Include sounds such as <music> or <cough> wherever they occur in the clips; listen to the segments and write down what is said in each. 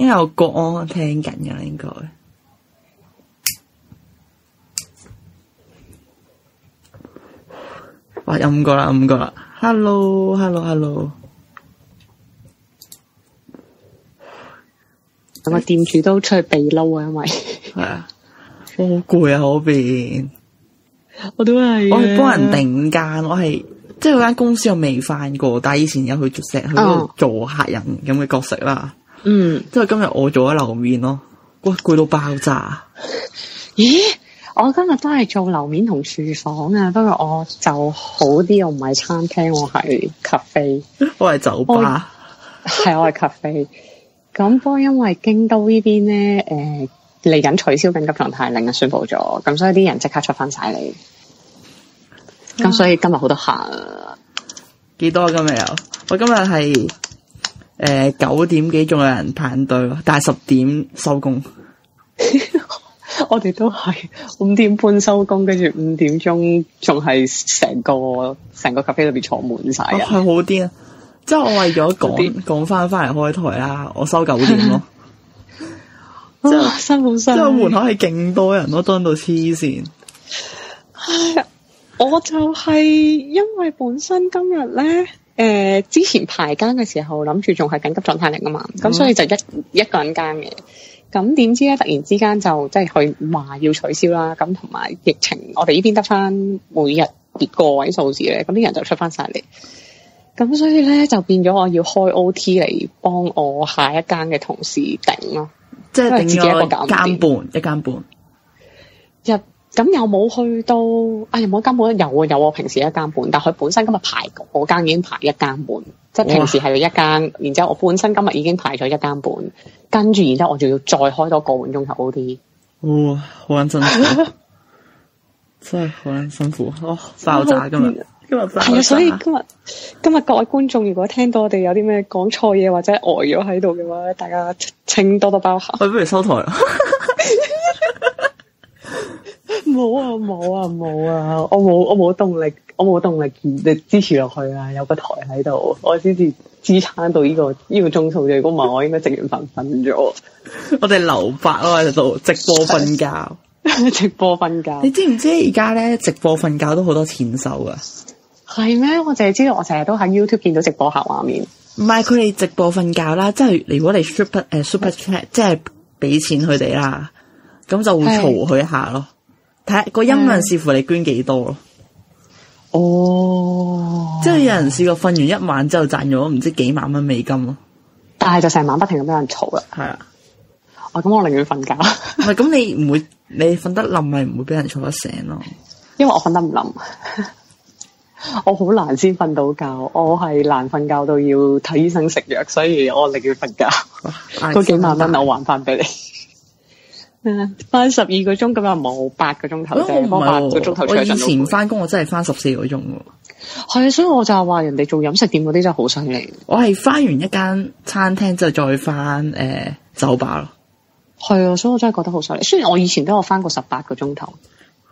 Hello, hello, hello 因為我講我聽緊嘅，應該哇，飲過啦，飲過啦，Hello，Hello，Hello，咁啊，店主都出去避嬲啊，因為係啊，我 <laughs> 好攰啊，嗰邊我都係、啊、我係幫人頂間，我係即係嗰間公司又未翻過，但係以前有去做石，去度做客人咁嘅角色啦。Oh. 嗯，即係今日我做咗樓面咯，哇，攰到爆炸！咦，我今日都係做樓面同廚房啊，不過我就好啲，我唔係餐廳，我係咖啡， <laughs> 我係酒吧，係我係咖啡。咁不過 <laughs> 因為京都呢邊咧，誒嚟緊取消緊急狀態，令人宣佈咗，咁所以啲人即刻出翻晒嚟。咁、啊、所以今日好多客，幾多今日有？我今日係。誒，九、呃、點幾仲有人排隊咯，但係十點收工，我哋都係五點半收工，跟住五點鐘仲係成個成個咖啡裏邊坐滿晒，係好癲！啊！即係我為咗講講翻翻嚟開台啦，我收九點咯，即係辛苦，即係門口係勁多人咯，多到黐線。哎 <laughs> <laughs> 我就係因為本身今日咧。誒、呃，之前排更嘅時候諗住仲係緊急狀態嚟噶嘛，咁所以就一、嗯、一個人更嘅。咁點知咧，突然之間就即係佢話要取消啦。咁同埋疫情，我哋呢邊得翻每日跌個位數字咧，咁啲人就出翻晒嚟。咁所以咧就變咗我要開 O T 嚟幫我下一更嘅同事頂咯，即係自己一個更半，一更半。一咁又冇去到，哎呀！我間半有啊有，有啊，有平時一間半，但佢本身今日排嗰間已經排一間半，即係平時係要一間，哇然之後我本身今日已經排咗一間半，跟住然之後我仲要再開多個半鐘頭好啲。哇，好辛苦，真係好辛苦，我、哦、爆炸後今日！今日係啊，所以今日今日各位觀眾如果聽到我哋有啲咩講錯嘢或者呆咗喺度嘅話，大家請多多包涵。我不如收台。 <laughs> <laughs> 冇啊！冇啊！冇啊！我冇我冇動力，我冇動力嚟支持落去啊！有個台喺度，我支持支撐到呢、這個呢、這個鐘數嘅工嘛。如果唔係，我應該食完飯瞓瞓咗， <laughs> 我哋留白咯喺度直播瞓覺，直播瞓覺。 <laughs> 覺你知唔知而家咧直播瞓覺都好多錢收噶？係咩？我淨係知道，我成日都喺 YouTube 見到直播客畫面。唔係佢哋直播瞓覺啦，即係如果你 up,、uh, super 誒 super chat，即係俾錢佢哋啦，咁就會嘈佢是一下咯。睇、嗰個音量視乎你捐幾多咯，哦，即係有人試過瞓完一晚之後賺咗唔知幾萬蚊美金咯，但係就成晚不停咁俾人嘈啦。係是啊哦，哦咁我寧願瞓覺。係 <laughs> 咁你唔會你瞓得冧，咪唔會俾人吵得醒咯，因為我瞓得唔冧， <laughs> 我好難先瞓到覺，我係難瞓覺到要睇醫生食藥，所以我寧願瞓覺。哇都幾萬蚊我還翻俾你。誒，翻十二個鐘咁又冇八個鐘頭，即係冇八個鐘頭。我以前翻工，我真係翻十四個鐘喎。係啊，所以我就係話人哋做飲食店嗰啲真係好犀利。我係翻完一間餐廳，就是、再翻誒、呃、酒吧咯。係啊，所以我真係覺得好犀利。雖然我以前都有翻過十八個鐘頭，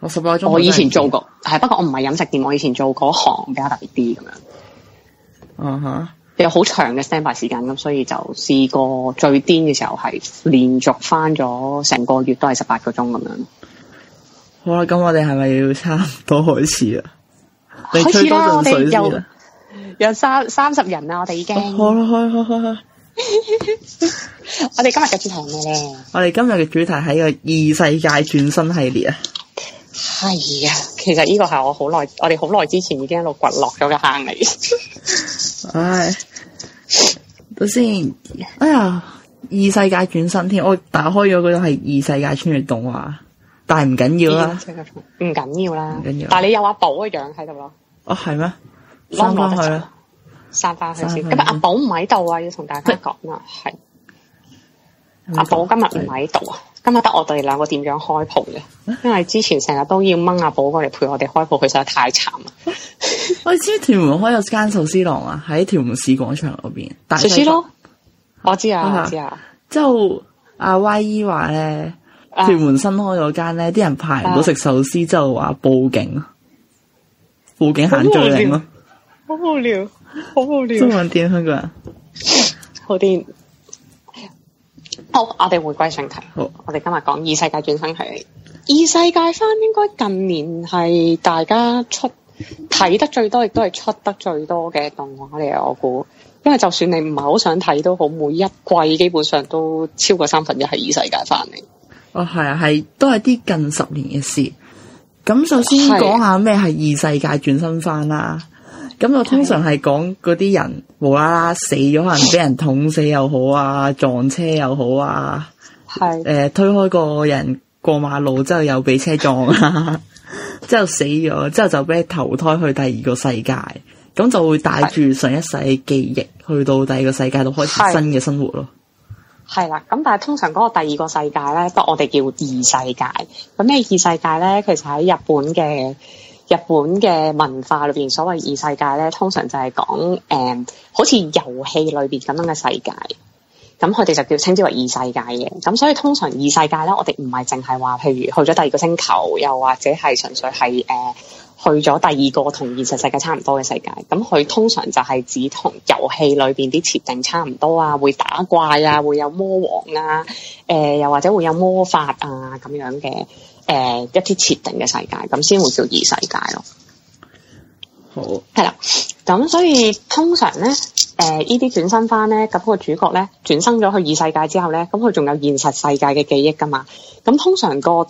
我十八個鐘，我以前做過係，不過我唔係飲食店，我以前做嗰行比較特別啲咁樣。嗯哼、uh。Huh. 有好長嘅 stand by 時間咁，所以就試過最癲嘅時候係連續翻咗成個月都係十八個鐘咁樣。好啦，咁我哋係咪要差唔多開始啊？開始啦！我哋有有三三十人啦，我哋已經。好啦，哦，好開好開！好 <laughs> 我哋今日嘅主題係咩咧？我哋今日嘅主題係個異世界轉生系列啊！係啊，其實呢個係我好耐，我哋好耐之前已經喺度掘落咗嘅坑嚟。 <laughs> 唉，到先，哎呀，異世界轉身添，我、哦、打開咗嗰個係異世界穿越動畫，但係唔緊要緊啦，唔緊、哎、要緊啦，要啦，但係你有阿寶個樣喺度咯，哦係咩？散返去啦，散返去，去先。去今日阿寶唔喺度啊，要同大家講啊。係阿寶今日唔喺度啊。今日得我哋兩個點樣開鋪嘅？因為之前成日都要掹阿寶過嚟陪我哋開鋪，佢實、 <laughs> <laughs> 哎、在太慘啦！水水啊，我知屯門開咗間壽司郎啊，喺屯門市廣場嗰邊。壽司咯，我知啊，我知啊。之後阿 Y 姨話咧，屯門新開咗間咧，啲人排唔到食壽司，啊，就話報警，啊。報警限聚令咯。好無聊，好無聊，中文嘢，香港人 <laughs> 好啲。好，我哋回歸正題。好，我哋今日講異世界轉生係異世界翻，應該近年係大家出睇得最多，亦都係出得最多嘅動畫嚟。我估，因為就算你唔係好想睇都好，每一季基本上都超過三分一係異世界翻嚟。哦，係啊，係都係啲近十年嘅事。咁首先講下咩係異世界轉生翻啦。咁我通常係講嗰啲人無啦啦死咗，可能俾人捅死又好啊，撞車又好啊，誒、 <laughs> 呃、推開個人過馬路之後又俾車撞啊， <laughs> <laughs> 之後死咗之後就俾投胎去第二個世界，咁 <laughs> 就會帶住上一世記憶去到第二個世界度開始新嘅生活咯。係啦，咁但係通常嗰個第二個世界咧，得我哋叫異世界。咁咩異世界咧？其實喺日本嘅。日本嘅文化裏邊所謂異世界咧，通常就係講誒，好似遊戲裏邊咁樣嘅世界，咁佢哋就叫稱之為異世界嘅。咁所以通常異世界咧，我哋唔係淨係話，譬如去咗第二個星球，又或者係純粹係誒、呃、去咗第二個同現實世界差唔多嘅世界。咁佢通常就係指同遊戲裏邊啲設定差唔多啊，會打怪啊，會有魔王啊，誒、呃，又或者會有魔法啊咁樣嘅。誒、呃、一啲設定嘅世界，咁先會叫異世界咯。好，係啦。咁所以通常咧，誒依啲轉生翻咧，咁、嗰個主角咧轉生咗去異世界之後咧，咁佢仲有現實世界嘅記憶噶嘛？咁通常個誒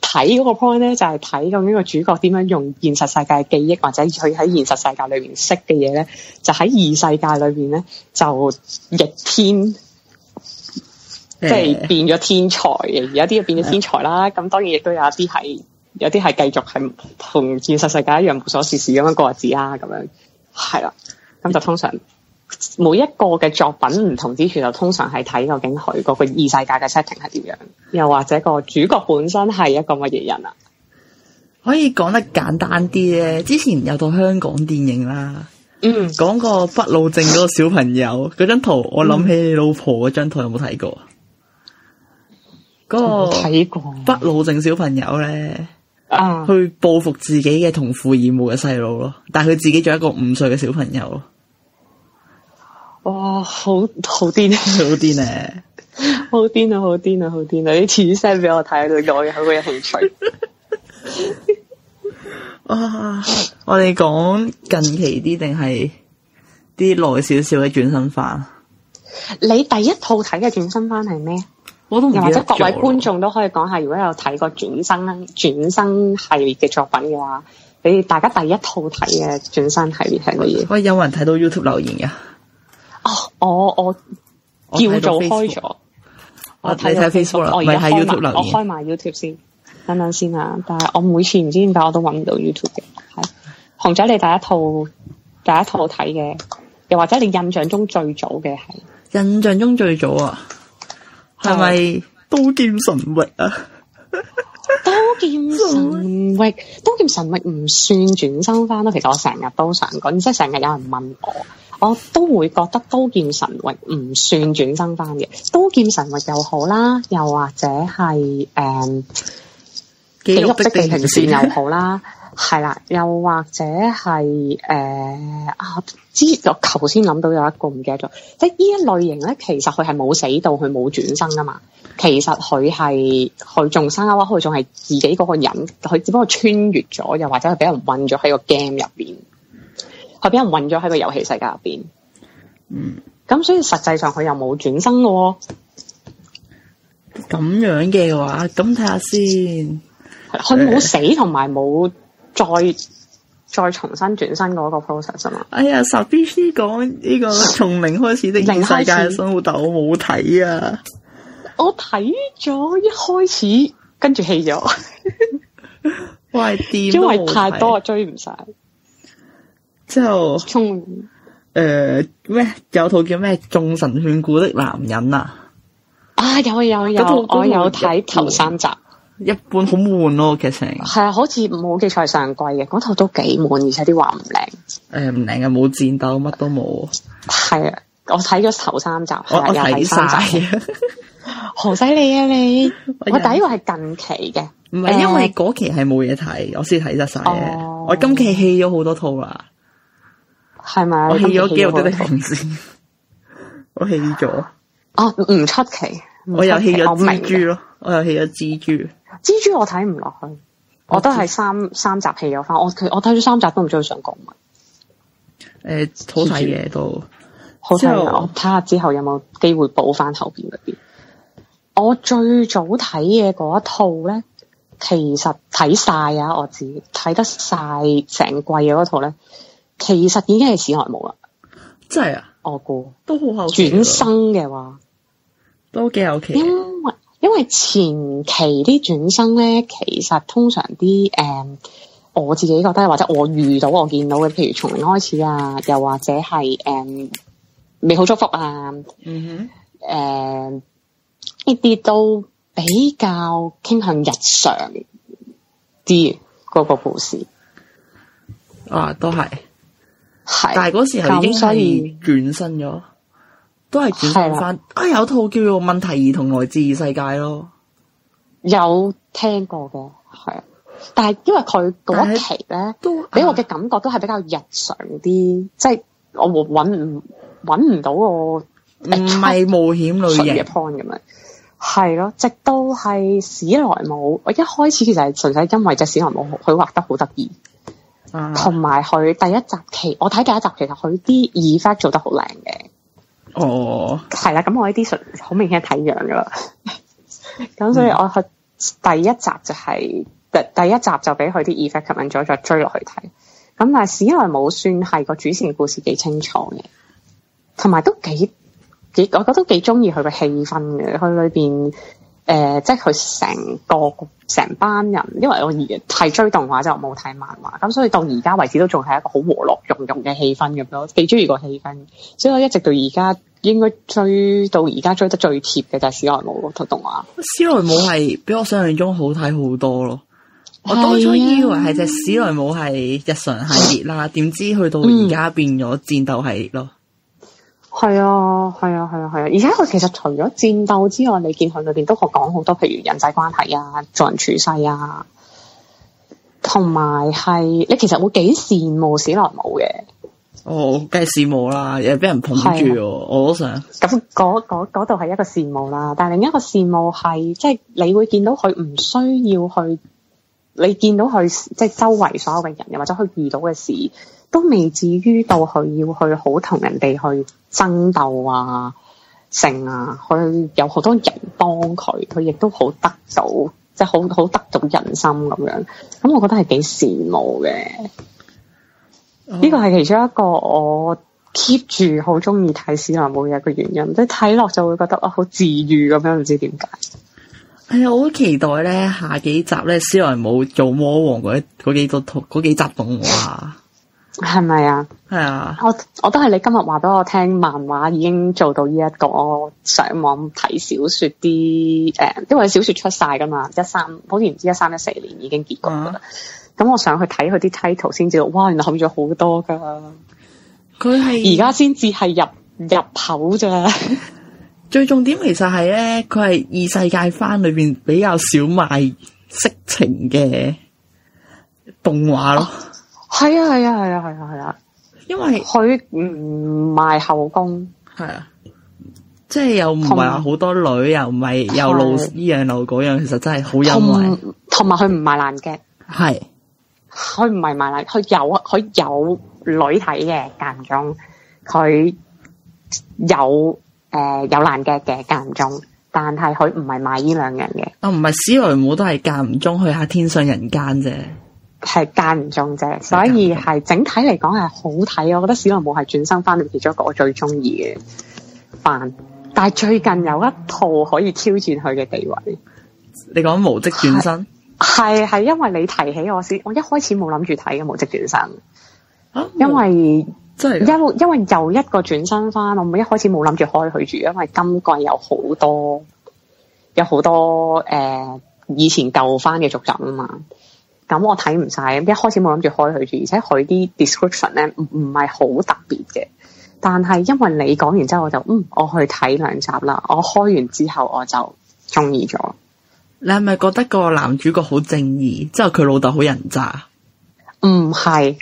睇嗰個 point 咧，就係睇咁呢個主角點樣用現實世界嘅記憶，或者佢喺現實世界裏面識嘅嘢咧，就喺異世界裏邊咧就逆天。即係變咗天才嘅，有啲變咗天才啦。咁、欸、當然亦都有啲係，有啲係繼續係同現實世界一樣無所事事咁樣過日子啊。咁樣係啦。咁就通常每一個嘅作品唔同之處，就通常係睇究竟佢嗰個異世界嘅 setting 係點樣，又或者個主角本身係一個乜嘢人啊？可以講得簡單啲咧。之前有套香港電影啦，嗯，講個不老症嗰個小朋友嗰張、嗯、圖，我諗起你老婆嗰張圖有冇睇過啊？嗰個不老症小朋友咧，啊，去報復自己嘅同父異母嘅細路咯，但係佢自己仲一個五歲嘅小朋友咯。哇，好好癲啊，好癲啊 <laughs> ，好癲啊，好癲啊！你切聲俾我睇，佢講嘅好有情緒。啊， <laughs> 我哋講近期啲定係啲耐少少嘅轉生番？你第一套睇嘅轉生番係咩？又或者各位觀眾都可以講下，如果有睇過「轉生」、「轉生」系列嘅作品嘅話，畀大家第一套睇嘅「轉生」系列係乜嘢？喂，有人睇到 YouTube 留言嘅？哦，我我叫做開咗。我睇睇 Facebook 啦，唔係 YouTube 留言。我開埋 YouTube 先，等等先啊！但係我每次唔知點解我都搵唔到 YouTube 嘅。係熊仔，你第一套第一套睇嘅，又或者你印象中最早嘅係？印象中最早啊！係咪刀劍神域啊？ <laughs> 刀劍神域，刀劍神域唔算轉生翻咯。其實我成日都想講，即係成日有人問我，我都會覺得刀劍神域唔算轉生翻嘅。刀劍神域又好啦，又或者係誒，記、嗯、錄的地平線又好啦。 <laughs> 係啦，又或者係誒、呃、啊！之我頭先諗到有一個唔記得咗，即係呢一類型咧，其實佢係冇死到，佢冇轉生噶嘛。其實佢係佢仲生啊，或佢仲係自己嗰個人，佢只不過穿越咗，又或者佢俾人韫咗喺個 game 入邊，佢俾人韫咗喺個遊戲世界入邊。嗯，咁所以實際上佢又冇轉生嘅、哦。咁樣嘅話，咁睇下先看看。佢冇死同埋冇。嗯再再重新轉生嗰個 process 啊嘛！哎呀，十 B C 講呢個從零開始的異世，世界生活，但我冇睇啊！我睇咗一開始，跟住棄咗， <laughs> <laughs> 因為太多啊，多追唔晒。之後，誒咩於、呃、有套叫咩眾神眷顧的男人啊？啊有啊，有啊，有，我有睇頭有三集。一般好悶咯，劇情係啊，好似冇記錯上季嘅嗰套都幾悶，而且啲話唔靚，誒唔靚啊，冇戰鬥，乜都冇。係啊，我睇咗頭三集，我睇晒，好犀利啊你！我第一話係近期嘅，唔係因為嗰期係冇嘢睇，我先睇得晒。我今期棄咗好多套啊，係咪？我棄咗幾多啲同先？我棄咗，哦唔出奇，我又棄咗蜘蛛咯，我又棄咗蜘蛛。蜘蛛我睇唔落去，啊、我都係三三集棄咗翻。我佢我睇咗三集都唔知佢想講乜。誒、呃，好睇嘢都好睇，後我睇下之後有冇機會補翻後邊嗰啲。我最早睇嘅嗰一套咧，其實睇晒啊！我知睇得晒成季嘅嗰套咧，其實已經係史萊姆啦。真係啊！我估猜都好後轉生嘅話，都幾有趣。因為因為前期啲轉生咧，其實通常啲誒、嗯，我自己覺得或者我遇到我見到嘅，譬如從零開始啊，又或者係誒、嗯、未好祝福啊，嗯哼，誒呢啲都比較傾向日常啲嗰、那個故事。啊，都係，係是，但係嗰時候已、嗯、所以轉生咗。都係轉翻啊！有套叫做《問題兒童來自異世界》咯，有聽過嘅係，啊，但係因為佢一期咧，都俾我嘅感覺都係比較日常啲，啊、即係我搵唔搵唔到個唔係冒險類型嘅 point 咁樣、嗯，係咯。直到係史萊姆，我一開始其實係純粹因為隻史萊姆佢畫得好得意，同埋佢第一集期，我睇第一集其實佢啲 effect 做得好靚嘅。哦，係啦，oh.，咁我呢啲術好明顯係睇樣噶啦，咁 <laughs> 所以我去第一集就係、是嗯，第第一集就俾佢啲 effect 吸引咗，再追落去睇。咁但係史萊姆算係個主線故事幾清楚嘅，同埋都幾幾，我覺得都幾中意佢個氣氛嘅，佢裏邊。誒、呃，即係佢成個成班人，因為我而係追動畫，就冇睇漫畫，咁所以到而家為止都仲係一個好和樂融融嘅氣氛咁樣，幾中意個氣氛，所以我一直到而家應該追到而家追得最貼嘅就係史萊姆嗰套動畫。史萊姆係比我想象中好睇好多咯，啊、我當初以為係隻史萊姆係日常系列啦，點、嗯、知去到而家變咗戰鬥系列咯。係啊，係啊，係啊，係啊！而家佢其實除咗戰鬥之外，你見佢裏邊都可講好多，譬如人際關係啊、做人處世啊，同埋係你其實會幾羨慕史萊姆嘅。哦，梗係羨慕啦，又俾人捧住，啊、我都想。咁嗰度係一個羨慕啦，但係另一個羨慕係，即係你會見到佢唔需要去，你見到佢即係周圍所有嘅人，又或者佢遇到嘅事。都未至於到佢要去好同人哋去爭鬥啊、勝啊，佢有好多人幫佢，佢亦都好得到，即係好好得到人心咁樣。咁我覺得係幾羨慕嘅。呢個係其中一個我 keep 住好中意睇史萊姆嘅一個原因，即係睇落就會覺得啊好治癒咁樣，唔知點解。係啊、哎，我好期待咧下幾集咧史萊姆做魔王嗰嗰幾多嗰幾集動畫。 <laughs> 係咪啊？係啊！我我都係你今日話俾我聽，漫畫已經做到呢一個上網睇小說啲誒、呃，因為小說出晒噶嘛，一三好似唔知一三一四年已經結局咁、嗯嗯、我上去睇佢啲 title 先知道，哇！原來後咗好多噶。佢係而家先至係入入口咋。 <laughs> 最重點其實係咧，佢係異世界番裏邊比較少賣色情嘅動畫咯。啊係啊係啊係啊係啊係啊，因為佢唔賣後宮，係啊，即係又唔係話好多女又咪又露依樣露嗰樣，其實真係好有愛。同埋佢唔賣爛劇，係佢唔係賣爛，佢有佢有女睇嘅間唔中，佢有誒有爛劇嘅間唔中，但係佢唔係賣呢兩樣嘅。哦，唔係史萊姆都係間唔中去下天上人間啫。係間唔中啫，所以係的整體嚟講係好睇。我覺得《小龍母》係轉生番嚟其中一個我最中意嘅番，但係最近有一套可以挑戰佢嘅地位。你講無職轉生，係係因為你提起我先，我一開始冇諗住睇嘅無職轉生。啊、因為真係因因為又一個轉生番，我唔咪一開始冇諗住開佢住，因為今季有好多有好多誒、呃、以前舊番嘅續集啊嘛。咁我睇唔晒，一開始冇諗住開佢住，而且佢啲 description 咧唔唔係好特別嘅。但係因為你講完之後我，嗯，我就嗯我去睇兩集啦。我開完之後我就中意咗。你係咪覺得個男主角好正義，之後佢老豆好人渣？唔係，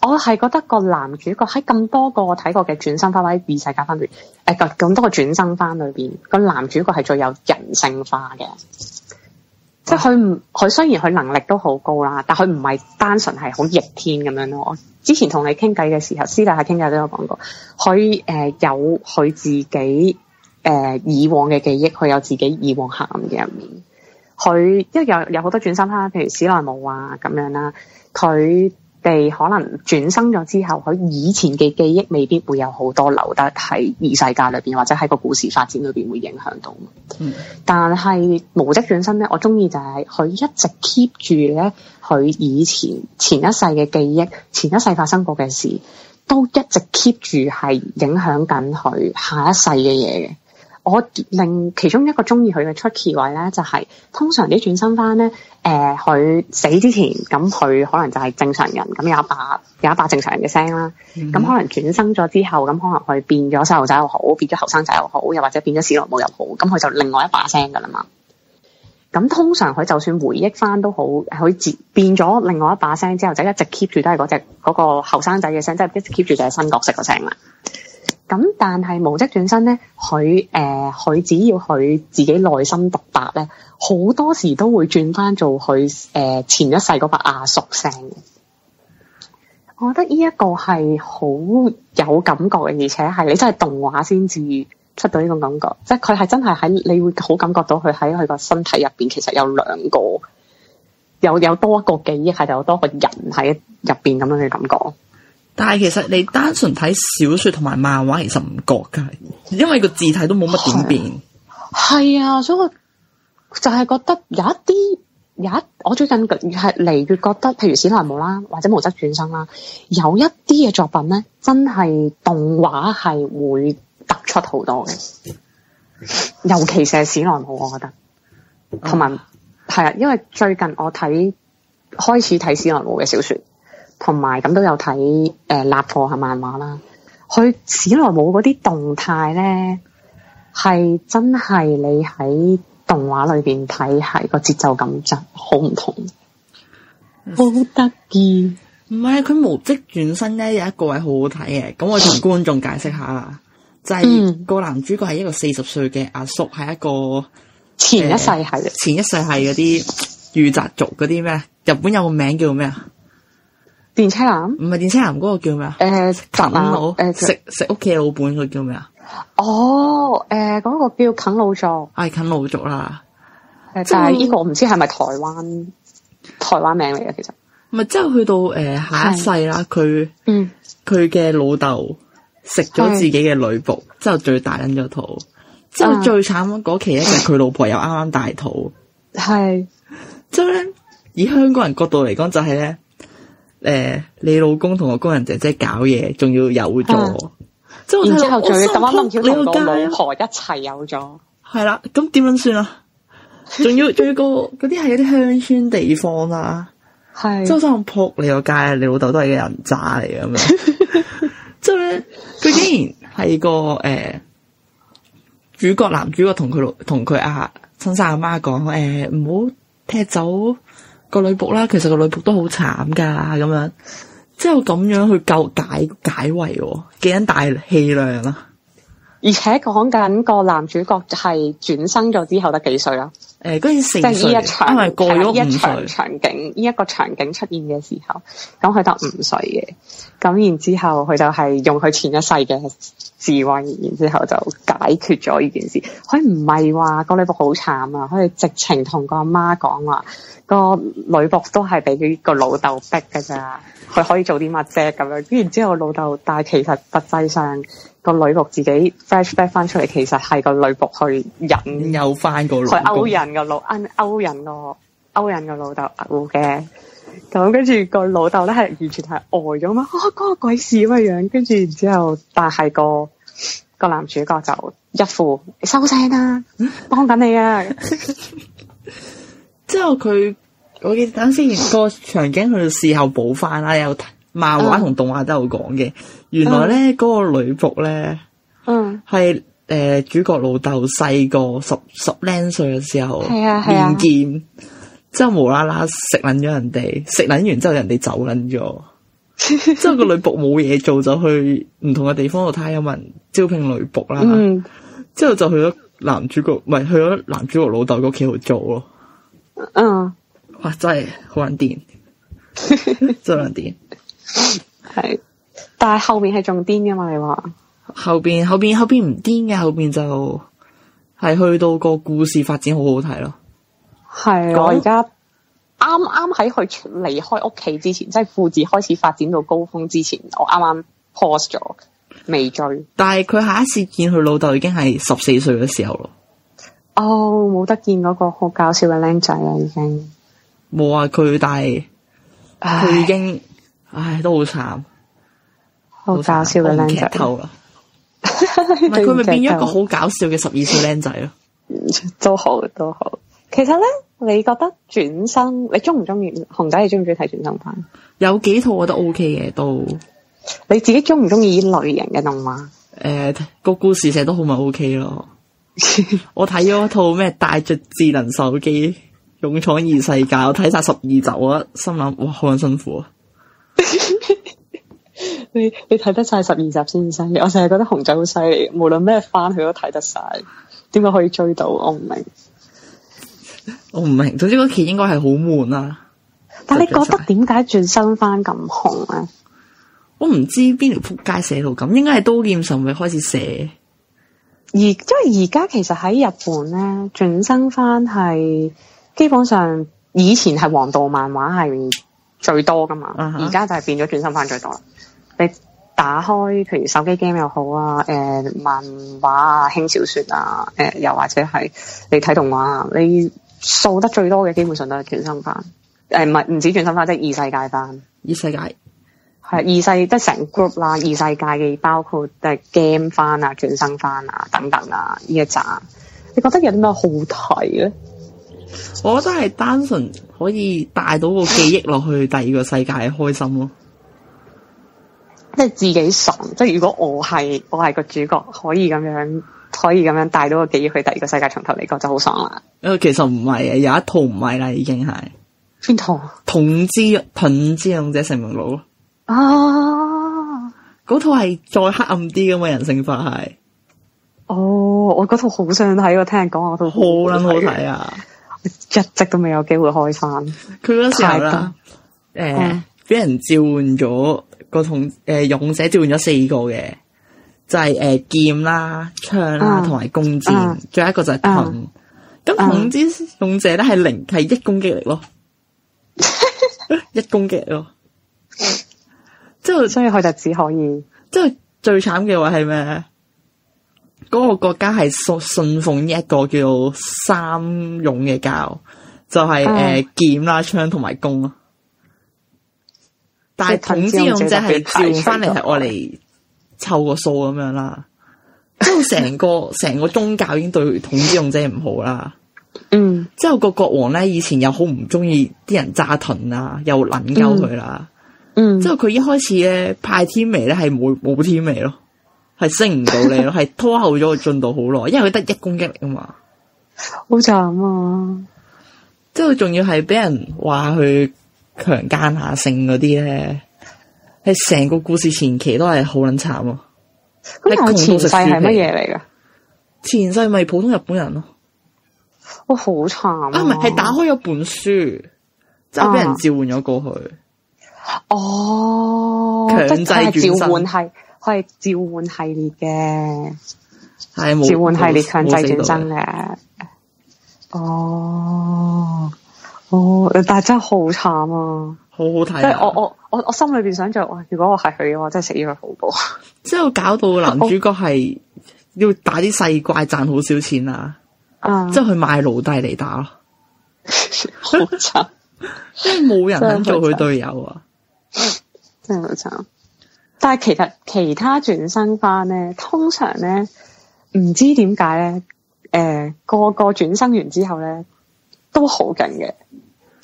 我係覺得個男主角喺咁多個我睇過嘅轉生翻或者異世界翻裏，誒咁咁多個轉生翻裏邊，個男主角係最有人性化嘅。即係佢唔，佢雖然佢能力都好高啦，但佢唔係單純係好逆天咁樣咯。我之前同你傾偈嘅時候，私底下傾偈都有講過，佢誒、呃、有佢自己誒、呃、以往嘅記憶，佢有自己以往黑暗嘅一面。佢因為有有好多轉生啦，譬如史萊姆啊咁樣啦，佢哋可能轉生咗之後，佢以前嘅記憶未必會有好多留得喺異世界裏邊，或者喺個故事發展裏邊會影響到。嗯，但係無職轉生咧，我中意就係、是、佢一直 keep 住咧，佢以前前一世嘅記憶，前一世發生過嘅事，都一直 keep 住係影響緊佢下一世嘅嘢嘅。我令其中一個中意佢嘅出奇位咧，就係、是、通常你轉身轉生翻咧，誒、呃、佢死之前咁佢可能就係正常人，咁有一把有一把正常人嘅聲啦。咁、嗯、哼可能轉生咗之後，咁可能佢變咗細路仔又好，變咗後生仔又好，又或者變咗史萊姆又好，咁佢就另外一把聲噶啦嘛。咁通常佢就算回憶翻都好，佢變咗另外一把聲之後，就一直 keep 住都係嗰隻嗰個後生仔嘅聲，即、就、係、是、一直 keep 住就係新角色嘅聲啦。咁但係無職轉生咧，佢誒，佢、呃、只要佢自己內心獨白咧，好多時都會轉翻做佢誒、呃、前一世嗰把阿叔聲。我覺得呢一個係好有感覺嘅，而且係你真係動畫先至出到呢種感覺，即係佢係真係喺你會好感覺到佢喺佢個身體入邊其實有兩個，有有多一個記憶，係有多個人喺入邊咁樣嘅感覺。但係其實你單純睇小說同埋漫畫，其實唔覺噶，因為個字體都冇乜點變。係啊，啊，所以我就係覺得有一啲，有一我最近越係嚟越覺得，譬如《史萊姆》啦，或者《無職轉生》啦，有一啲嘅作品咧，真係動畫係會突出好多嘅，尤其係《史萊姆》，我覺得同埋係啊，因為最近我睇開始睇《史萊姆》嘅小說。同埋咁都有睇，誒，蠟破係漫畫啦。佢史萊姆嗰啲動態咧，係真係你喺動畫裏邊睇，係個節奏感就好唔同，好得意。唔 <noise> 係，佢無職轉生咧有一個位好好睇嘅，咁我同觀眾解釋下啦，就係個男主角係一個四十歲嘅阿叔，係一個前一世係前一世係嗰啲御宅族嗰啲咩，日本有個名叫咩啊？電車男唔係電車男嗰個叫咩啊？誒，宅男佬，誒，食食屋企老本個叫咩啊？哦，誒，嗰個叫啃老族，係啃老族啦。但係呢個我唔知係咪台灣台灣名嚟嘅，其實唔係。之後去到誒下一世啦，佢，嗯，佢嘅老豆食咗自己嘅女僕，之後最大恩咗肚，之後最慘嗰期咧就係佢老婆又啱啱大肚，係。之後咧以香港人角度嚟講，就係咧。誒、呃，你老公同我工人姐姐搞嘢，仲要有咗，啊、然之後仲要咁啱老婆一齊有咗，係啦，咁點樣算啊？仲、啊、 <laughs> 要仲要一個嗰啲係啲鄉村地方啊，周生撲你個街，你老豆都係個人渣嚟咁樣，之 <laughs> 後咧佢竟然係個誒、呃、主角男主角同佢老同佢阿親生阿媽講誒、唔、呃、好踢走。個女僕啦，其實個女僕都好慘㗎，咁樣，之後咁樣去救解解圍，幾咁大氣量啦、啊。而且講緊個男主角係轉生咗之後得幾歲啊？誒、呃，嗰陣時，呢一場，因為過咗五歲一場，場景，呢一個場景出現嘅時候，咁佢得五歲嘅。咁然之後，佢就係用佢前一世嘅智慧，然之後就解決咗呢件事。佢唔係話個女僕好慘啊，佢係直情同個阿媽講話，個女僕都係俾佢個老豆逼㗎咋。佢可以做啲乜啫咁樣？跟然之後老豆，但係其實實際上個女僕自己 flash back 翻出嚟，其實係個女僕去引誘翻個老，佢勾引個老，勾引個勾引個老豆嘅。Okay. 咁跟住個老豆咧係完全係呆咗嘛？嗰、那個鬼事咁嘅樣，樣，跟住然之後，但係、那個個男主角就一副收聲啦，幫緊你，你啊！之後佢我記得等先個場景佢事後補翻啦，有漫畫同動畫都有講嘅。嗯、原來咧嗰個女僕咧，嗯，係誒、呃、主角老豆細個十十零歲嘅時候，係啊係啊之後無啦啦食捻咗人哋，食捻完之後人哋走捻咗，之 <laughs> 後個女僕冇嘢做就去唔同嘅地方度睇有冇人招聘女僕啦。嗯，之後就去咗男主角，唔係去咗男主角老豆嗰屋企度做咯。嗯，哇真係好撚癲，真係撚癲。係 <laughs> <laughs> <laughs> 但係後面係仲癲噶嘛？你話後邊後邊後邊唔癲嘅。後邊就係去到個故事發展好好睇咯。係是講我而家啱啱喺佢離開屋企之前，即係父子開始發展到高峰之前，我啱啱 pause 咗，未追。但係佢下一次見佢老豆已經係十四歲嘅時候咯。哦，冇得見嗰個好搞笑嘅僆仔啦，已經冇啊！佢但係佢唉已經唉，都好慘，好搞笑嘅僆仔偷啦。佢咪 <laughs> <laughs> 變咗一個好搞笑嘅十二歲僆仔咯？ <laughs> 都好，都好。其實咧，你覺得轉生，你中唔中意熊仔，你中唔中意？你中唔中意睇，轉生番？有幾套我覺得 O K 嘅都。你自己中唔中意呢類型嘅動畫？誒、呃，個故事寫得好咪 O K 咯。 <laughs> 我睇咗一套咩戴着智能手機勇闖異世界，我睇晒十二集，我心諗哇好辛苦啊！ <laughs> 你你睇得晒十二集先，先生，我成日覺得熊仔好犀利，無論咩番佢都睇得晒，點解可以追到？我唔明。我唔明，總之嗰期應該係好悶啊！但你覺得點解轉生番咁紅咧、啊？我唔知邊條撲街寫到咁，應該係刀劍神域開始寫。而因為而家其實喺日本咧，轉生番係基本上以前係王道漫畫係最多噶嘛，而家、uh huh. 就係變咗轉生番最多啦。你打開譬如手機 game 又好啊，誒漫畫啊、輕小說啊，誒、呃、又或者係你睇動畫啊，你。數得最多嘅，基本上都係轉生翻，誒唔係唔止轉生翻，即係異世界翻。異世界係異世，即係成 group 啦，異世界嘅、就是、包括即係 game 翻啊、轉生翻啊等等啊呢一集，你覺得有啲咩好睇咧？我覺得係單純可以帶到個記憶落去第二個世界開心咯、哦，即係自己爽。即係如果我係我係個主角，可以咁樣。可以咁樣帶到個記憶去第二個世界從頭嚟過就好爽啦！因為其實唔係啊，有一套唔係啦，已經係邊套？統治、統治勇者成名錄啊！嗰套係再黑暗啲噉嘅人性化係哦，我嗰套好想睇，我聽人講我套好撚好睇啊！一直都未有機會開翻。佢嗰時誒，俾人召喚咗個同誒勇者召喚咗四個嘅。就係誒劍啦、槍啦，同埋弓箭，仲有一個就係盾。咁盾之勇者咧係零，係一攻擊力咯，一攻擊力咯。之後所以佢就只可以，即係最慘嘅話係咩？嗰個國家係信奉一個叫做三勇嘅教，就係誒劍啦、槍同埋弓咯。但係盾之勇者係照翻嚟係愛嚟。湊個數咁樣啦，之後成個成 <laughs> 個宗教已經對統治用者唔好啦、嗯嗯。嗯，之後個國王咧以前又好唔中意啲人揸盾啊，又捻鳩佢啦。嗯，之後佢一開始咧派天眉咧係冇冇天眉咯，係升唔到你咯，係 <laughs> 拖後咗個進度好耐，因為佢得一攻擊力啊嘛。好慘啊！之後仲要係俾人話佢強姦下性嗰啲咧。係成個故事前期都係好撚慘啊！咁但、嗯、前世係乜嘢嚟噶？前世咪普通日本人咯，我好慘啊！唔係，係打開咗本書，啊、就俾人召喚咗過去。哦，強制係係召喚系，係召喚系列嘅，係、哎、召喚系列強制轉生嘅。哦，哦，但係真係好慘啊！好好睇，即係我我我我心裏邊想像，哇！如果我係佢嘅話，真係死咗佢好過。之後搞到男主角係要打啲細怪賺好少錢啊！啊我，之後去賣奴隸嚟打咯，好慘！即係冇人肯做佢隊友啊，真係好慘。但係其實其他轉生班咧，通常咧唔知點解咧，誒、呃、個個轉生完之後咧都好勁嘅。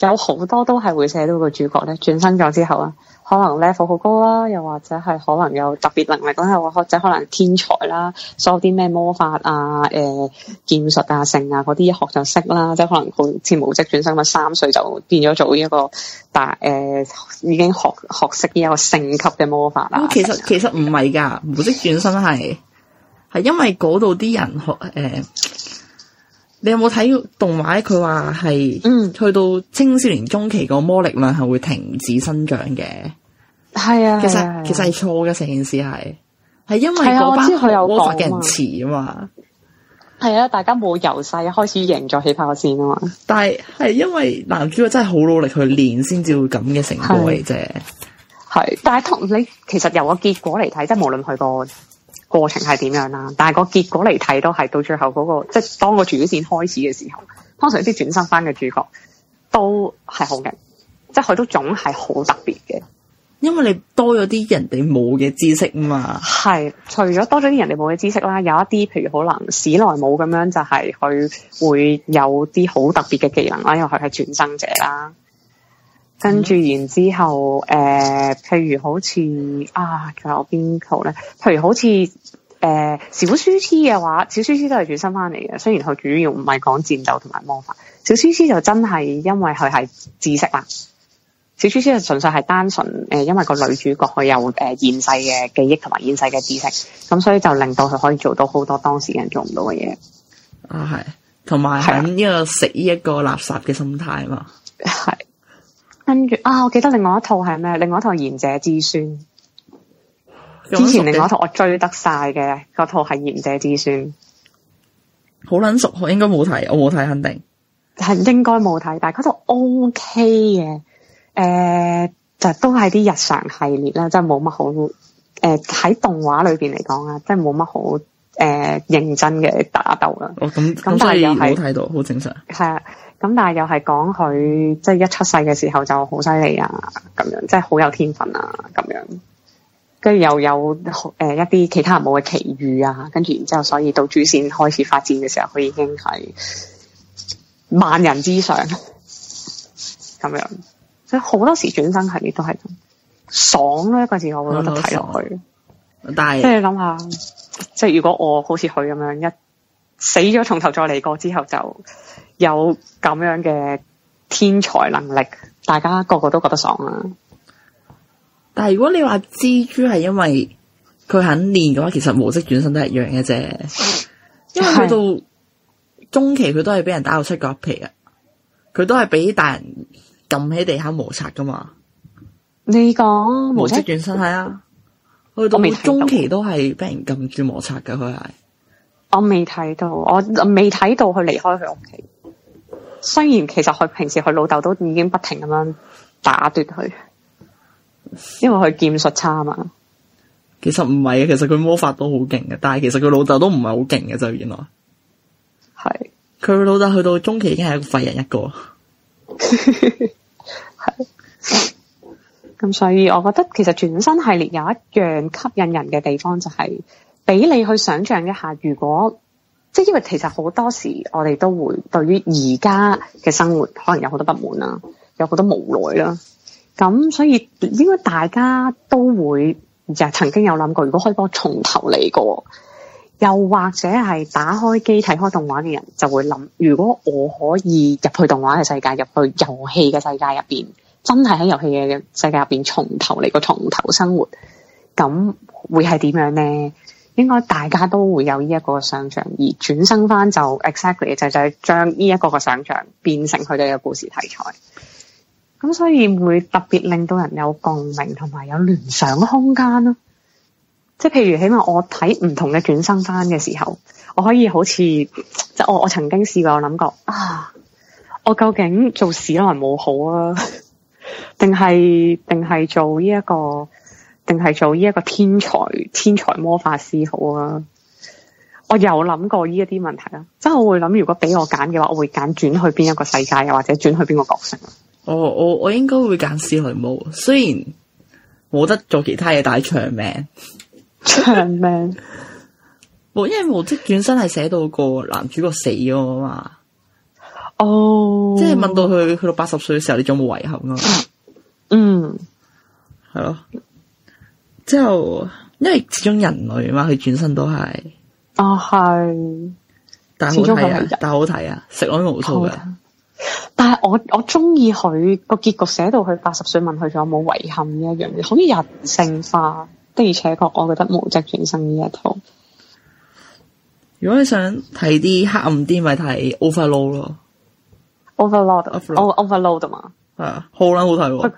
有好多都係會寫到個主角咧，轉生咗之後啊，可能 level 好高啦，又或者係可能有特別能力，咁係話學者可能天才啦，所有啲咩魔法啊、誒、呃、劍術啊、性啊嗰啲一學就識啦，即係可能佢似無職轉生咁，三歲就變咗做一個大誒、呃，已經學學識啲一個星級嘅魔法啦。咁其實其實唔係㗎，無職轉生係係因為嗰度啲人學誒。欸你有冇睇動畫？佢話係，嗯，去到青少年中期個魔力量係會停止生長嘅。係啊，其實其實係錯嘅，成件事係，係因為嗰班我發覺人遲啊嘛。係啊，大家冇由細開始贏咗起跑線啊嘛。但係係因為男主角真係好努力去練先至會咁嘅成果嚟啫。係，但係同你其實由個結果嚟睇，即係無論佢個。過程係點樣啦？但係個結果嚟睇，都係到最後嗰個，即係當個主線開始嘅時候，通常一啲轉生翻嘅主角都係好嘅，即係佢都總係好特別嘅，因為你多咗啲人哋冇嘅知識啊嘛。係，除咗多咗啲人哋冇嘅知識啦，有一啲譬如可能史萊姆咁樣，就係佢會有啲好特別嘅技能啦，因為佢係轉生者啦。跟住，嗯、然之後，誒、呃，譬如好似啊，仲有邊套咧？譬如好似誒、呃、小書痴嘅話，小書痴都係轉生返嚟嘅。雖然佢主要唔係講戰鬥同埋魔法，小書痴就真係因為佢係知識啦。小書痴係純粹係單純誒、呃，因為個女主角佢有誒、呃、現世嘅記憶同埋現世嘅知識，咁所以就令到佢可以做到好多當事人做唔到嘅嘢。啊，係，同埋喺呢個食依一個垃圾嘅心態嘛，係、啊。跟住啊，我記得另外一套係咩？另外一套係賢者之孫，之前另外一套我追得晒嘅，嗰套係賢者之孫，好撚熟，我應該冇睇，我冇睇肯定係應該冇睇，但係嗰套 O K 嘅，誒、呃，就都係啲日常系列啦，即係冇乜好，誒、呃、喺動畫裏邊嚟講啊，即係冇乜好，誒、呃、認真嘅打鬥啊，哦咁咁，那所以冇睇到，好正常，係啊。咁但係又係講佢即係一出世嘅時候就好犀利啊，咁樣即係好有天分啊，咁樣跟住又有誒、呃、一啲其他人冇嘅奇遇啊，跟住然之後所以到主線開始發展嘅時候，佢已經係萬人之上咁樣，所以好多時轉生系列都係咁爽咯一個字，我覺得睇落去。但係即係諗下，即係如果我好似佢咁樣一死咗，從頭再嚟過之後就。有咁樣嘅天才能力，大家個個都覺得爽啦、啊。但係如果你話蜘蛛係因為佢肯練嘅話，其實無職轉生都係一樣嘅啫。因為去到中期，佢都係俾人打到出角皮啊。佢都係俾大人撳喺地下摩擦噶嘛。你講說、哦、無職轉生係、嗯、啊，去到中期都係俾人撳住摩擦噶佢係。我未睇到，我未睇到佢離開佢屋企。雖然其實佢平時佢老豆都已經不停咁樣打斷佢，因為佢劍術差嘛。其實唔係啊，其實佢魔法都好勁嘅，但係其實佢老豆都唔係好勁嘅就原來。係佢老豆去到中期已經係一個廢人一個。係 <laughs> 是。咁 <laughs> <laughs> 所以我覺得其實全新系列有一樣吸引人嘅地方就係、是、俾你去想象一下如果。即係因為其實好多時我哋都會對於而家嘅生活可能有好多不滿啦，有好多無奈啦，咁所以應該大家都會就曾經有諗過，如果可以幫我從頭嚟過，又或者係打開機睇開動畫嘅人就會諗，如果我可以入去動畫嘅世界，入去遊戲嘅世界入邊，真係喺遊戲嘅世界入邊從頭嚟過從頭生活，咁會係點樣呢？應該大家都會有呢一個想像，而轉生翻就 exactly 就就係將呢一個嘅想像變成佢哋嘅故事題材，咁所以會特別令到人有共鳴同埋有聯想空間咯。即係譬如，起碼我睇唔同嘅轉生翻嘅時候，我可以好似即係我我曾經試過，我諗過啊，我究竟做史萊姆好啊，定係定係做呢一個？.定係做呢一個天才天才魔法師好啊！我有諗過呢一啲問題啊。即係我會諗，如果俾我揀嘅話，我會揀轉去邊一個世界又或者轉去邊個角色？我我我應該會揀史萊姆，雖然冇得做其他嘢，但係長命長命冇， <laughs> 因為無職轉生係寫到個男主角死咗啊嘛。哦，oh，即係問到佢去到八十歲嘅時候，你仲有冇遺憾啊？嗯，係咯。之後，因為始終人類嘛，佢轉生都係，哦、但啊係，始終係人，但好睇啊，食我攞無數噶。但係我我中意佢個結局寫到佢八十歲問佢仲有冇遺憾呢一樣嘢，好似人性化的，而且確我覺得無職轉生呢一套。如果你想睇啲黑暗啲，咪睇 Overload 咯，Overload，Over Overload 啊嘛，係啊，好撚好睇喎，哦，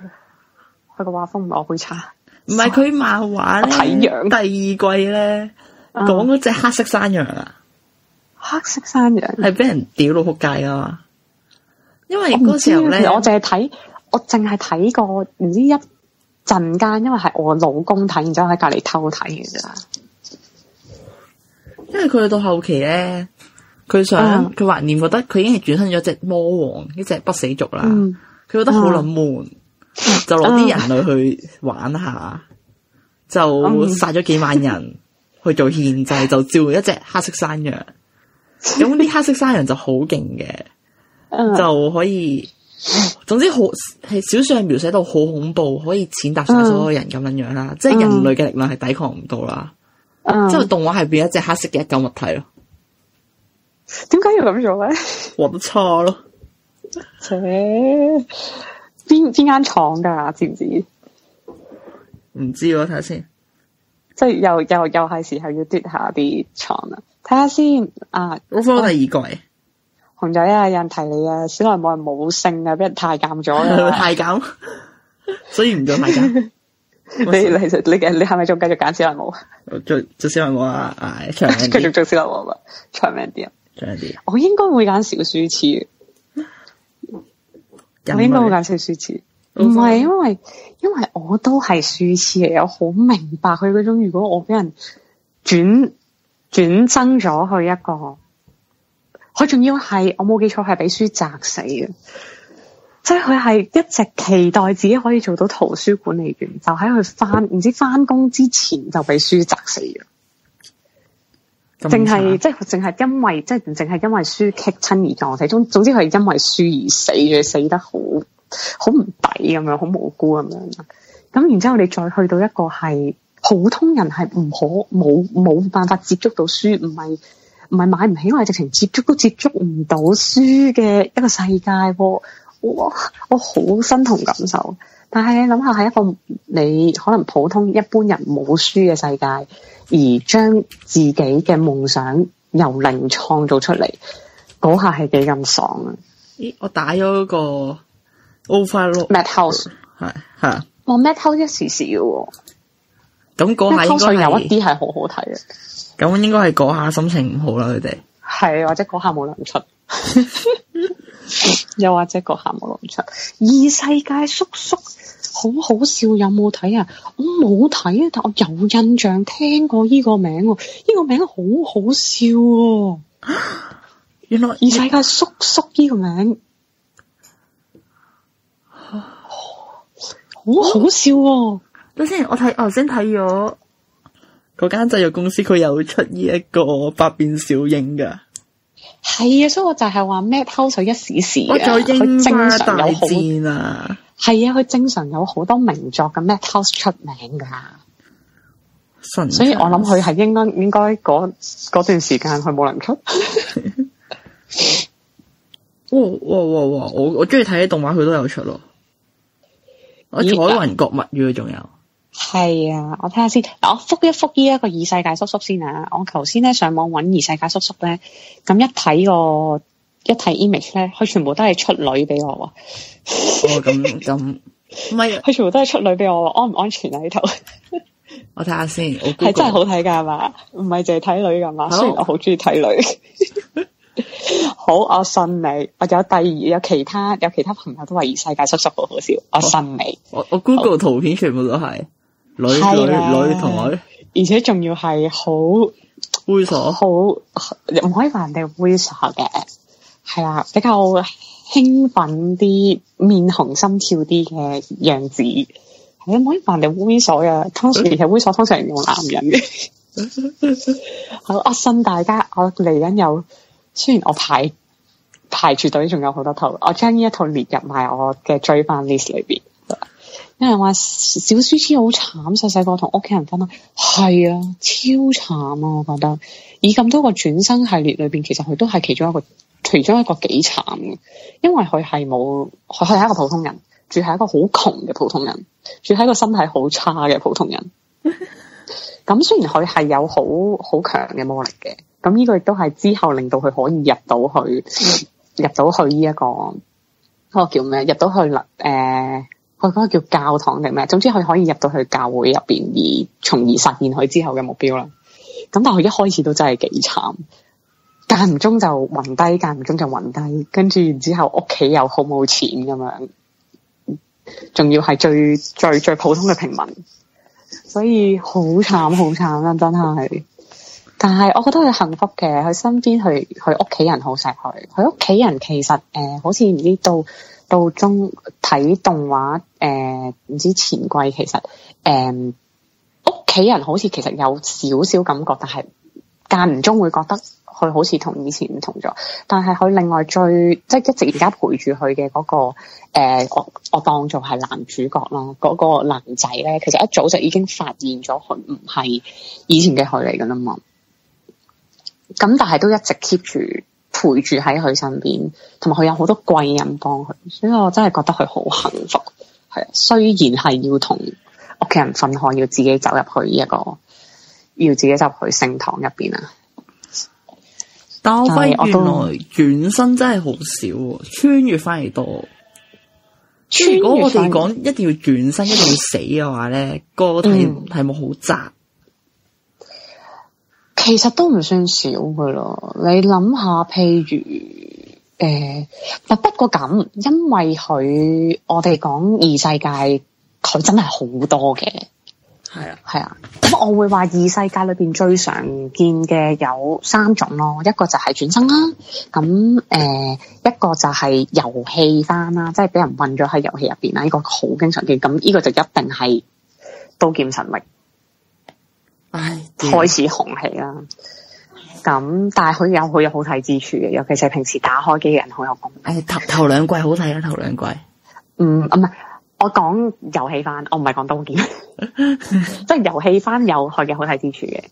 佢個畫風唔係我好差。 <laughs> 唔係佢漫畫咧，睇樣第二季咧，講嗰隻黑色山羊啊，黑色山羊係俾人屌到仆街啊！嘛！因為嗰時候咧，我淨係睇，我淨係睇過唔知一陣間，因為係我老公睇，然之後喺隔籬偷睇嘅咋。因為佢到後期咧，佢想佢懷、嗯、念，覺得佢已經係轉生咗隻魔王，呢隻不死族啦，佢、嗯嗯、覺得好撚悶。嗯就攞啲人類去玩下，就殺咗幾萬人去做獻祭，就召喚一隻黑色山羊。咁啲 <laughs> <laughs> 黑色山羊就好勁嘅， <laughs> uh, 就可以，oh, 總之好係小說描寫到好恐怖，可以踐踏晒所有人咁樣樣啦。Uh, 即係人類嘅力量係抵抗唔到啦。Uh, uh, 即係動畫係變一隻黑色嘅一嚿物體咯。點解要諗咗咧？我都錯咯，切。邊邊間廠噶知唔知？唔知我睇下先看看，即係又又又係時候要跌下啲廠啦。睇下先啊！我放第二季。熊仔啊，有人提你啊！史萊姆係冇性啊，俾人太監咗啦， <laughs> 太監，所以唔做太監。 <laughs> <laughs> 你你你嘅你係咪仲繼續揀史萊姆啊？我做做史萊姆啊啊！繼續做史萊姆啊！長命啲啊？長命啲。我應該會揀小，小書痴。你應該會大成書痴，唔係，因為因為我都係書痴嚟，我好明白佢種，如果我俾人轉轉生咗佢一個，佢仲要係我冇記錯係俾書砸死嘅，即係佢係一直期待自己可以做到圖書管理員，就喺佢返唔知返工之前就俾書砸死咗。淨係即係淨係因為即係淨係因為書劇親而撞死，總總之佢係因為書而死，嘅，死得好好唔抵咁樣，好無辜咁樣。咁然之後你再去到一個係普通人係唔可冇冇辦法接觸到書，唔係唔係買唔起，我係直情接觸都接觸唔到書嘅一個世界。哇！我好身同感受，但係你諗下，係一個你可能普通一般人冇書嘅世界。而將自己嘅夢想由零創造出嚟，嗰下係幾咁爽啊！咦，我打咗個 Overlord Madhouse，係係、哦，我、啊哦、Madhouse 時時那那一時少，咁嗰下應該有一啲係好好睇啊！咁應該係嗰下心情唔好啦，佢哋係，或者嗰下冇諗出，又或者嗰下冇諗出，異世界叔叔。好好笑，有冇睇啊？我冇睇啊，但我有印象聽過呢個名，呢、這個名好好笑，啊。原來異世界叔叔呢個名，好好笑。嗱，先我睇頭先睇咗嗰間製藥公司，佢有出呢一個百變小櫻噶。係啊，所以我就係話咩偷水一時時我再大戰啊，佢正常大好啊。係啊，佢正常有好多名作嘅《Madhouse》出名噶，奇所以我諗佢係應該應該嗰段時間佢冇能出。 <laughs> 哇哇哇哇！我我中意睇啲動畫，佢都有出咯。以彩雲國物語仲有係啊！我睇下先，我覆一覆呢一個異叔叔《異世界叔叔》先啊！我頭先咧上網揾《異世界叔叔》咧，咁一睇個。一睇 image 咧，佢全部都係出女俾我喎。 <laughs> 哦，咁咁，唔係，佢 <laughs> 全部都係出女俾我。安唔安全喺呢頭？我睇下先，係真係好睇噶係嘛？唔係淨係睇女噶嘛？Oh。雖然我好中意睇女。 <laughs> 好，我信你。我有第二，有其他，有其他，有其他朋友都話《異世界叔叔》好好笑。我信你。好我我 Google 圖片全部都係好女女的女同女，而且仲要係好猥瑣索，好唔可以話人哋猥瑣嘅。係啦、啊，比較興奮啲、面紅心跳啲嘅樣子，係唔可以扮得猥瑣嘅。當時係猥瑣，通常用男人嘅。我祝、 <laughs> 啊、大家，我嚟緊有，雖然我排排住隊，仲有好多套，我將呢一套列入埋我嘅追番 list 裏邊。有人話小書痴好慘，細細個同屋企人分開、啊，係啊，超慘啊！我覺得以咁多個轉生系列裏邊，其實佢都係其中一個。其中一個幾慘嘅，因為佢係冇，佢係一個普通人，住喺一個好窮嘅普通人，住喺一個身體好差嘅普通人。咁 <laughs> 雖然佢係有好好強嘅魔力嘅，咁呢個亦都係之後令到佢可以入到去， <laughs> 入到去呢一個嗰個叫咩？入到去啦，誒， <laughs> 佢、呃、嗰個叫教堂定咩？總之佢可以入到去教會入邊，而從而實現佢之後嘅目標啦。咁但係佢一開始都真係幾慘。間唔中就暈低，間唔中就暈低，跟住之後屋企又好冇錢咁樣，仲要係最最最普通嘅平民，所以好慘好慘啦，真係。但係我覺得佢幸福嘅，佢身邊佢佢屋企人好錫佢，佢屋企人其實誒、呃，好似唔知到到中睇動畫誒，呃、唔知前季其實誒，呃、屋企人好似其實有少少感覺，但係間唔中會覺得。佢好似同以前唔同咗，但係佢另外最即係一直而家陪住佢嘅嗰個誒、呃，我我當做係男主角咯。嗰、嗰個男仔咧，其實一早就已經發現咗佢唔係以前嘅佢嚟噶啦嘛。咁但係都一直 keep 住陪住喺佢身邊，同埋佢有好多貴人幫佢，所以我真係覺得佢好幸福。係啊，雖然係要同屋企人分開，要自己走入去呢、這、一個，要自己走入去聖堂入邊啊。但我發現原來轉生真係好少，穿越翻嚟多。如果我哋講一定要轉生，嗯、一定要死嘅話咧，個題目好窄。其實都唔算少嘅咯，你諗下譬如誒，但、欸、不過咁，因為佢我哋講異世界，佢真係好多嘅。係啊，係啊，咁我會話異世界裏邊最常見嘅有三種咯，一個就係轉生啦，咁誒，一個就係遊戲翻啦，即係俾人困咗喺遊戲入邊啦，呢、這個好經常見，咁呢個就一定係刀劍神域，唉，開始紅起啦，咁唉但係佢有佢有好睇之處嘅，尤其是平時打開機嘅人好有共鳴，誒、哎，頭兩季好睇啊，頭兩季，嗯，唔係、嗯。我講遊戲翻，我唔係講刀劍，即係遊戲翻有佢嘅好睇之處嘅。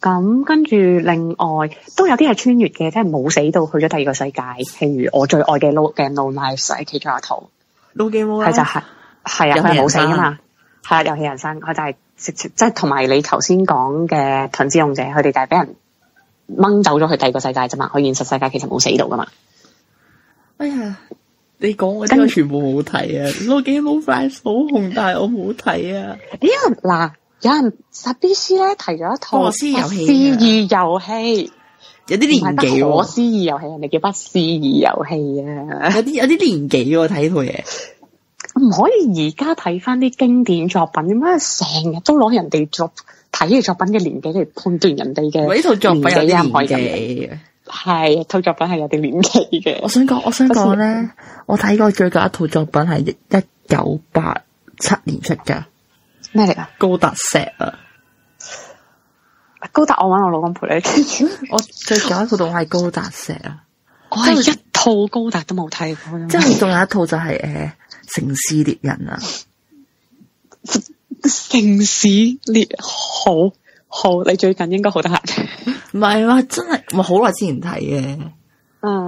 咁跟住另外都有啲係穿越嘅，即係冇死到去咗第二個世界，譬如我最愛嘅、no《Low Game No Lives》其中一套《Low Game No Lives》係就係係啊，佢係冇死啊嘛，係啊，遊戲人生佢就係、即、即即係同埋你頭先講嘅《盾之勇者》，佢哋就係俾人掹走咗去第二個世界啫嘛，佢現實世界其實冇死到噶嘛。哎呀！你講我啲嘢全部冇睇啊！《Game of Thrones》好紅，但係我冇睇啊！咦？嗱，有人 SBC 咧提咗一套《思議遊戲》，有啲年紀喎，《思議遊戲》人哋叫《不思議遊戲》啊，有啲有啲年紀喎，睇套嘢。唔可以而家睇翻啲經典作品，點解成日都攞人哋作睇嘅作品嘅年紀嚟判斷人哋嘅、啊？呢套 <music> 作品有啲人年紀、啊。可以 <music> 係啊，套作品係有啲年紀嘅。我想講，是我想講咧，我睇過最近一套作品係一九八七年出嘅。咩嚟噶？高達石啊！高達，我搵我老公陪你。 <laughs> 我最近一套我係高達石啊，我係一套高達都冇睇過。真係仲有一套就係、是、誒、呃《城市獵人》啊，《 <laughs> 城市獵》好好，你最近應該好得閒。唔係嘛，真係我好耐之前睇嘅，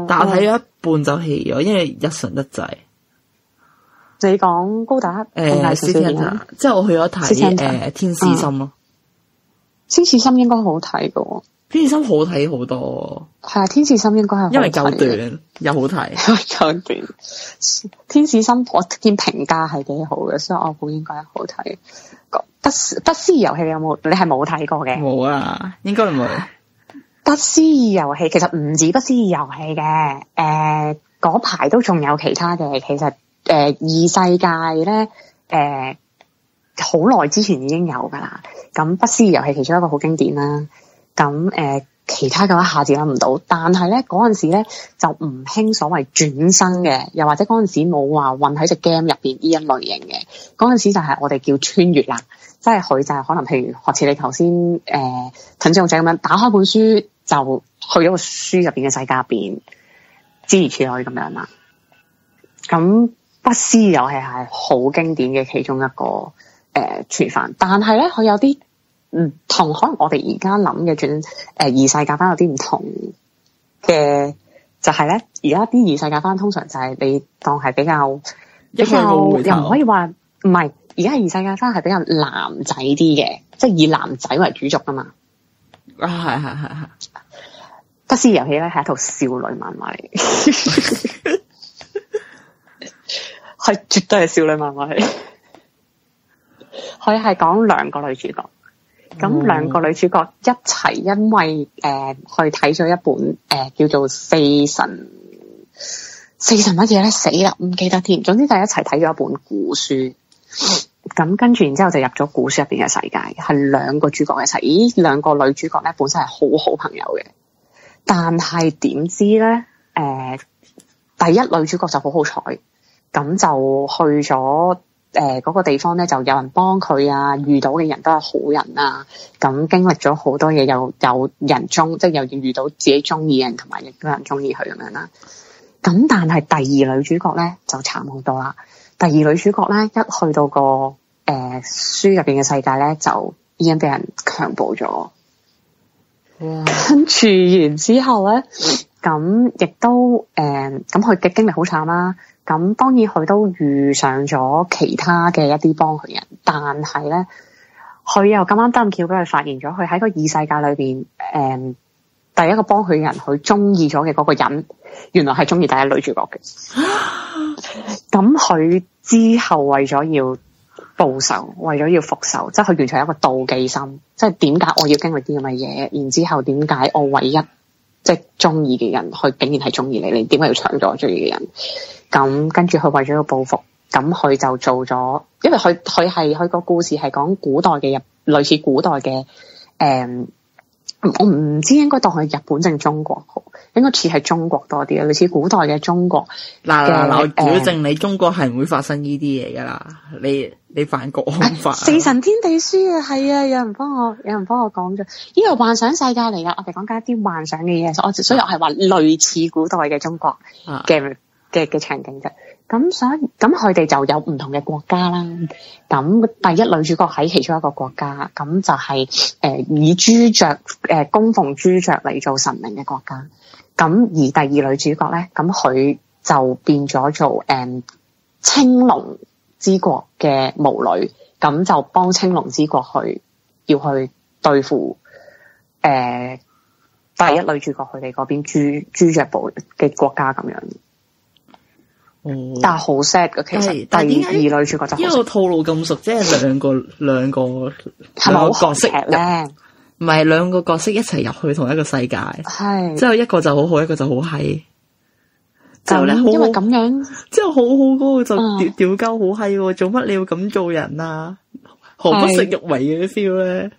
但我睇咗一半就棄咗，因為一神一滯。你講高達誒 Stinger 即係我去咗睇誒，天使心咯。天使心應該好睇嘅，天使心好睇好多。係啊，天使心應該係因為夠短又好睇，夠短。天使心我見評價係幾好嘅，所以我估應該好睇。不不思議遊戲你有冇？你係冇睇過嘅？冇啊，應該唔會。不思議遊戲其實唔止不思議遊戲嘅，誒嗰排都仲有其他嘅。其實誒異、呃、世界咧，誒好耐之前已經有噶啦。咁不思議遊戲其中一個好經典啦。咁誒、呃、其他嘅話，一下子諗唔到。但係咧嗰陣時咧就唔興所謂轉生嘅，又或者嗰陣時冇話混喺隻 game 入邊呢一類型嘅。嗰陣時就係我哋叫穿越啦。即係佢就係可能，譬如學似你頭先誒陳小仔咁樣，打開本書就去咗個書入邊嘅世界入邊，之如此可以咁樣嘛，咁不思有係係好經典嘅其中一個誒廚範，但係咧佢有啲唔同，可能我哋而家諗嘅轉誒異世界翻有啲唔同嘅，就係咧而家啲異世界翻通常就係你當係比較比較又唔可以話唔係。而家係異世界轉係比較男仔啲嘅，即係以男仔為主軸噶嘛。啊， <laughs> 係係係係。得斯遊戲咧係一套少女漫畫嚟，係 <laughs> <laughs> <laughs> 絕對係少女漫畫嚟。佢係講兩個女主角，咁兩、嗯、個女主角一齊因為誒、呃、去睇咗一本誒、呃、叫做《四神》，四神乜嘢咧死啦，唔記得添。總之就係一齊睇咗一本古書。咁、嗯、跟住，然之後就入咗古書入邊嘅世界，係兩個主角一齊。咦，兩個女主角咧本身係好好朋友嘅，但係點知咧，誒、呃，第一女主角就好好彩，咁就去咗誒嗰個地方咧，就有人幫佢啊，遇到嘅人都係好人啊，咁經歷咗好多嘢，又有，有人中，即、就、係、是、又遇到自己中意嘅人，同埋亦都有人中意佢咁樣啦。咁但係第二女主角咧就慘好多啦。第二女主角咧，一去到、個誒、呃、書入邊嘅世界咧，就已經俾人強暴咗。哇！跟住完之後咧，咁、嗯、亦都誒，咁佢嘅經歷好慘啦。咁、嗯、當然佢都遇上咗其他嘅一啲幫佢人，但係咧，佢又咁啱得咁巧，俾佢發現咗，佢喺個異世界裏邊，誒、呃，第一個幫佢人佢中意咗嘅嗰個人，原來係中意第一女主角嘅。咁佢之後為咗要報仇，為咗要復仇，即係佢完全係一個妒忌心，即係點解我要經歷啲咁嘅嘢，然之後點解我唯一即係中意嘅人，佢竟然係中意你，你點解要搶咗我中意嘅人？咁跟住佢為咗要報復，咁佢就做咗，因為佢佢係佢個故事係講古代嘅人，類似古代嘅誒。嗯我唔知應該當係日本定中國好，應該似係中國多啲啊，類似古代嘅中國。嗱嗱嗱，糾正、呃、你，中國係唔會發生呢啲嘢噶啦，你你犯國安法、啊。四神天地書啊，係啊，有人幫我，有人幫我講咗，呢個幻想世界嚟噶，我哋講緊一啲幻想嘅嘢，我所以我係話類似古代嘅中國嘅嘅嘅場景啫，就是。咁所以，咁佢哋就有唔同嘅國家啦。咁第一女主角喺其中一個國家，咁就係、是、誒、呃、以朱雀誒、呃、供奉朱雀嚟做神明嘅國家。咁而第二女主角咧，咁佢就變咗做誒、呃、青龍之國嘅巫女，咁就幫青龍之國去要去對付誒、呃、第一女主角佢哋嗰邊朱朱雀部嘅國家咁樣。但係好 sad 噶，其實但係啲二女主角就因為個套路咁熟，即係兩個兩 <laughs> 個係角色咧？唔係兩個角色一齊入去同一個世界，係之後一個就好好，一個就好嗨。就咧、嗯、因為咁樣，之後好好嗰個就屌鳩好嗨 i 做乜你要咁做人啊？何不食肉糜嘅 feel 咧？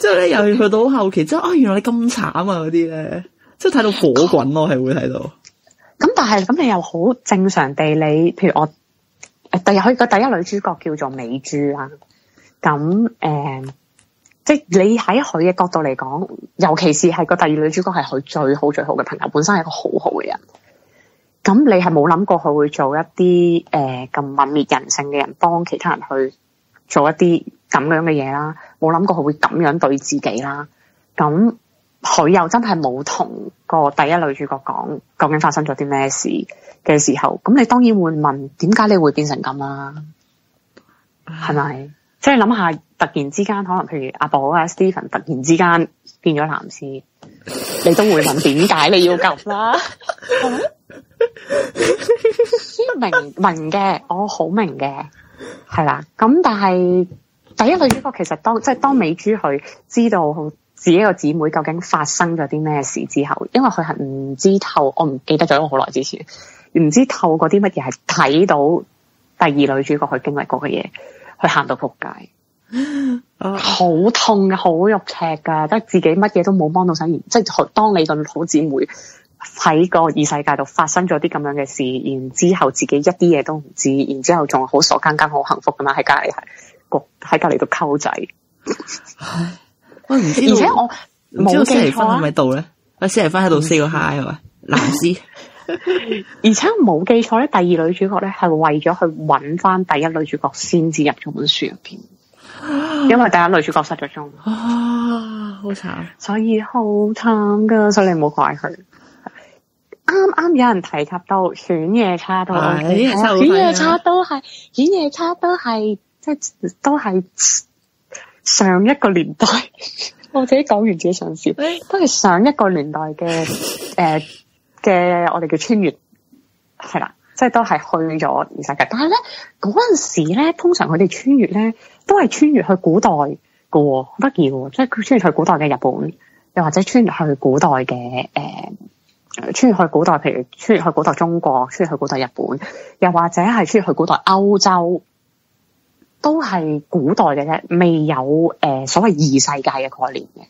之是 <laughs> 後咧又去到後期，之真啊，原來你咁慘啊！嗰啲咧，即係睇到火滾咯，係會睇到。 <laughs> 咁但係咁你又好正常地你，你譬如我第日佢個第一女主角叫做美珠啊，咁誒，即係你喺佢嘅角度嚟講，尤其是係個第二女主角係佢最好最好嘅朋友，本身係一個好好嘅人，咁你係冇諗過佢會做一啲誒咁泯滅人性嘅人，幫其他人去做一啲咁樣嘅嘢啦，冇諗過佢會咁樣對自己啦，咁。佢又真係冇同個第一女主角講究竟發生咗啲咩事嘅時候，咁你當然會問點解你會變成咁啦、啊？係咪？即係諗下，突然之間可能譬如阿寶啊、Steven 突然之間變咗男士，你都會問點解你要咁啦、啊？ <laughs> 明明嘅，我好明嘅，係啦。咁但係第一女主角其實當即係、就是、當美珠佢知道好。自己個姊妹究竟發生咗啲咩事之後，因為佢係唔知透，我唔記得咗，我好耐之前唔知透過啲乜嘢係睇到第二女主角去經歷過嘅嘢，去行到仆街， <laughs> 好痛呀，好肉赤噶，即係自己乜嘢都冇幫到手，然即係當你個好姊妹喺個異世界度發生咗啲咁樣嘅事，然之後自己一啲嘢都唔知，然之後仲好傻更更好幸福噶嘛，喺隔籬國喺隔籬度溝仔。 <laughs> <laughs> 哦、而且我冇知謝霆鋒喺咪度咧。阿謝霆鋒喺度 say 個 hi 係咪？唔知。而且冇記錯咧，第二女主角咧係為咗去揾翻第一女主角先至入咗本書入邊。因為第一女主角失咗蹤。 <laughs> 啊，好慘！所以好慘噶，所以你唔好怪佢。啱啱有人提及到《犬夜叉》都，犬夜叉都係，OK, 哎，犬、啊、夜叉都係，即係都係。上一個年代，我自己講完自己想笑，都係上一個年代嘅誒嘅，呃、我哋叫穿越，係啦，即係都係去咗異世界。但係咧嗰陣時咧，通常佢哋穿越咧都係穿越去古代嘅，好得意嘅，即係穿越去古代嘅日本，又或者穿越去古代嘅誒，穿、呃、穿越去古代，譬如穿越去古代中國，穿越去古代日本，又或者係穿越去古代歐洲。都係古代嘅啫，未有誒、呃、所謂異世界嘅概念嘅。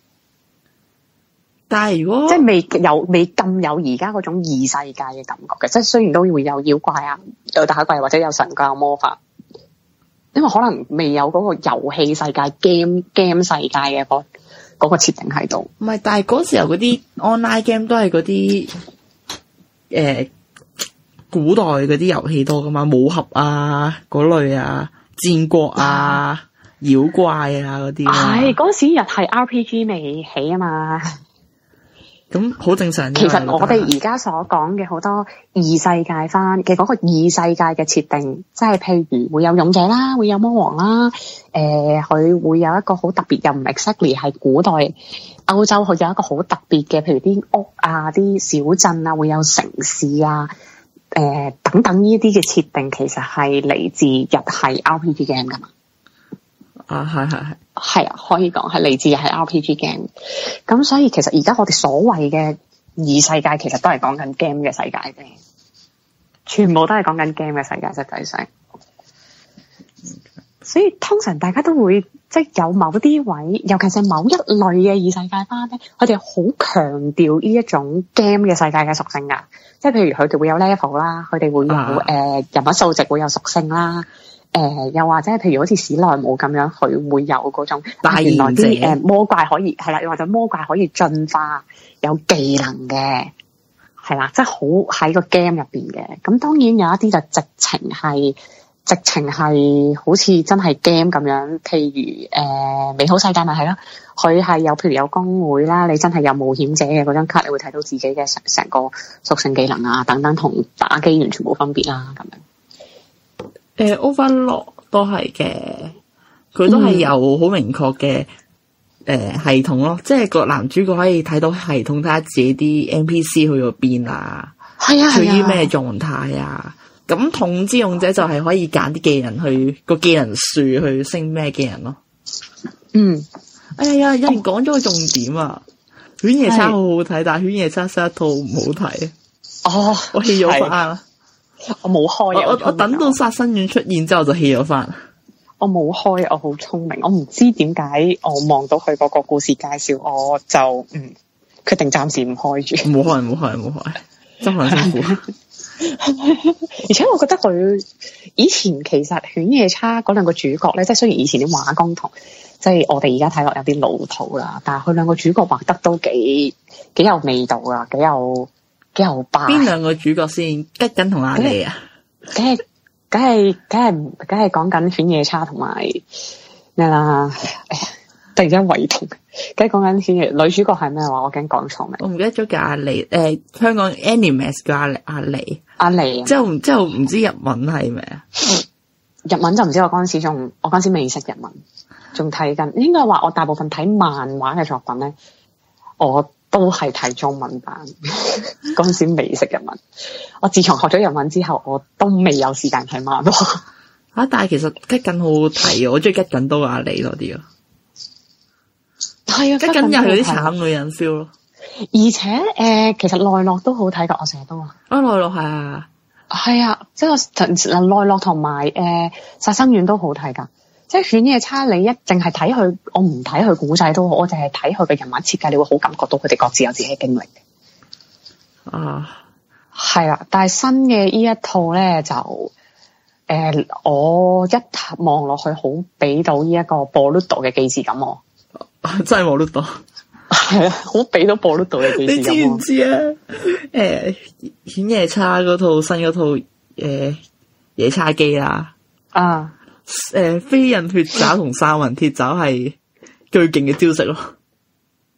但係如果即係未有未咁有而家嗰種異世界嘅感覺嘅，即係雖然都會有妖怪啊、有打怪或者有神怪有魔法，因為可能未有嗰個遊戲世界、game game 世界嘅、嗰個嗰、嗰個設定喺度。唔係，但係嗰時候嗰啲 online game 都係嗰啲誒古代嗰啲遊戲多噶嘛，武俠啊嗰類啊。戰國啊，Yeah. 妖怪啊嗰啲，係嗰、啊哎、時又係 RPG 未起啊嘛，咁好正常。其實我哋而家所講嘅好多異世界翻嘅，嗰個異世界嘅設定，即係譬如會有勇者啦，會有魔王啦，誒、呃、佢會有一個好特別又唔 exactly 係古代歐洲，佢有一個好特別嘅，譬如啲屋啊、啲小鎮啊，會有城市啊。誒、呃，等等呢啲嘅設定其實係嚟自日系 RPG game 噶嘛？啊，係係係，係啊，可以講係嚟自日系 RPG game。咁所以其實而家我哋所謂嘅異世界其實都係講緊 game 嘅世界啫，全部都係講緊 game 嘅世界實際上。Okay. 所以通常大家都會即係有某啲位，尤其是某一類嘅異世界番，咧，佢哋好強調呢一種 game 嘅世界嘅屬性噶。即係譬如佢哋會有 level 啦，佢哋會有誒、啊呃、人物數值會有屬性啦。誒、呃、又或者係譬如好似史萊姆咁樣，佢會有嗰種、呃、但原來啲誒、呃、魔怪可以係啦，又或者魔怪可以進化有技能嘅，係啦，即係好喺個 game 入邊嘅。咁當然有一啲就直情係。直情係好似真係 game 咁樣，譬如誒美好世界咪係咯，佢、呃、係有譬如有公會啦，你真係有冒險者嘅嗰張卡，你會睇到自己嘅成成個屬性技能啊，等等同打機完全冇分別啦、啊，咁樣。誒、呃、，Overlord 都係嘅，佢都係有好明確嘅誒系統咯，即係個男主角可以睇到系統睇下自己啲 NPC 去到邊啦，係啊，處於咩狀態啊？咁統之勇者就係可以揀啲技能去、個技能樹去升咩技能咯。嗯，哎呀，有人講咗個重點啊！哦《犬夜叉》好好睇，但係《犬夜叉，叉》新一套唔好睇。哦，我棄咗翻，我冇開，我我，我，我等到殺生丸出現之後就棄咗翻。我冇開，我好聰明，我唔知點解我望到佢嗰個故事介紹，我就唔決定暫時唔開住。冇開、嗯，冇開，冇開，真係辛苦。 <laughs> <laughs> 而且我覺得佢以前其實《犬夜叉》嗰兩個主角咧，即係雖然以前啲畫工同即係我哋而家睇落有啲老土啦，但係佢兩個主角畫得都幾幾有味道噶，幾有幾有扮。邊兩個主角先？吉根同阿籬啊？梗係梗係梗係梗係講緊《犬夜叉》同埋咩啦？哎呀。突然間胃痛，梗係講緊先嘅女主角係咩話？我驚講錯名。我唔記得咗叫阿李誒、呃，香港 Animax 叫阿阿李阿李，之後之後唔知日文係咩啊？日文就唔知我嗰陣時仲我陣時未識日文，仲睇緊應該話我大部分睇漫畫嘅作品咧，我都係睇中文版。嗰陣 <laughs> <laughs> 時未識日文，我自從學咗日文之後，我都未有時間睇漫畫啊。但係其實吉梗好好睇，我最中意吉梗多阿李多啲啊。係啊，梗係佢啲慘女人燒咯。而且誒、呃，其實奈落都好睇噶，我成日都話。奈落係啊，係啊，即係奈落同埋誒，殺、呃、生丸都好睇噶。即係犬夜叉，你一淨係睇佢，我唔睇佢古仔都好，我淨係睇佢嘅人物設計，你會好感覺到佢哋各自有自己嘅經歷。啊，係啦、啊，但係新嘅呢一套咧就，誒、呃，我一望落去，好俾到呢一個 Boruto 嘅記事感我。 <laughs> 真係冇碌到，係啊！好俾都播碌到你，你知唔知啊？誒、 <laughs> 哎，犬夜叉嗰套新嗰套誒，夜、哎、叉機啦，啊，誒、哎，飛刃血爪同三魂鐵爪係最勁嘅招式咯，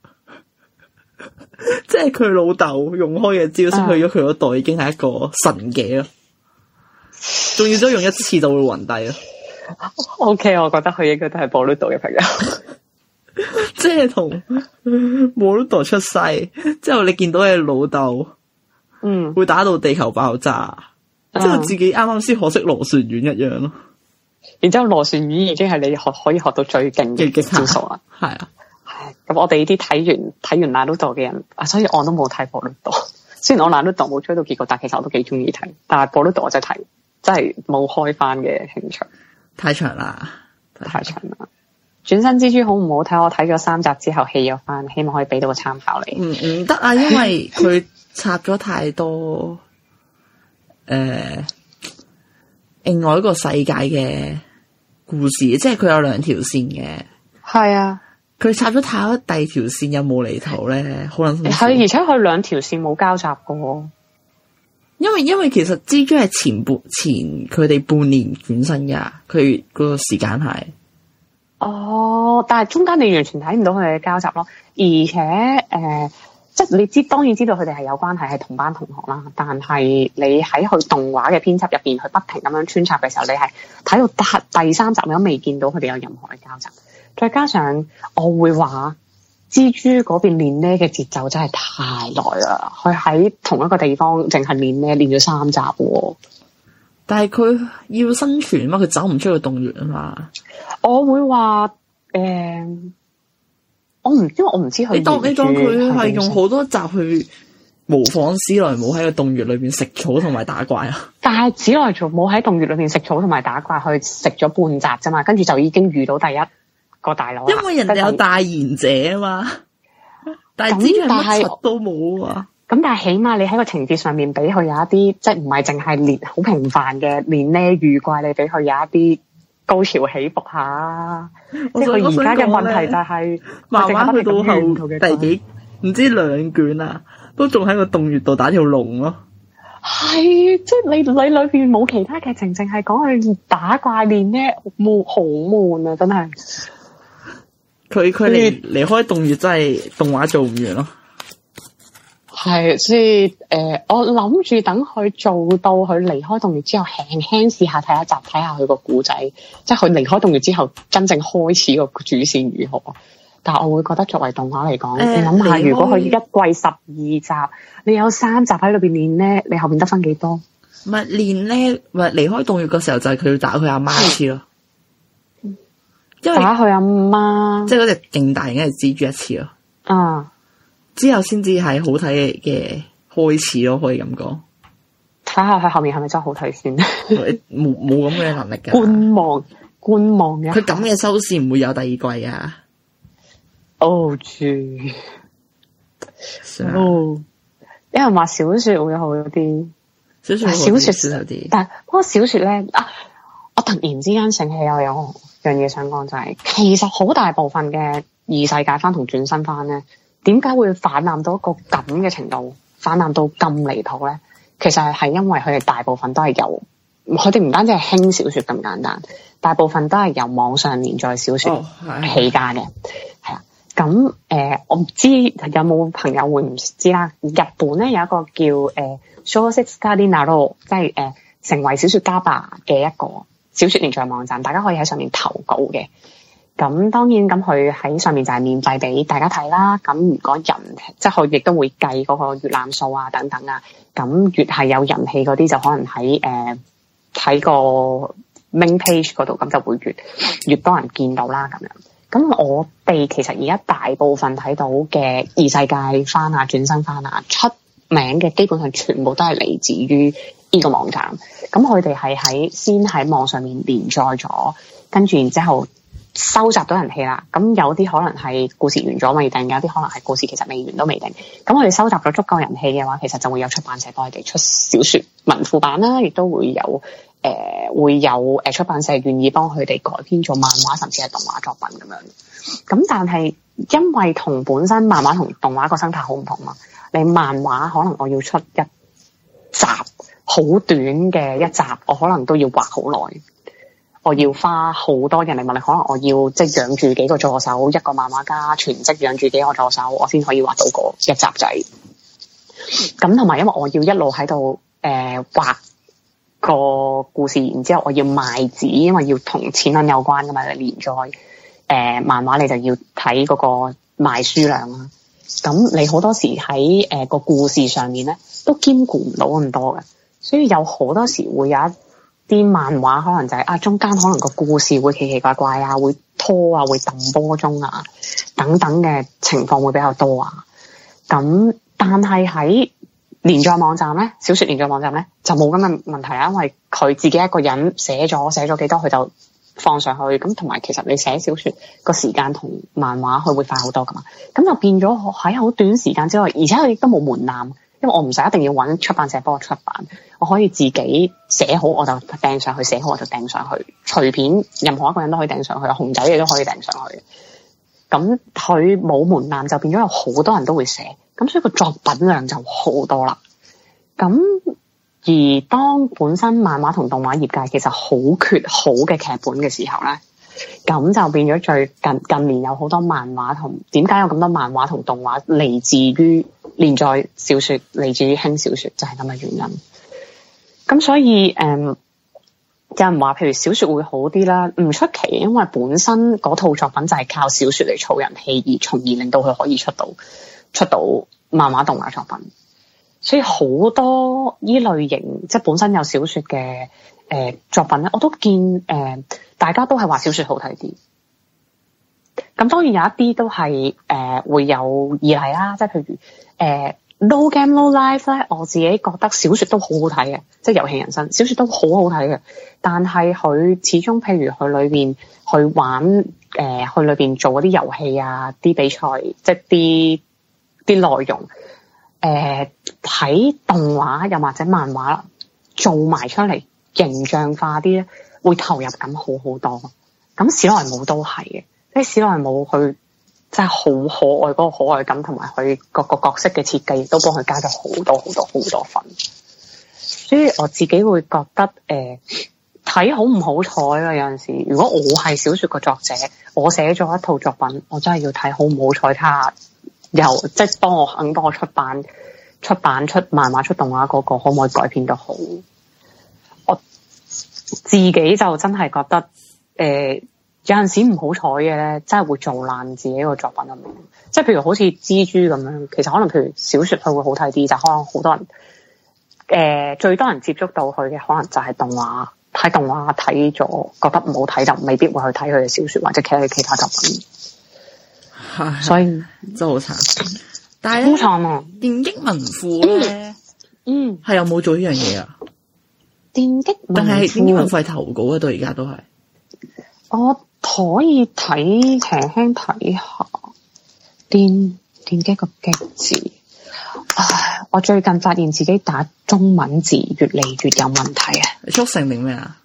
<laughs> <laughs> <laughs> 即係佢老豆用開嘅招式，去咗佢嗰代已經係一個神技咯，仲、啊、要都用一次就會暈低咯。O、okay, K，我覺得佢應該都係播碌到嘅朋友。 <laughs> <laughs> 即係同《布魯度》出世之後你你爸爸，你見到嘅老豆，嗯，會打到地球爆炸，嗯、即係自己啱啱先學識螺旋丸一樣咯。然之後螺旋丸已經係你學可以學到最勁嘅招數啊，係啊、 <laughs> 嗯，係。咁我哋呢啲睇完睇完《布魯達》嘅人，所以我都冇睇過《布魯達》。雖然我《布魯度》冇追到結果，但其實我都幾中意睇。但係《布魯度》我就真係睇真係冇開翻嘅興趣， <laughs> 太長啦，太長啦。轉生蜘蛛好唔好睇？我睇咗三集之後棄咗翻，希望可以俾到個參考你。唔唔得啊，因為佢插咗太多誒 <laughs> 呃，另外一個世界嘅故事，即係佢有兩條線嘅。係啊，佢插咗太多，第二條線有冇厘頭咧？好難。係而且佢兩條線冇交集嘅，因為因為其實蜘蛛係前半前佢哋半年轉生噶，佢個時間係。哦，但係中間你完全睇唔到佢嘅交集咯，而且誒、呃，即係你知當然知道佢哋係有關係係同班同學啦，但係你喺佢動畫嘅編輯入邊，佢不停咁樣穿插嘅時候，你係睇到第三集你都未見到佢哋有任何嘅交集。再加上我會話蜘蛛嗰邊練呢嘅節奏真係太耐啦，佢喺同一個地方淨係練呢練咗三集喎、哦。但係佢要生存嘛，佢走唔出去洞穴啊嘛。我會話誒、呃，我唔知，我唔知佢。你當你當佢係用好多集去模仿史萊姆喺個洞穴裏邊食草同埋打怪啊。但係史萊姆冇喺洞穴裏邊食草同埋打怪，佢食咗半集啫嘛，跟住就已經遇到第一個大佬。因為人哋有大賢者啊嘛，但係是但係都冇啊。咁但係起碼你喺個情節上面俾佢有一啲，即係唔係淨係練好平凡嘅練呢遇怪，你俾佢有一啲高潮起伏下。我想即係佢而家嘅問題就係、是，他只 慢慢去到後第幾唔知兩卷啊，都仲喺個洞穴度打條龍咯。係，即係你你裏邊冇其他劇情，淨係講佢打怪練咧，悶好悶啊！真係。佢佢離離開洞穴真係動畫做唔完咯。係，所以誒、呃，我諗住等佢做到佢離開洞穴之後，輕輕試下睇一集，睇下佢個故仔，即係佢離開洞穴之後真正開始個主線如何。但係我會覺得作為動畫嚟講，呃、你諗下，開如果佢一季十二集，你有三集喺裏邊練咧，你後邊得分幾多？唔係練咧，唔係離開洞穴嘅時候就係佢要打佢阿媽，媽一次咯。是為打佢阿媽，媽，即係嗰隻勁大嘅蜘蛛一次咯。啊、嗯！之後先至係好睇嘅嘅開始咯，可以咁講。睇下佢後面係咪真係好睇先。 <laughs> 冇冇咁嘅能力嘅。觀望觀望嘅。佢咁嘅收視唔會有第二季啊？哦，住。哦。有人話小說會好啲，小說小說少啲。但係、嗰個小說咧，啊！我突然之間醒起我有樣嘢想講，就係、是、其實好大部分嘅異世界翻同轉身翻咧。點解會氾濫到一個咁嘅程度，氾濫到咁離譜咧？其實係因為佢哋大部分都係由，佢哋唔單止係輕小說咁簡單，大部分都係由網上連載小說起家嘅，係啊、哦。咁誒，我唔、嗯嗯嗯、知有冇朋友會唔知啦。日本咧有一個叫誒 Shousetsuka ni Narou 即係誒、嗯、成為小說家吧嘅一個小說連載網站，大家可以喺上面投稿嘅。咁當然咁佢喺上面就係免費俾大家睇啦。咁如果人即係佢亦都會計嗰個瀏覽數啊等等啊，咁越係有人氣嗰啲就可能喺誒睇個 main page 嗰度，咁就會越越多人見到啦。咁樣，咁我哋其實而家大部分睇到嘅異世界翻啊、轉生翻啊出名嘅，基本上全部都係嚟自於呢個網站。咁佢哋係喺先喺網上面連載咗，跟住然之後。收集到人氣啦，咁有啲可能係故事完咗未定，有啲可能係故事其實未完都未定。咁我哋收集咗足夠人氣嘅話，其實就會有出版社幫佢哋出小說、文庫版啦，亦都會有誒、呃、會有誒出版社願意幫佢哋改編做漫畫，甚至係動畫作品咁樣。咁但係因為同本身漫畫同動畫個生態好唔同嘛，你漫畫可能我要出一集好短嘅一集，我可能都要畫好耐。我要花好多人力物力，可能我要即係養住幾個助手，一個漫畫家全職養住幾個助手，我先可以畫到個一集仔。咁同埋，因為我要一路喺度誒畫個故事，然之後我要賣紙，因為要同錢銀有關噶嘛。連載誒、呃、漫畫，你就要睇嗰個賣書量啦。咁你好多時喺誒個故事上面咧，都兼顧唔到咁多嘅，所以有好多時會有一。啲漫畫可能就係、是、啊，中間可能個故事會奇奇怪怪啊，會拖啊，會揼波鐘啊，等等嘅情況會比較多啊。咁但係喺連載網站咧，小説連載網站咧就冇咁嘅問題啊，因為佢自己一個人寫咗，寫咗幾多佢就放上去。咁同埋其實你寫小説個時間同漫畫佢會快好多㗎嘛。咁就變咗喺好短時間之外，而且佢亦都冇門檻。因為我唔使一定要揾出版社幫我出版，我可以自己寫好我就掟上去，寫好我就掟上去，隨便任何一個人都可以掟上去，紅仔嘢都可以掟上去。咁佢冇門檻，就變咗有好多人都會寫，咁所以個作品量就好多啦。咁而當本身漫畫同動畫業界其實好缺好嘅劇本嘅時候咧，咁就變咗最近近年有好多漫畫同點解有咁多漫畫同動畫嚟自於？連載小說嚟自於輕小說就係咁嘅原因，咁所以誒、嗯，有人話譬如小說會好啲啦，唔出奇，因為本身嗰套作品就係靠小說嚟儲人氣，而從而令到佢可以出到出到漫畫動畫作品，所以好多呢類型即係本身有小說嘅誒、呃、作品咧，我都見誒、呃，大家都係話小說好睇啲。咁當然有一啲都係誒、呃、會有異例啦，即係譬如誒《呃 No Game No Life》咧，我自己覺得小説都好好睇嘅，即係遊戲人生小説都好好睇嘅。但係佢始終譬如佢裏邊去玩誒，佢裏邊做嗰啲遊戲啊、啲比賽，即係啲啲內容誒睇、呃、動畫又或者漫畫做埋出嚟，形象化啲咧會投入感好好多。咁史萊姆都係嘅。史萊姆冇佢真係好可愛嗰、那個可愛感，同埋佢各個角色嘅設計都幫佢加咗好多好多好多分。所以我自己會覺得誒，睇、呃、好唔好彩啦、啊。有陣時，如果我係小説嘅作者，我寫咗一套作品，我真係要睇好唔好彩，他又即係幫我肯幫我出版出版出漫畫出動畫嗰、那個可唔可以改編得好？我自己就真係覺得誒。呃有陣時唔好彩嘅咧，真係會做爛自己個作品咁。即係譬如好似蜘蛛咁樣，其實可能譬如小說佢會好睇啲，就可能好多人誒、呃、最多人接觸到佢嘅，可能就係動畫。睇動畫睇咗覺得唔好睇，就未必會去睇佢嘅小說，或者其他其他作品。係，所以真係好慘。但係咧，啊、電擊文庫嗯，係、嗯、有冇做呢樣嘢啊？電擊，但係電擊文庫投稿啊，到而家都係我。可以睇輕輕睇下點點擊個極字。唉，我最近發現自己打中文字越嚟越有問題啊。速成明咩啊？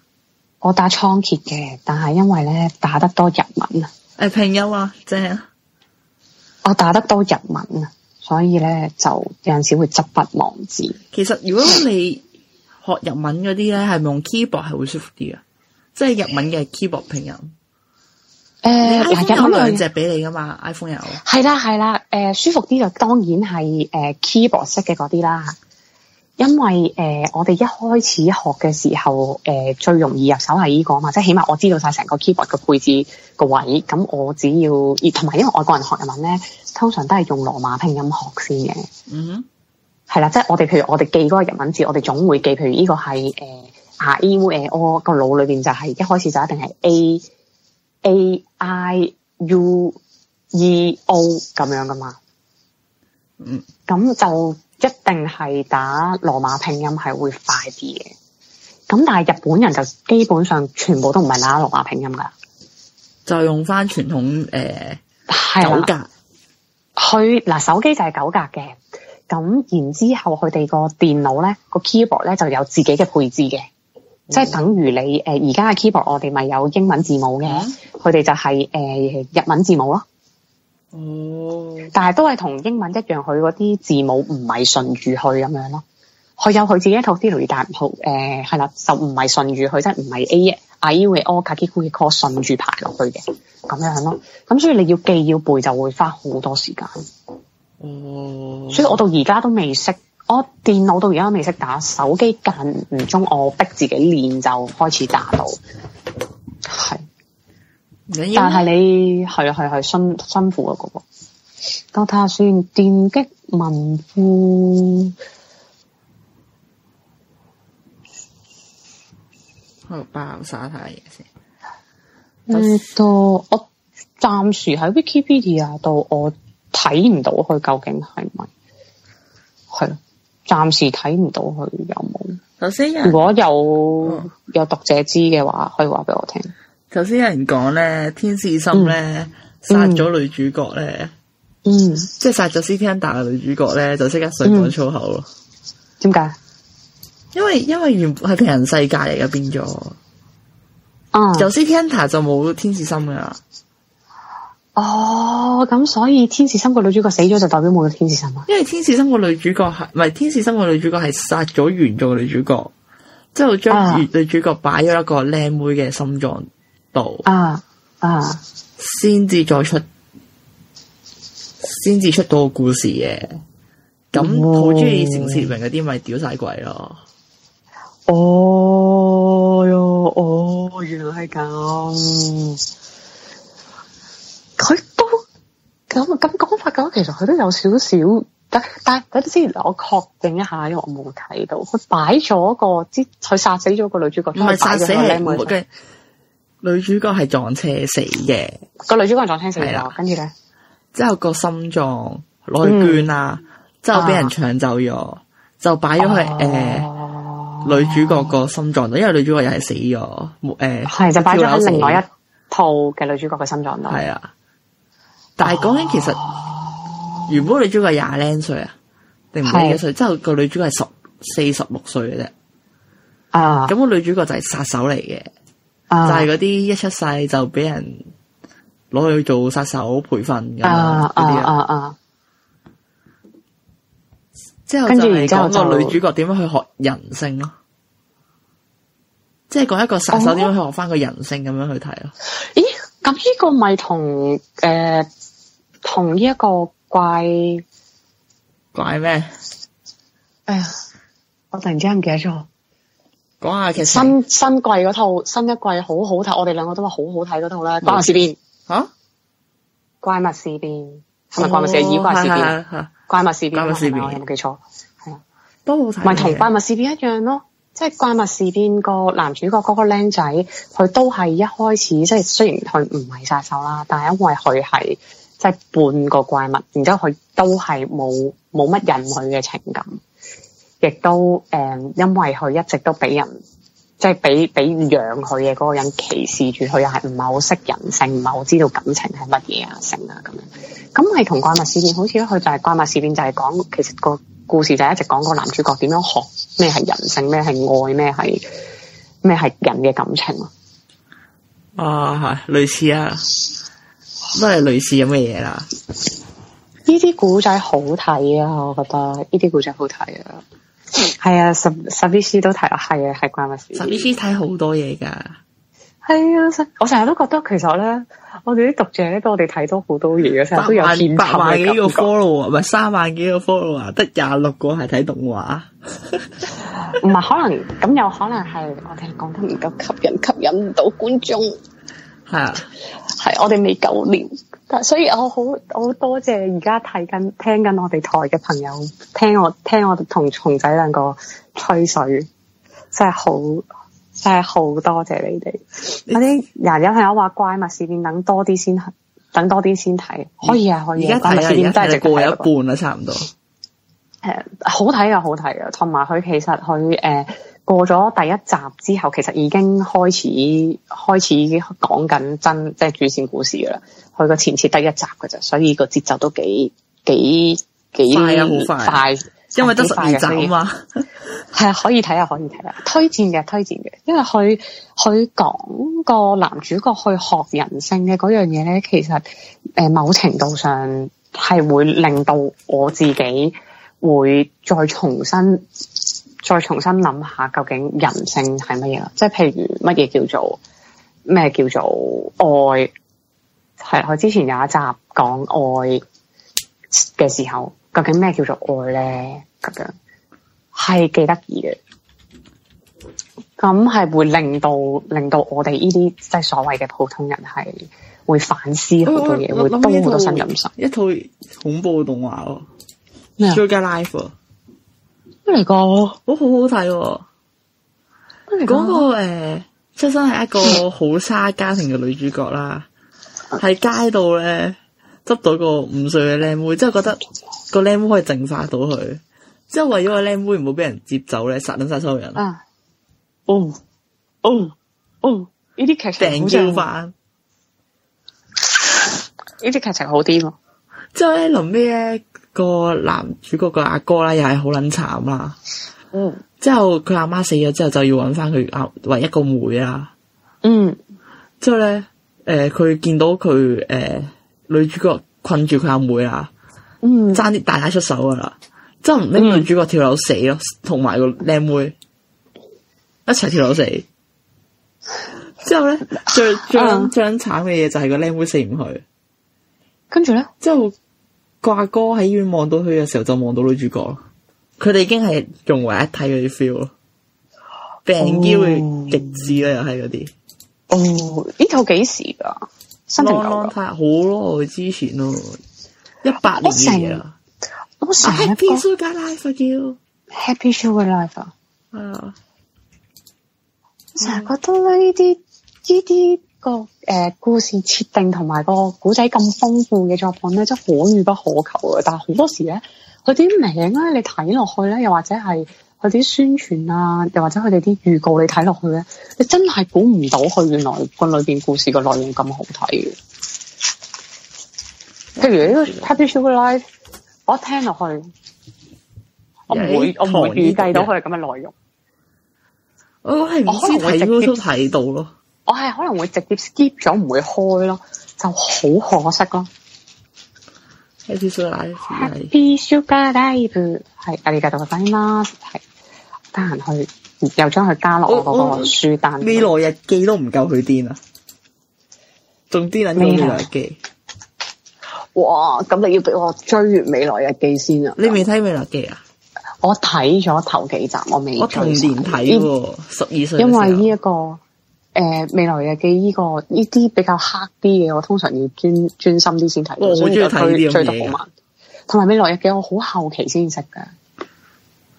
我打倉頡嘅，但係因為咧打得多日文，欸、友啊。誒拼音啊，即係啊。我打得多日文啊，所以咧就有陣時會執筆忘字。其實如果你學日文嗰啲咧，係咪用 keyboard 係會舒服啲啊？即係、嗯、日文嘅 keyboard 拼音。誒，嗱，有兩隻俾你噶嘛，iPhone 有。係啦係啦，誒，舒服啲就當然係誒，keyboard 式嘅嗰啲啦。因為誒，我哋一開始學嘅時候，誒，最容易入手係呢個嘛，即係起碼我知道晒成個 keyboard 嘅配置個位。咁我只要，同埋因為外國人學日文咧，通常都係用羅馬拼音學先嘅。嗯哼。係啦，即係我哋譬如我哋記嗰個日文字，我哋總會記，譬如呢個係誒啊，e u a o，個腦裏邊就係一開始就一定係 a。A I U E O 咁樣噶嘛，嗯，咁就一定係打羅馬拼音係會快啲嘅，咁但係日本人就基本上全部都唔係打羅馬拼音噶，就用翻傳統誒、呃、係九格，佢嗱手機就係九格嘅，咁然之後佢哋個電腦咧個 keyboard 咧就有自己嘅配置嘅。即係等於你誒而、呃、家嘅 keyboard，我哋咪有英文字母嘅，佢哋、嗯、就係、是、誒、呃、日文字母咯。哦、嗯。但係都係同英文一樣，佢嗰啲字母唔係順住去咁樣、呃、樣咯。佢有佢自己一套思路，但係誒係啦，就唔係順住去，即係唔係 A、I、U、E、O、Ka、Ki、Ku、Ke、Ko 順住排落去嘅咁樣咯。咁所以你要既要背就會花好多時間。哦、嗯。所以我到而家都未識。我電腦到而家都未識打，手機間唔中我逼自己練就開始打到，係。為但係你係啊係係辛辛苦啊嗰個。等睇下先，電擊文庫。好爆殺他嘢先。嗯，到我暫時喺 Wikipedia 度，我睇唔到佢究竟係咪係啊？暫時睇唔到佢有冇。首先，如果有、哦、有讀者知嘅話，可以話俾我聽。首先有人講咧，天使心咧、嗯、殺咗女主角咧，嗯，即係殺咗 Cynthia 嘅女主角咧，就即刻想講粗口咯。點解、嗯？為因為因為原本係平行世界嚟嘅，變咗。哦、啊。有 Cynthia 就冇天使心噶啦。哦，咁所以天使心個女主角死咗就代表冇咗天使心啊？因為天使心個女主角係，唔係天使心個女主角係殺咗原作個女主角，之後將女主角擺咗一個靚妹嘅心臟度，啊，啊啊，先至再出，先至出到個故事嘅。咁好中意城市明嗰啲咪屌晒鬼咯，哦？哦喲，哦原來係咁。佢都咁咁講法嘅話，其實佢都有少少，但但嗰陣之前我確定一下，因為我冇睇到佢擺咗個即佢殺死咗個女主角，唔係殺死你妹，跟住女主角係撞車死嘅，個女主角撞車死啦，跟住咧，之後個心臟攞去捐啦，之後俾人搶走咗，就擺咗去誒女主角個心臟度，因為女主角又係死咗，冇誒，係就擺咗喺另外一套嘅女主角嘅心臟度，係啊。但係講緊其實，原本女主角廿零歲啊，定唔知幾歲？之後個女主角係十四十六歲嘅啫。啊！咁個女主角就係殺手嚟嘅，就係嗰啲一出世就俾人攞去做殺手培訓咁嘅。啊啊啊啊！之後就講個女主角點樣去學人性咯，即係講一個殺手點樣去學翻個人性咁樣去睇咯。咦？咁呢個咪同誒？同呢一個怪怪咩？哎呀，我突然之間唔記得咗。講下其實新新季嗰套新一季好好睇，我哋兩個都話好好睇嗰套啦。怪物事變吓？怪物事變係咪怪物事變？怪物事變吓？怪物事變怪物事變有冇記錯？係啊，都好睇。咪同怪物事變一樣咯，即係怪物事變個男主角嗰個僆仔，佢都係一開始即係雖然佢唔係殺手啦，但係因為佢係。即係半個怪物，然之後佢都係冇冇乜人類嘅情感，亦都誒、呃，因為佢一直都俾人即係俾俾養佢嘅嗰個人歧視住佢，又係唔係好識人性，唔係好知道感情係乜嘢啊，性啊咁樣。咁係同怪物事變好似咯，佢就係怪物事變就係講，其實個故事就係一直講個男主角點樣學咩係人性，咩係愛，咩係咩係人嘅感情啊。啊，類似啊。乜係類似咁嘅嘢啦。呢啲古仔好睇啊，我覺得呢啲古仔好睇啊。係 <laughs> 啊，十十 B C 都睇，係啊，係關乜事？十 B C 睇好多嘢噶。係啊，我成日都覺得其實咧，我哋啲讀者俾我哋睇多好多嘢嘅，成日都有 f 羨慕嘅感覺。唔係三萬幾個 follower，得廿六個係睇動畫。唔 <laughs> 係、啊、可能咁，有可能係我哋講得唔夠吸引，吸引唔到觀眾。係係、啊、我哋未夠年，但所以我好好多謝而家睇緊聽緊我哋台嘅朋友聽我聽我同熊仔兩個吹水，真係好真係好多謝你哋。嗰啲廿廿朋友話怪物事變等多啲先等多啲先睇，可以啊，可以，啊可以。怪物事變都係、那個，過一半啦，差唔多。誒、嗯，好睇啊好睇啊，同埋佢其實佢誒。呃過咗第一集之後，其實已經開始開始講緊真即係、就是、主線故事噶啦。佢個前次得一集噶啫，所以個節奏都幾幾幾快，快啊，好快，啊！因為得十二集啊嘛，係可以睇下，可以睇下，推薦嘅，推薦嘅。因為佢佢講個男主角去學人性嘅嗰樣嘢咧，其實誒、呃、某程度上係會令到我自己會再重新。再重新諗下，究竟人性係乜嘢啦？即係譬如乜嘢叫做咩叫做愛？係我之前有一集講愛嘅時候，究竟咩叫做愛咧？咁樣係幾得意嘅，咁係會令到令到我哋呢啲即係所謂嘅普通人係會反思好多嘢，會多好多新感受。一套恐怖嘅動畫咯、哦，咩？《最佳 Life》。嚟個好好好睇，嗰個誒，出身係一個好差家庭嘅女主角啦。喺 <laughs> 街度咧，執到個五歲嘅靚妹，之後覺得個靚妹可以淨化到佢。之後為咗個靚妹唔好俾人接走咧，殺咗殺錯人。哦哦、啊、哦！呢啲劇情定要呢啲劇情好癲咯！之後咧，林咩咧？個男主角個阿哥啦，又係好捻慘啦。嗯，之後佢阿媽死咗之後，就要揾翻佢阿唯一個妹啊。嗯，之後咧，誒、呃，佢見到佢誒、呃、女主角困住佢阿妹啊。嗯，爭啲大打出手噶啦，之後拎女主角跳樓死咯，同埋、嗯、個靚妹一齊跳樓死。之後咧，最最最捻慘嘅嘢就係個靚妹死唔去。啊、跟住咧，之後。華、啊、哥喺醫院望到佢嘅時候，就望到女主角咯。佢哋已經係融為一體嗰啲 feel 咯，病嬌會極致啦，又係嗰啲。哦，呢套幾時噶？新嘅好耐之前咯，一八年嘅嘢啊。嗯、我成 Happy Sugar Life for you, Happy Sugar Life for you 啊！成日覺得呢啲啲啲。個誒故事設定同埋個古仔咁豐富嘅作品咧，真可遇不可求嘅。但係好多時咧，佢啲名咧，你睇落去咧，又或者係佢啲宣傳啊，又或者佢哋啲預告你睇落去咧，你真係估唔到佢原來個裏邊故事嘅內容咁好睇嘅。譬如呢個 Happy Sugar Life，我一聽落去，我唔會我唔會預計到佢係咁嘅內容。啊、是是我係唔知睇都睇到咯。我係可能會直接 skip 咗唔會開咯，就好可惜咯。Happy Sugar Life，係第二階段快啲啦，係得閒去又將佢加落我嗰個書單。未來日記都唔夠佢癲啊，仲癲緊未來日記。哇，咁你要俾我追《未來日記》先啊？你未睇《未來日記》啊？我睇咗頭幾集，我未我童年睇喎，十二歲因為呢、這、一個。誒、嗯，未來日記呢、這個呢啲比較黑啲嘅，我通常要專專心啲先睇。我好中意睇追得好慢。同埋未來日記，我後好後期先識嘅。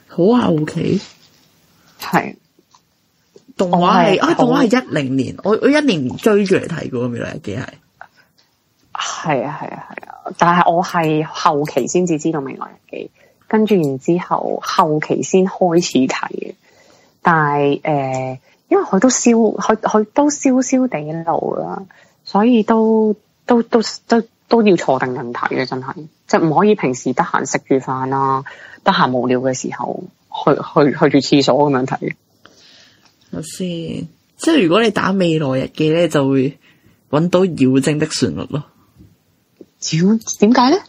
好後期係動畫係，係啊，動畫係一零年，我我一年追住嚟睇過未來日記係係啊係啊係啊,啊，但係我係後期先至知道未來日記，跟住然之後後期先開始睇嘅。但係誒。呃因為佢都燒，佢佢都燒燒地老啦，所以都都都都都要坐定定睇嘅，真係，即係唔可以平時得閒食住飯啦，得閒無聊嘅時候去去去住廁所咁樣睇。老師，即係如果你打未來日記咧，就會搵到妖精的旋律咯。妖？點解咧？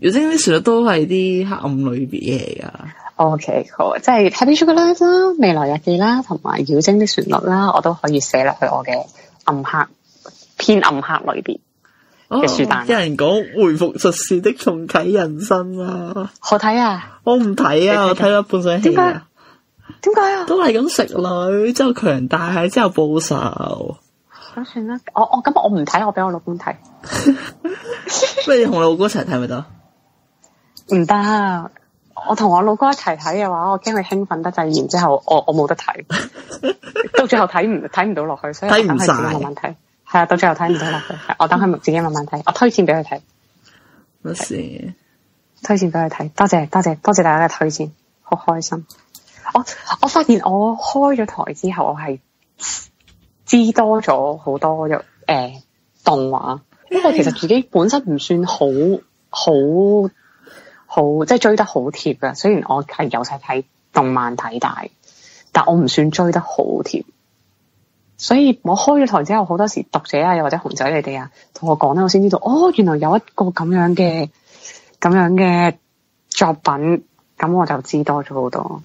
妖精的旋律都係啲黑暗裏邊嘢嚟噶。O、okay, K，好，即係 Happy Sugar Life 啦，未來日記啦，同埋妖精的旋律啦，我都可以寫落去我嘅暗黑偏暗黑裏面嘅書單。有人講回復術士的重啟人生啊，好睇啊，我唔睇啊，我睇咗半歲戲。點解？點解啊？啊都係咁食女，之後強大，係之後報仇。咁算啦，我我咁我唔睇，我俾我，我，我老公睇。 <laughs> 麼 <laughs> 不如同你老公一齊睇咪得？唔得、啊。我同我老公一齊睇嘅話，我驚佢興奮得滯，然之後我我冇得睇，到最後睇唔睇唔到落去，所以睇唔晒。慢慢睇，係啊，到最後睇唔到落去， <laughs> 我等佢自己慢慢睇。我推薦俾佢睇，冇事。推薦俾佢睇，多謝多謝多謝大家嘅推薦，好開心。我我發現我開咗台之後，我係知多咗好多嘅，誒動畫，因為其實自己本身唔算好好。哎呀好，即係追得好貼㗎，雖然我係由細睇動漫睇大，但我唔算追得好貼。所以我開咗台之後，好多時讀者啊，又或者熊仔你哋啊，同我講咧，我先知道哦，原來有一個咁樣嘅咁樣嘅作品，咁我就知多咗好多。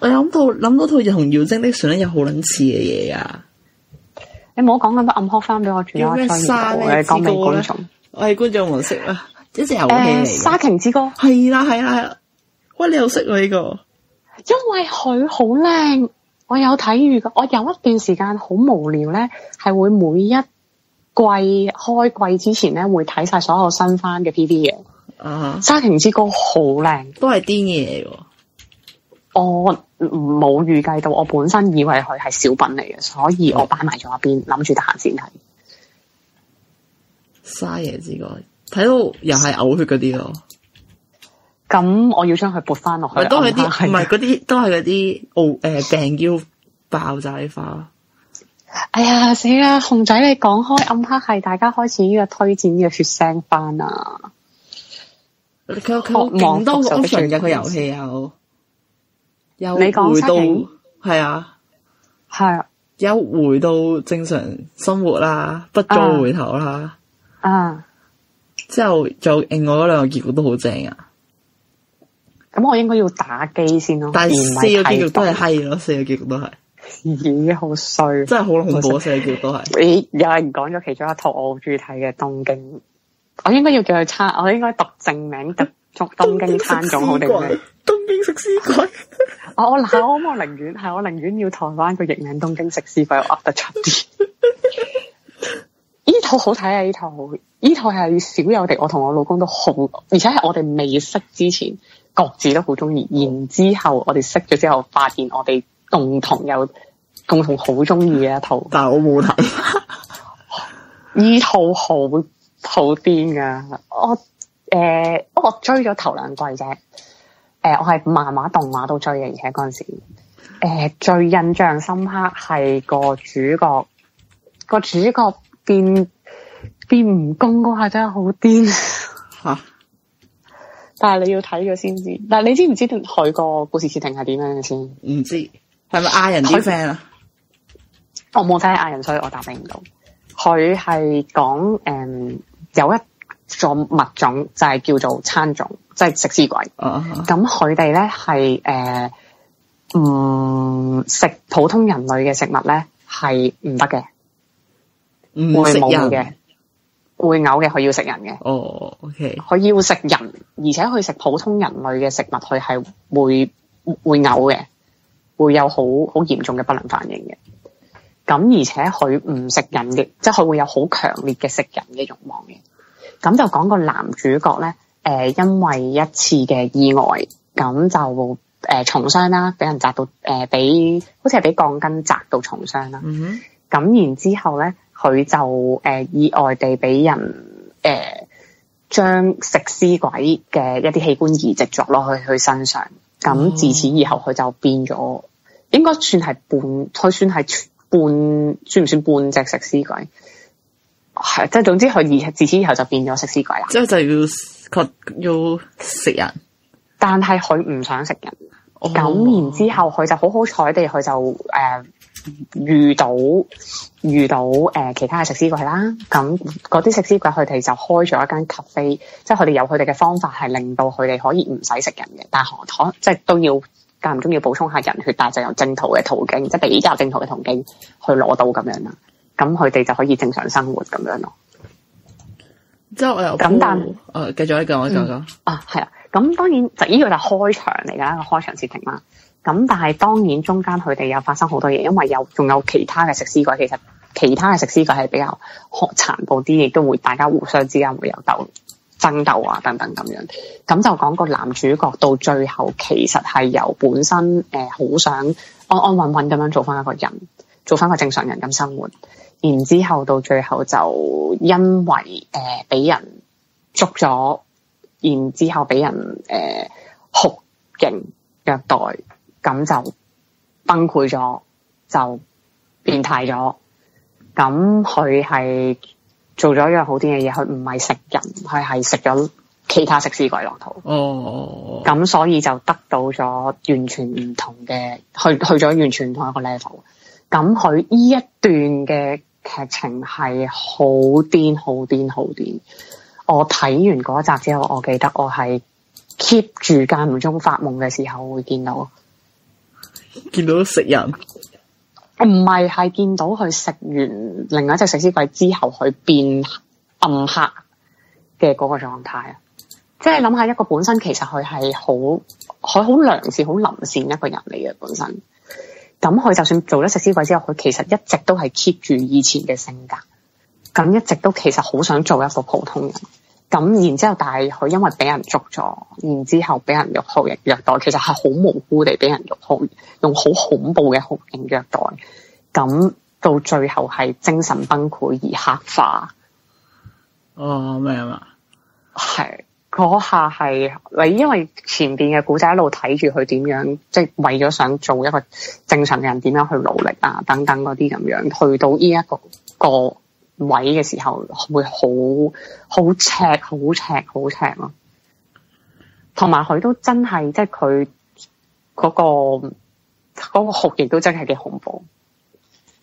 我諗到，諗到套《日紅妖精的船》咧，有好卵似嘅嘢啊！你唔好講咁多，暗 call 翻俾我住啊！再唔得嘅，各位觀眾。我係觀眾模式啊！ <laughs> 一隻遊戲嚟，沙亭之歌係啦，係啦，係啦，喂，你又識我呢、這個？因為佢好靚，我有睇預告。我有一段時間好無聊咧，係會每一季開季之前咧，會睇晒所有新番嘅 P. V. 嘅。啊、uh，huh. 沙亭之歌好靚，都係癲嘢嚟。我冇預計到，我本身以為佢係小品嚟嘅，所以我擺埋咗一邊，諗住得閒先睇。沙爺之歌。睇到又係嘔血嗰啲咯，咁我要將佢撥翻落去。都係啲唔係嗰啲，都係嗰啲誒病嬌爆炸化。哎呀死啦！熊仔你講開暗黑係，大家開始呢個推薦呢個血腥翻啊！佢佢好多日常嘅遊戲有，又回到係啊，係一回到正常生活啦、啊，不再回頭啦、啊啊，啊。之後就另外嗰兩個結局都好正啊！咁我應該要打機先咯。但係四個結局都係係咯，四個結局都係，咦好衰，真係好恐怖，壞四個結局都係。咦有人講咗其中一套我好中意睇嘅東京，我應該要叫佢餐，我應該讀正名讀作東京餐咁好定咩？東京食屍鬼。我我我我寧願係我寧願要台灣個譯名東京食屍鬼，我噏得出啲。 <laughs> <laughs> 呢套好睇啊！呢套呢、啊、套係少有地，我同我老公都好，而且係我哋未識之前，各自都好中意。然之後我哋識咗之後，發現我哋共同有共同好中意嘅一套。但係我冇睇呢套好好癲噶！我誒、呃，不過追咗頭兩季啫。誒、呃，我係漫畫、動畫都追嘅，而且嗰陣時，誒、呃、最印象深刻係個主角個主角。變變蜈蚣嗰下真係好癲吓！但係你要睇佢先知。但係你知唔知佢個故事設定係點樣嘅先？唔知係咪亞人？佢 friend 啊？我冇睇亞人，所以我答唔到。佢係講誒，有一種物種就係、是、叫做餐種，即、就、係、是、食屍鬼。哦咁佢哋咧係誒，唔、啊呃嗯、食普通人類嘅食物咧係唔得嘅。唔食人嘅，會嘔嘅。佢要食人嘅。哦、oh，OK。佢要食人，而且佢食普通人類嘅食物，佢係會會嘔嘅，會有好好嚴重嘅不良反應嘅。咁而且佢唔食人嘅，即係佢會有好強烈嘅食人嘅欲望嘅。咁就講個男主角咧，誒、呃，因為一次嘅意外，咁就誒、呃、重傷啦，俾人砸到，誒、呃，俾好似係俾鋼筋砸到重傷啦。嗯咁、mm hmm. 然之後咧。佢就誒、呃、意外地俾人誒將、呃、食屍鬼嘅一啲器官移植咗落去佢身上，咁、嗯、自此以後佢就變咗，應該算係半，佢算係半，算唔算半隻食屍鬼？係即係總之佢而自此以後就變咗食屍鬼啦，即係就要要食人，但係佢唔想食人。咁、哦、然之後佢就好好彩地佢就誒。呃遇到遇到誒、呃，其他嘅食屍鬼啦，咁嗰啲食屍鬼佢哋就開咗一間咖啡，即係佢哋有佢哋嘅方法係令到佢哋可以唔使食人嘅，但係可即係都要間唔中要補充下人血，但係就由正途嘅途徑，即係比較正途嘅途徑去攞到咁樣啦，咁佢哋就可以正常生活咁樣咯。之後我又咁，但誒，繼、呃、續呢句我繼續講、嗯、啊，係啊，咁當然就呢、是、個就開場嚟噶啦，開場設定啦。咁但係當然中間佢哋又發生好多嘢，因為有仲有其他嘅食屍鬼，其實其他嘅食屍鬼係比較殼殘暴啲，亦都會大家互相之間會有鬥爭鬥啊等等咁樣。咁就講個男主角到最後其實係由本身誒好、呃、想安安穩穩咁樣做翻一個人，做翻個正常人咁生活。然之後到最後就因為誒俾、呃、人捉咗，然之後俾人誒、呃、酷刑虐待。咁就崩潰咗，就變態咗。咁佢係做咗一樣好癲嘅嘢，佢唔係食人，佢係食咗其他食屍鬼落肚。哦，咁所以就得到咗完全唔同嘅，去去咗完全唔同一個 level。咁佢呢一段嘅劇情係好癲、好癲、好癲。我睇完嗰集之後，我記得我係 keep 住間唔中發夢嘅時候會見到。見到食人，唔係，係見到佢食完另外一隻食屍鬼之後，佢變暗黑嘅嗰個狀態啊！即係諗下一個本身其實佢係好佢好良善、好臨善一個人嚟嘅本身。咁佢就算做咗食屍鬼之後，佢其實一直都係 keep 住以前嘅性格，咁一直都其實好想做一個普通人。咁然之後，但係佢因為俾人捉咗，然之後俾人虐待、虐待，其實係好無辜地俾人虐待，用好恐怖嘅酷刑虐待，咁到最後係精神崩潰而黑化。哦，咩啊？係嗰下係你，因為前邊嘅古仔一路睇住佢點樣，即係為咗想做一個正常嘅人，點樣去努力啊，等等嗰啲咁樣，去到呢一個個。位嘅時候會好好赤好赤好赤咯，同埋佢都真係即係佢嗰個嗰個哭戲都真係幾恐怖，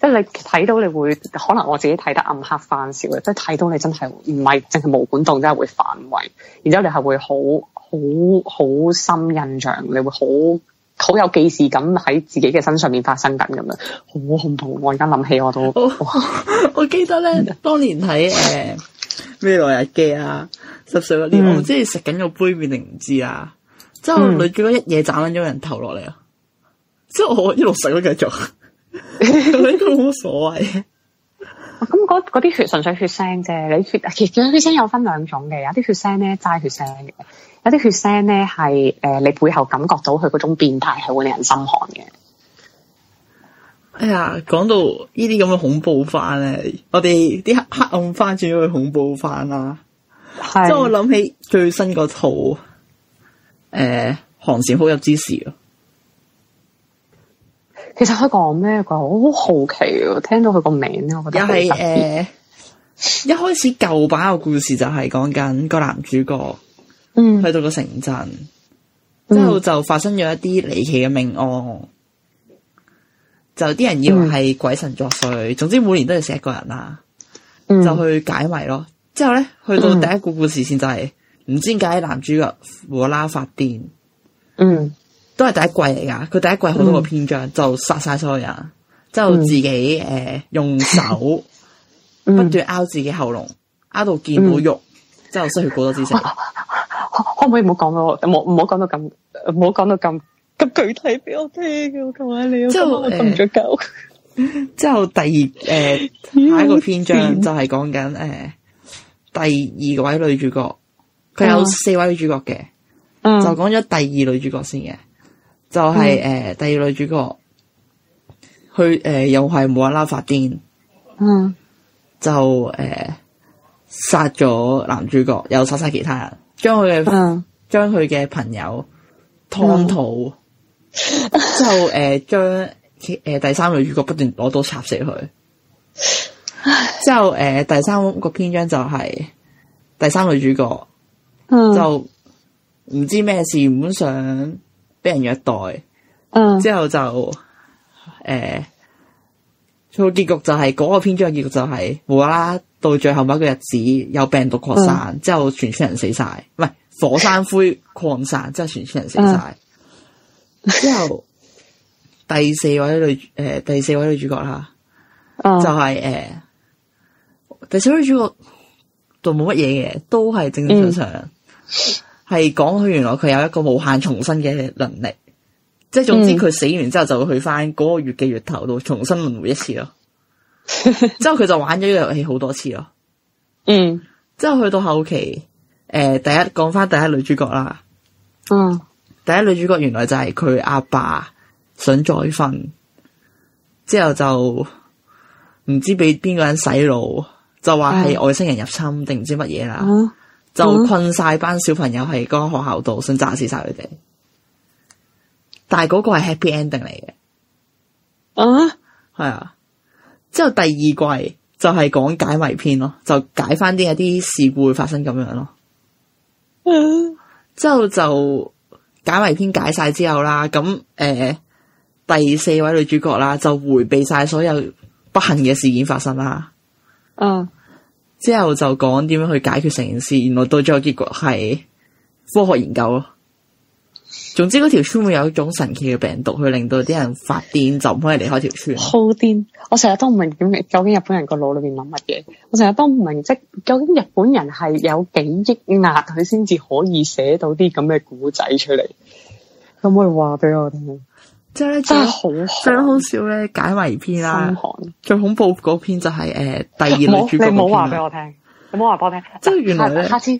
即係你睇到你會，可能我自己睇得暗黑番少嘅，即係睇到你真係唔係淨係毛管戙，真係會反胃，然之後你係會好好好深印象，你會好。好有既視感喺自己嘅身上面發生緊咁樣，好恐怖！我而家諗起我都，哦、我記得咧，當年睇誒咩未來日記啊，十歲嗰年，即係食緊個杯麪定唔知啊，之後女主角一嘢斬咗人頭落嚟啊，之後、嗯、我一路食都繼續，你 <laughs> 都冇乜所謂。咁嗰啲血純粹血腥啫，你血血血腥有分兩種嘅，有啲血腥咧齋血腥嘅，有啲血腥咧係誒，你背後感覺到佢嗰種變態係會令人心寒嘅。哎呀，講到呢啲咁嘅恐怖番咧，我哋啲黑暗番轉咗去恐怖番啦。即係是我諗起最新個套誒《寒蟬伏泣之時》啊。其實佢講咩㗎？我好好奇啊！聽到佢個名我覺得又係誒、呃，一開始舊版嘅故事就係講緊個男主角，嗯，去到個城鎮，嗯、之後就發生咗一啲離奇嘅命案，嗯、就啲人以為係鬼神作祟。嗯、總之每年都要死一個人啦，嗯、就去解謎咯。之後咧去到第一個故事線就係唔知點解男主角和拉發電，嗯。因為第一季嚟噶，佢第一季好多個篇章，mm. 就殺晒所有人，之後自己誒、呃、用手 <laughs> 不斷拗自己喉嚨，拗到見到肉，之、嗯、後失去好多知識。 <laughs> 可唔可以唔好講到，唔唔好講到咁，唔好講到咁咁具體俾我聽嘅，我求下你，我驚我瞓唔着覺。之後、呃、 <laughs> 後第二誒、呃，下一個篇章就係講緊誒、呃、第二位女主角，佢有四位女主角嘅，oh. 就講咗第二女主角先嘅。 <laughs> <laughs> 就係、是、誒、呃、第二女主角，佢、誒、呃、又係冇啦啦發癲，嗯，就誒殺咗男主角，又殺晒其他人，將佢嘅將佢嘅朋友湯吐，之後誒將誒第三女主角不斷攞刀插死佢，嗯、之後誒、呃、第三個篇章就係、是、第三女主角就，就唔、嗯嗯、知咩事原本想。俾人虐待，嗯、之後就誒，最、呃、後結局就係、是、嗰、那個篇章嘅結局就係、是、無啦啦到最後尾一個日子有病毒擴散，、嗯、散，之後全村人死晒，唔係火山灰擴散，之後全村人死晒。之後 <laughs> 第四位女誒、呃、第四位女主角啦，嗯、就係、是、誒、呃、第四位女主角就冇乜嘢嘅，都係正正常常。嗯係講佢原來佢有一個無限重生嘅能力，即係總之佢死完之後就會去翻嗰個月嘅月頭度重新輪回一次咯。嗯、 <laughs> 之後佢就玩咗呢個遊戲好多次咯。嗯，之後去到後期，誒、呃，第一講翻第一女主角啦。嗯，第一女主角原來就係佢阿爸想再婚，之後就唔知俾邊個人洗腦，就話係外星人入侵定唔、嗯、知乜嘢啦。嗯就困晒班小朋友喺嗰個學校度，想炸死晒佢哋。但係嗰個係 Happy Ending 嚟嘅。啊，係啊。之後第二季就係講解謎篇咯，就解翻啲一啲事故會發生咁樣咯。嗯、啊。之後就解謎篇解晒之後啦，咁誒、呃，第四位女主角啦就回避晒所有不幸嘅事件發生啦。嗯、啊。之後就講點樣去解決成件事，然後到最後結果係科學研究咯。總之嗰條村會有，有一種神奇嘅病毒，去令到啲人發癲，就唔可以離開條村。好癲！我成日都唔明點究竟日本人個腦裏邊諗乜嘢？我成日都唔明，即究竟日本人係有幾億壓佢先至可以寫到啲咁嘅古仔出嚟。可唔可以話俾我聽？真真好，真好笑咧！解謎篇啦，寒最恐怖嗰篇就係、是、誒、欸、第二女主角篇。你冇話俾我聽，你冇話俾我聽。即係原來下次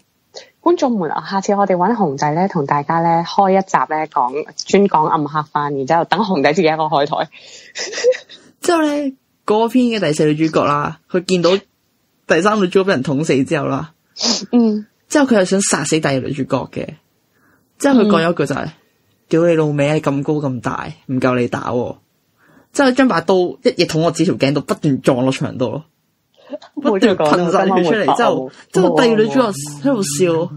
觀眾們，下次我哋揾熊仔咧，同大家咧開一集咧講專講暗黑番，然之後等熊仔自己一個開台。 <laughs> 之後咧嗰篇嘅第四女主角啦，佢見到第三女主角俾人捅死之後啦，嗯之，之後佢又想殺死第二女主角嘅，之後佢講咗一句就係、是。嗯叫你老味，咁高咁大，唔夠你打，之後將把刀一嘢捅我紙條頸度，不斷撞落牆度咯，不斷噴晒佢出嚟，之後即係第二女主角喺度笑，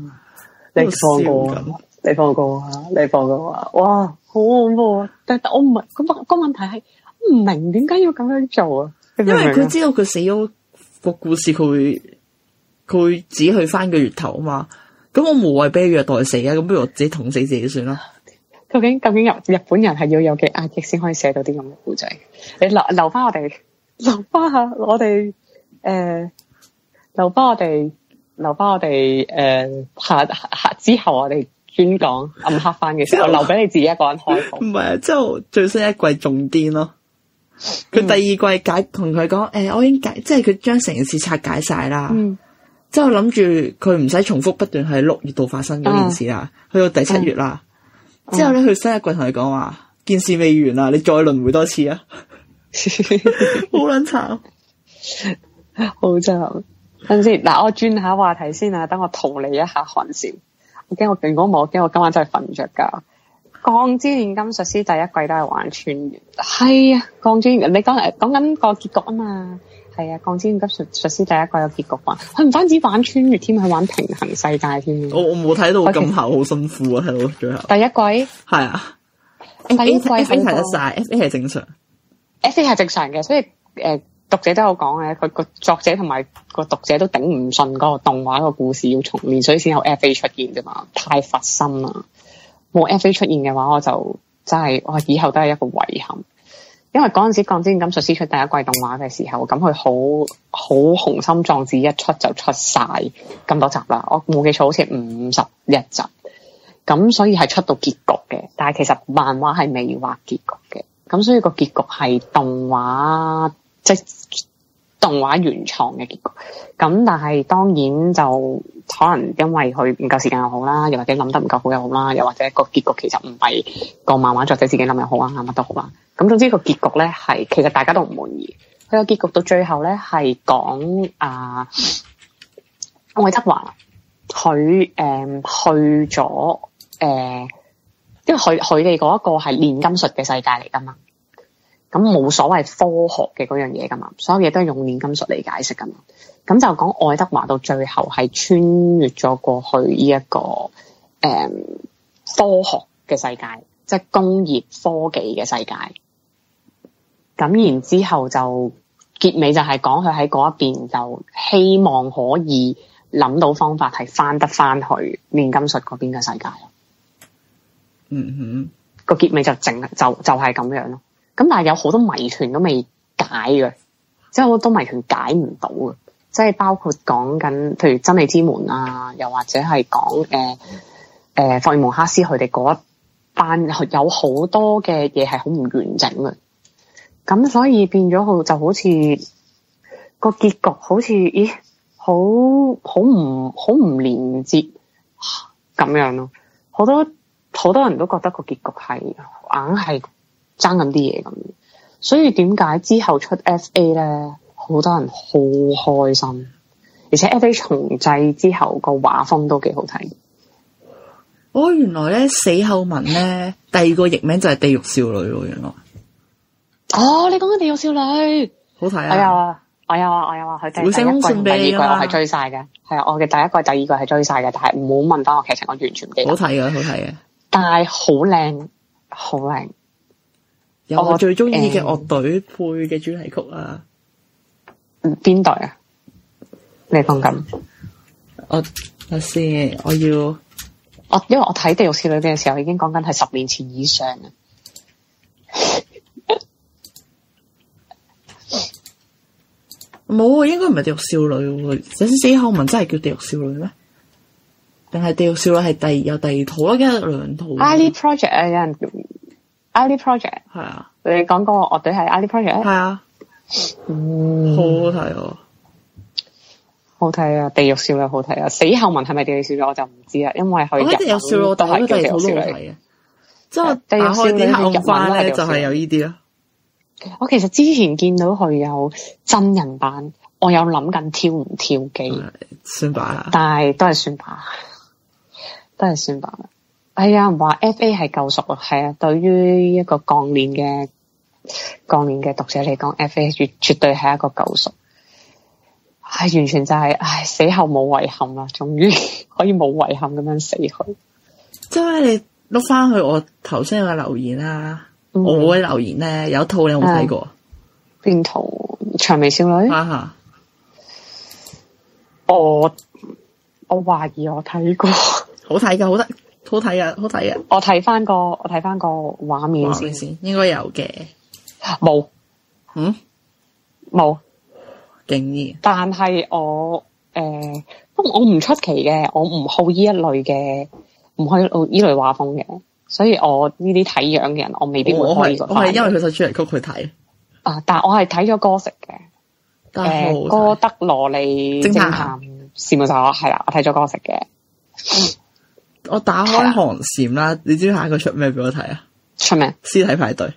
你放過，你放過啊，你放過啊，哇，好，恐怖啊！但但我唔，個、那、問個問題係唔明點解要咁樣做啊？因為佢知道佢死咗、那個故事會，佢佢自己去翻個月頭啊嘛，咁我無謂俾佢虐待死啊，咁不如我自己捅死自己算啦。究竟究竟日日本人係要有幾壓力先可以寫到啲咁嘅故仔？你留留翻我哋，留翻下我哋，誒，留翻我哋，留翻我哋，誒，下，下，下之後我哋專講暗黑番嘅時候，後留俾你自己一個人開鋪。唔係啊，之後最新一季仲癲咯。佢第二季解同佢講，誒、欸，我已經解，即係佢將成件事拆解晒啦。嗯。之後諗住佢唔使重複不斷係六月度發生嗰件事啦，去、啊、到第七月啦。之後咧，佢新一季同你講話，件事未完啦，你再輪回多次啊，好 <laughs> 卵慘，好 <laughs> 慘。等陣先，嗱，我轉下話題先啊，等我逃離一下韓視。我驚我如果冇，我驚我今晚真係瞓唔着覺。《鋼之煉金術師》第一季都係玩全員，係啊，《鋼之》你講誒，講、啊、緊個結局啊嘛。係啊，鋼之鍊金術師第一季有結局吧？佢唔單止玩穿越，添佢玩平行世界添。我我冇睇到咁厚，好辛苦啊，睇到最後。第一季係啊，欸、第一季平衡得曬，F A 係正常。F A 係正常嘅，所以誒讀者都有講嘅，佢 <noise> 個作者同埋個讀者都頂唔順嗰個動畫個故事要重演，所以先有 F A 出現啫嘛，太佛心啦！冇 F A 出現嘅話，我就真係我以後都係一個遺憾。因為嗰陣時《鋼之鍊金術師》出第一季動畫嘅時候，咁佢好好雄心壯志，一出就出晒咁多集啦。我冇記錯，好似五十一集，咁所以係出到結局嘅。但係其實漫畫係未畫結局嘅，咁所以個結局係動畫即。就是動畫原創嘅結局，咁但係當然就可能因為佢唔夠時間又好啦，又或者諗得唔夠好又好啦，又或者個結局其實唔係個漫畫作者自己諗又好啊，啱唔啱都好啊。咁總之個結局咧係其實大家都唔滿意，佢個結局到最後咧係講啊愛德華佢誒去咗誒，因為佢佢哋嗰一個係煉金術嘅世界嚟噶嘛。咁冇所謂科學嘅嗰樣嘢噶嘛，所有嘢都係用煉金術嚟解釋噶嘛。咁就講愛德華到最後係穿越咗過去呢、這、一個誒、嗯、科學嘅世界，即係工業科技嘅世界。咁然之後就結尾就係講佢喺嗰一邊就希望可以諗到方法係翻得翻去煉金術嗰邊嘅世界。嗯哼，個結尾就淨就就係、是、咁樣咯。咁但係有好多謎團都未解嘅，即係好多謎團解唔到嘅，即係包括講緊，譬如真理之門啊，又或者係講誒誒霍爾蒙克斯佢哋嗰一班，有好多嘅嘢係好唔完整嘅。咁所以變咗好就好似個結局好似咦好好唔好唔連接咁樣咯，好多好多人都覺得個結局係硬係。爭緊啲嘢，咁，所以點解之後出 F A 咧，好多人好開心，而且 F A 重製之後個畫風都幾好睇。哦，原來咧死後文咧 <laughs> 第二個譯名就係地獄少女咯，原來。哦，你講緊地獄少女，好睇啊，哎、啊！我有啊，我有啊，我有啊佢第一個第二季我係追晒嘅，係啊，我嘅第一季、第二季係追晒嘅，但係唔好問翻我劇情，我完全唔記得。好睇嘅，好睇嘅，但係好靚，好靚。有我最中意嘅樂隊配嘅主題曲啊！邊隊、嗯、啊？你講緊、嗯、我我先我要我、啊、因為我睇《地獄少女》嘅時候已經講緊係十年前以上啊！冇 <laughs> 啊，應該唔係《地獄少女》。寫寫後文真係叫《地獄少女》咩？定係《地獄少女》係第有第二套咯？梗兩套啊？project 啊，套 Ali Project 係啊，你講個樂隊係 Ali Project 係啊，嗯，嗯，好好睇哦，好睇啊，地獄少女又好睇啊，死後文係咪地獄少女？我就唔知啦，因為佢入都係幾好睇啊，即係地獄少女入關咧就係有呢啲啊？我其實之前見到佢有真人版，我有諗緊跳唔跳機算吧， <laughs> <laughs> 但係都係算吧，都係算吧。係啊，唔話 F A 係救贖啊，係啊，對於一個鋼煉嘅鋼煉嘅讀者嚟講，F A 絕絕對係一個救贖，係、哎、完全就係、是、唉、哎、死後冇遺憾啦，終於可以冇遺憾咁樣死去。即係你碌翻去我頭先嘅留言啦，嗯、我嘅留言咧有一套你有冇睇過？邊、嗯、套薔薇少女啊？吓、啊，我我懷疑我睇過，好睇噶，好得。好睇啊！好睇啊！我睇翻個，我睇翻個畫面先，應該有嘅。冇，嗯，冇。勁啲。但係我，誒，我唔出奇嘅，我唔好呢一類嘅，唔好呢類畫風嘅，所以我呢啲睇樣嘅人，我未必會開。我係因為佢首主題曲去睇。啊！但係我係睇咗歌詞嘅。誒，歌德蘿莉偵探事務所我係啦，我睇咗歌詞嘅。我打開寒蟬啦，你知下一個出咩俾我睇啊？出咩？屍體派 <laughs> 對。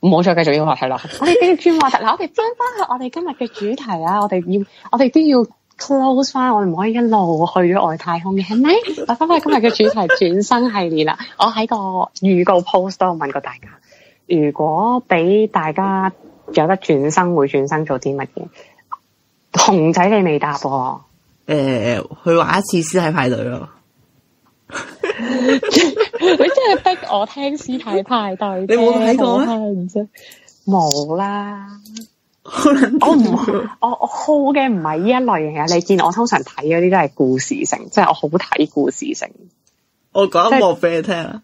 唔好再繼續呢個話題啦。轉話題，嗱，我哋翻翻去我哋今日嘅主題啦。我哋要，我哋都要 close 翻，我哋唔可以一路去咗外太空嘅，係咪？ <laughs> 我翻翻今日嘅主題，轉生 <laughs> 系列啦。我喺個預告 post 度問過大家，如果俾大家有得轉生會轉生做啲乜嘢？熊仔你未答喎。誒，去玩，呃、一次屍體派對咯！ <laughs> <laughs> 你真係逼我聽屍體派對，你冇睇過咩？冇啦，我唔，我我好嘅唔係呢一類型嘅，你見我通常睇嗰啲都係故事性，即、就、係、是、我好睇故事性。我講一個俾即你聽。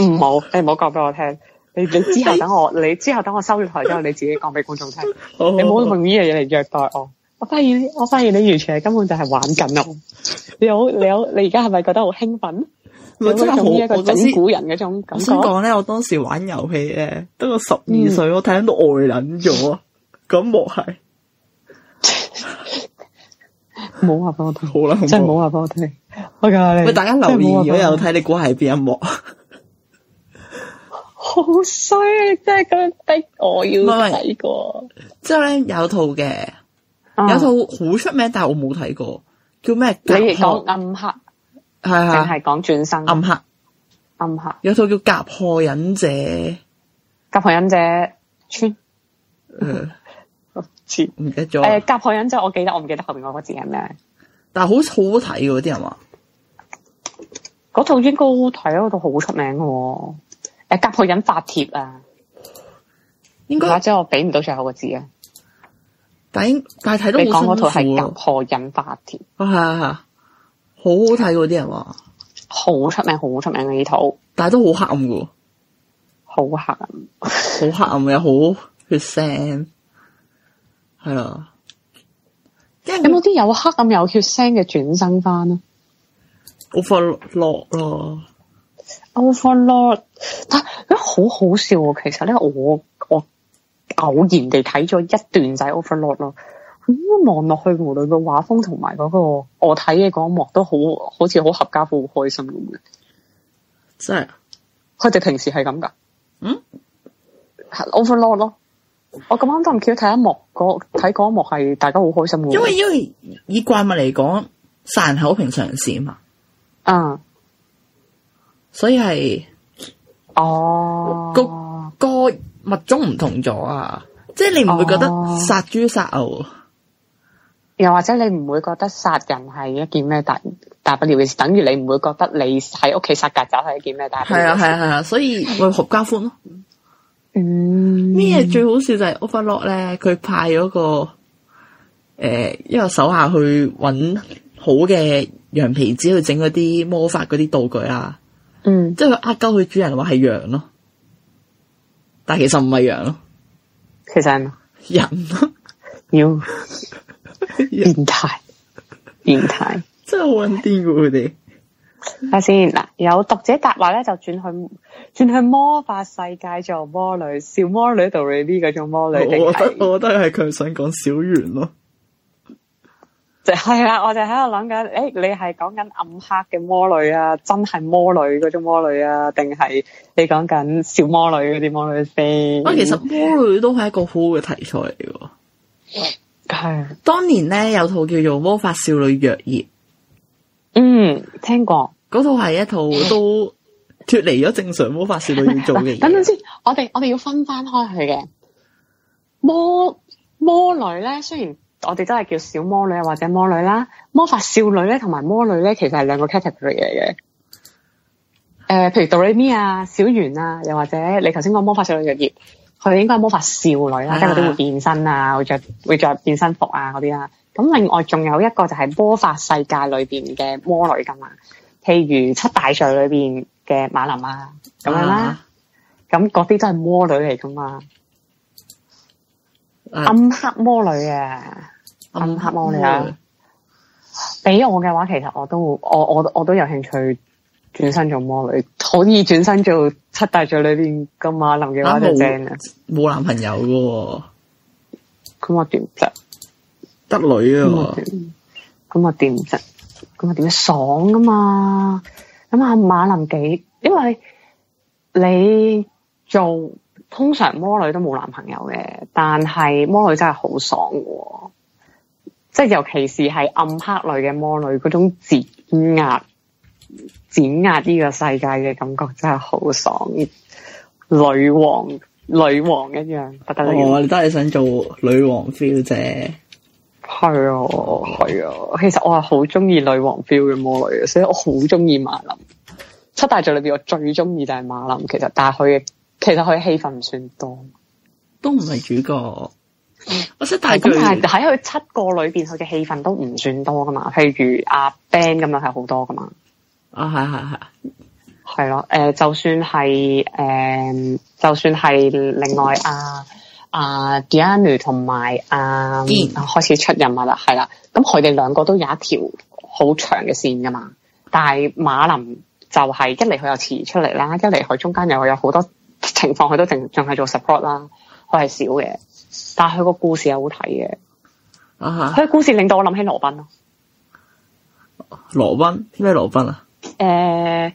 唔好、嗯，你唔好講俾我聽， <laughs> 你之後等我，你之後等我收咗台之後，你自己講俾觀眾聽， <laughs> 好好，你唔好用呢樣嘢嚟虐待我。我發現，我發現你完全係根本就係玩緊咯。你好，你好，你而家係咪覺得興奮好興奮？我真係好，我當時玩人嗰種。點講咧？嗯、我當時玩遊戲咧，得個十二歲，我睇到呆撚咗。咁幕係冇話俾我聽，好啦真係冇話俾我聽。喂，大家留言如果有睇，你估係邊一幕？好衰，即係咁逼我要睇過。即係咧，就是、有套嘅。哦、有套好出名，但係我冇睇過，叫咩？你係講暗黑，係、定係講轉生暗黑，暗黑。有套叫《甲破忍者》，甲破忍者村， <laughs> <laughs> 嗯，我唔、 <laughs> 嗯、記得咗。誒，甲破忍者我記得，我唔記得後邊嗰個字係咩？但係好好睇噶，啲，係咪？嗰套應該好睇啊，套、嗰個、好出名嘅。誒，甲破忍法帖啊，應該即係我俾唔到最後個字啊。但係睇到好辛苦，你講嗰套係隔何引發帖。啊係啊，啊好好睇，嗰啲人話，好出名好出名嘅呢套，但係都好黑暗噶。 <laughs> 好黑暗，好黑暗又好血腥，係啊。有冇啲有，有黑暗有血腥嘅轉生番咧？Overlord 咯，Overlord，但係咧好好笑啊！其實咧，我我。偶然地睇咗一段仔 Overlord 咯，咁望落去無論個畫風同埋嗰個我睇嘅嗰一幕都好好似好合家歡，好開心咁嘅。即係的，佢哋平時係咁噶？嗯，係 Overlord 咯。我咁啱都唔記得睇一幕，睇嗰一幕係大家好開心嘅。因為因為以怪物嚟講，殺人係好平常事啊嘛。啊、嗯，所以係哦，個，個物種唔同咗啊！即係你唔會覺得殺豬殺牛，哦，又或者你唔會覺得殺人係一件咩大大不了嘅事？等於你唔會覺得你喺屋企殺曱甴係一件咩大？係啊，係啊，係啊！所以我合 <laughs> 家歡咯。嗯，咩最好笑就係 Overlord 咧？佢派咗個誒、呃、一個手下去搵好嘅羊皮紙去整嗰啲魔法嗰啲道具啊。嗯，即係佢呃鳩佢主人話係羊咯。但其實唔係樣咯，其實係咩？人咯、啊，妖變態，變態真係好溫癲噶佢哋。睇 <laughs> 們下先嗱，有讀者答話咧，就轉去轉去魔法世界做魔女，小魔女度你呢個做魔女。我覺得，是我覺得係佢想講小圓咯。就係啦，我就喺度諗緊，誒、欸,你係講緊暗黑嘅魔女啊，真係魔女嗰種魔女啊，定係你講緊小魔女嗰啲魔女先？我、啊、其實魔女都係一個好好嘅題材嚟嘅。係是，當年咧有套叫做《魔法少女約葉》，嗯，聽過。嗰套係一套都脫離咗正常魔法少女要做嘅。等陣先，我哋我哋要分翻開佢嘅魔魔女咧，雖然。我哋都係叫小魔女或者魔女啦，魔法少女咧同埋魔女咧，其實係兩個 category 嚟嘅。誒、呃，譬如 Doremi 啊、小圓啊，又或者你頭先講魔法少女嘅嘢，佢哋應該係魔法少女啦，啊、即係嗰啲會變身啊，會着會着變身服啊嗰啲啦。咁另外仲有一個就係魔法世界裏邊嘅魔女噶嘛，譬如七大罪裏邊嘅馬林啊，咁樣啦，咁嗰啲都係魔女嚟噶嘛，啊、暗黑魔女啊！暗黑、嗯嗯、魔女啊！俾我嘅話，其實我都我我我都有興趣轉身做魔女，可以轉身做七大罪裏邊嘅馬林嘅話就正啊，冇男朋友嘅、哦，咁我點得？得女啊、哦！咁我點得？咁我點爽啊嘛？咁啊，馬林幾？因為你，你做通常魔女都冇男朋友嘅，但係魔女真係好爽嘅。即係尤其是係暗黑類嘅魔女嗰種碾壓、碾壓呢個世界嘅感覺真係好爽，女王、女王一樣。我哋都係想做女王 feel 啫？係啊，係啊。其實我係好中意女王 feel 嘅魔女，所以我好中意馬林。七大罪裏邊，我最中意就係馬林。其實，但係佢嘅，其實佢嘅戲份唔算多，都唔係主角。我識但係咁，但係喺佢七個裏邊，佢嘅戲份都唔算多噶嘛。譬如阿、啊、Ben 咁樣係好多噶嘛。啊，係係係係咯。誒，就算係誒，就算係另外阿阿 Diane 同埋阿開始出任務啦，係啦。咁佢哋兩個都有一條好長嘅線噶嘛。但係馬林就係一嚟佢又遲出嚟啦，一嚟佢中間又有好多情況，佢都淨淨係做 support 啦，佢係少嘅。但係佢個故事又好睇嘅，佢、uh huh. 個故事令到我諗起羅賓咯。羅賓咩羅賓啊？誒，uh,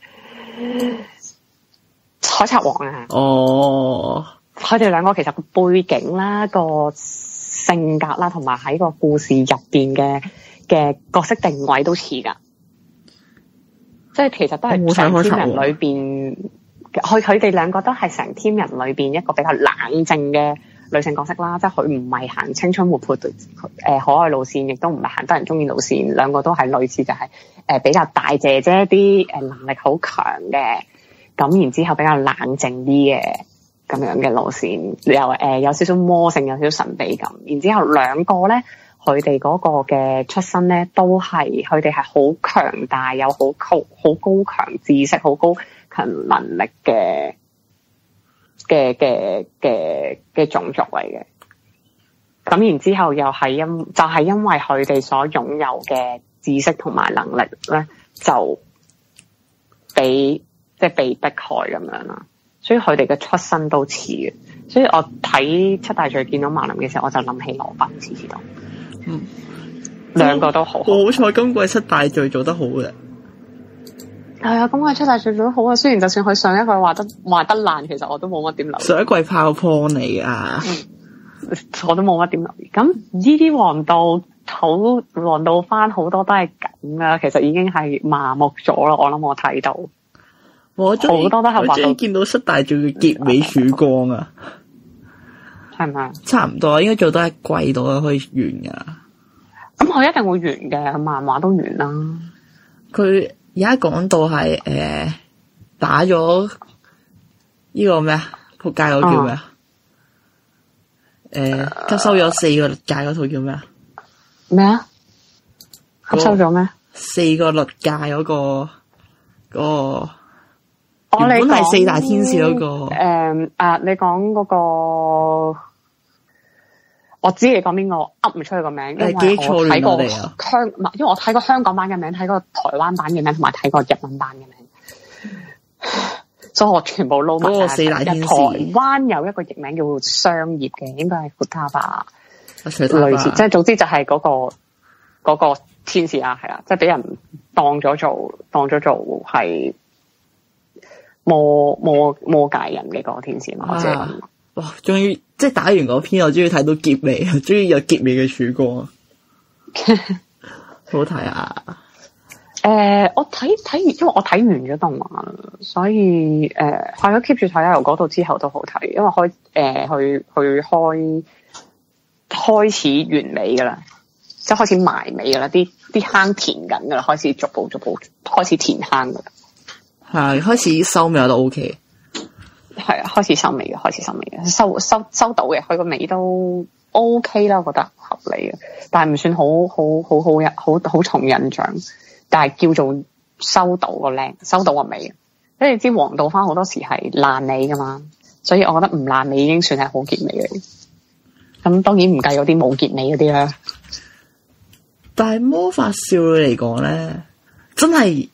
海賊王啊！哦，佢哋兩個其實個背景啦、個性格啦，同埋喺個故事入邊嘅嘅角色定位都似噶， <laughs> 即係其實都係成天人裏邊，佢佢哋兩個都係成天人裏邊一個比較冷靜嘅。女性角色啦，即係佢唔係行青春活潑、誒可愛路線，亦都唔係行得人中意路線。兩個都係類似、就係，就係誒比較大姐姐啲，誒、呃、能力好強嘅。咁然之後比較冷靜啲嘅咁樣嘅路線，又誒、呃、有少少魔性，有少少神秘感。然之後兩個咧，佢哋嗰個嘅出身咧，都係佢哋係好強大，有好高好高強知識、好高強能力嘅。嘅嘅嘅嘅種族嚟嘅，咁然之後，後又係因就係、是、因為佢哋所擁有嘅知識同埋能力咧，就俾即係被逼害咁樣啦。所以佢哋嘅出身都似，嘅。所以我睇七大罪見到馬林嘅時候，我就諗起羅賓，似似都，嗯，兩個都好。嗯、好彩今季七大罪做得好嘅。係啊，咁佢、哎、出大招做得好啊！雖然就算佢上一季畫得畫得爛，其實我都冇乜點留意。上一季炮破你啊！我都冇乜點留意。咁呢啲黃道土黃道翻好多都係咁啊！其實已經係麻木咗咯。我諗我睇到我好多都係即係見到出大招要結尾曙光啊！係咪嗎？差唔多啊，應該做到係季度啊，可以完噶。咁佢一定會完嘅，漫畫都完啦。佢。而家講到係誒、呃、打咗呢個咩啊？撲街嗰叫咩啊？誒，吸收咗四個律界嗰套叫咩啊？咩啊？吸收咗咩？四個律界嗰個，個、那個，我、那個、原本係四大天使嗰、那個、嗯、啊！你講嗰、那個。我知你講邊個，噏唔出佢個名，因為我睇過香，啊、因為我睇過香港版嘅名，睇過台灣版嘅名，同埋睇過日文版嘅名， <laughs> 所以我全部撈埋。日台灣有一個譯名叫《商業》嘅，應該係《佛加巴》，類似，即係總之就係嗰、嗰個、嗰個天使啊，係啊，即係俾人當咗做，當咗做係魔魔魔界人嘅嗰個天使，或者、啊。哇！終於即係打完嗰篇，我終於睇到結尾，終於有結尾嘅曙光啊！好睇啊！誒，我睇睇完，因為我睇完咗動漫，所以誒，係咯，keep 住睇下由嗰度之後都好睇，因為開誒、uh, 去去開開始完美噶啦，即係開始埋尾噶啦，啲啲坑填緊噶啦，開始逐步逐步開始填坑噶啦，係、uh, 開始收尾都 OK。係啊，開始收尾嘅，開始收尾嘅，收收收到嘅，佢個尾都 OK 啦，我覺得合理嘅，但係唔算好好好好好好重印象，但係叫做收到個靚，收到個尾。因為知道黃道花好多時係爛尾噶嘛，所以我覺得唔爛尾已經算係好結尾嚟。咁當然唔計嗰啲冇結尾嗰啲啦。但係魔法少女嚟講咧，真係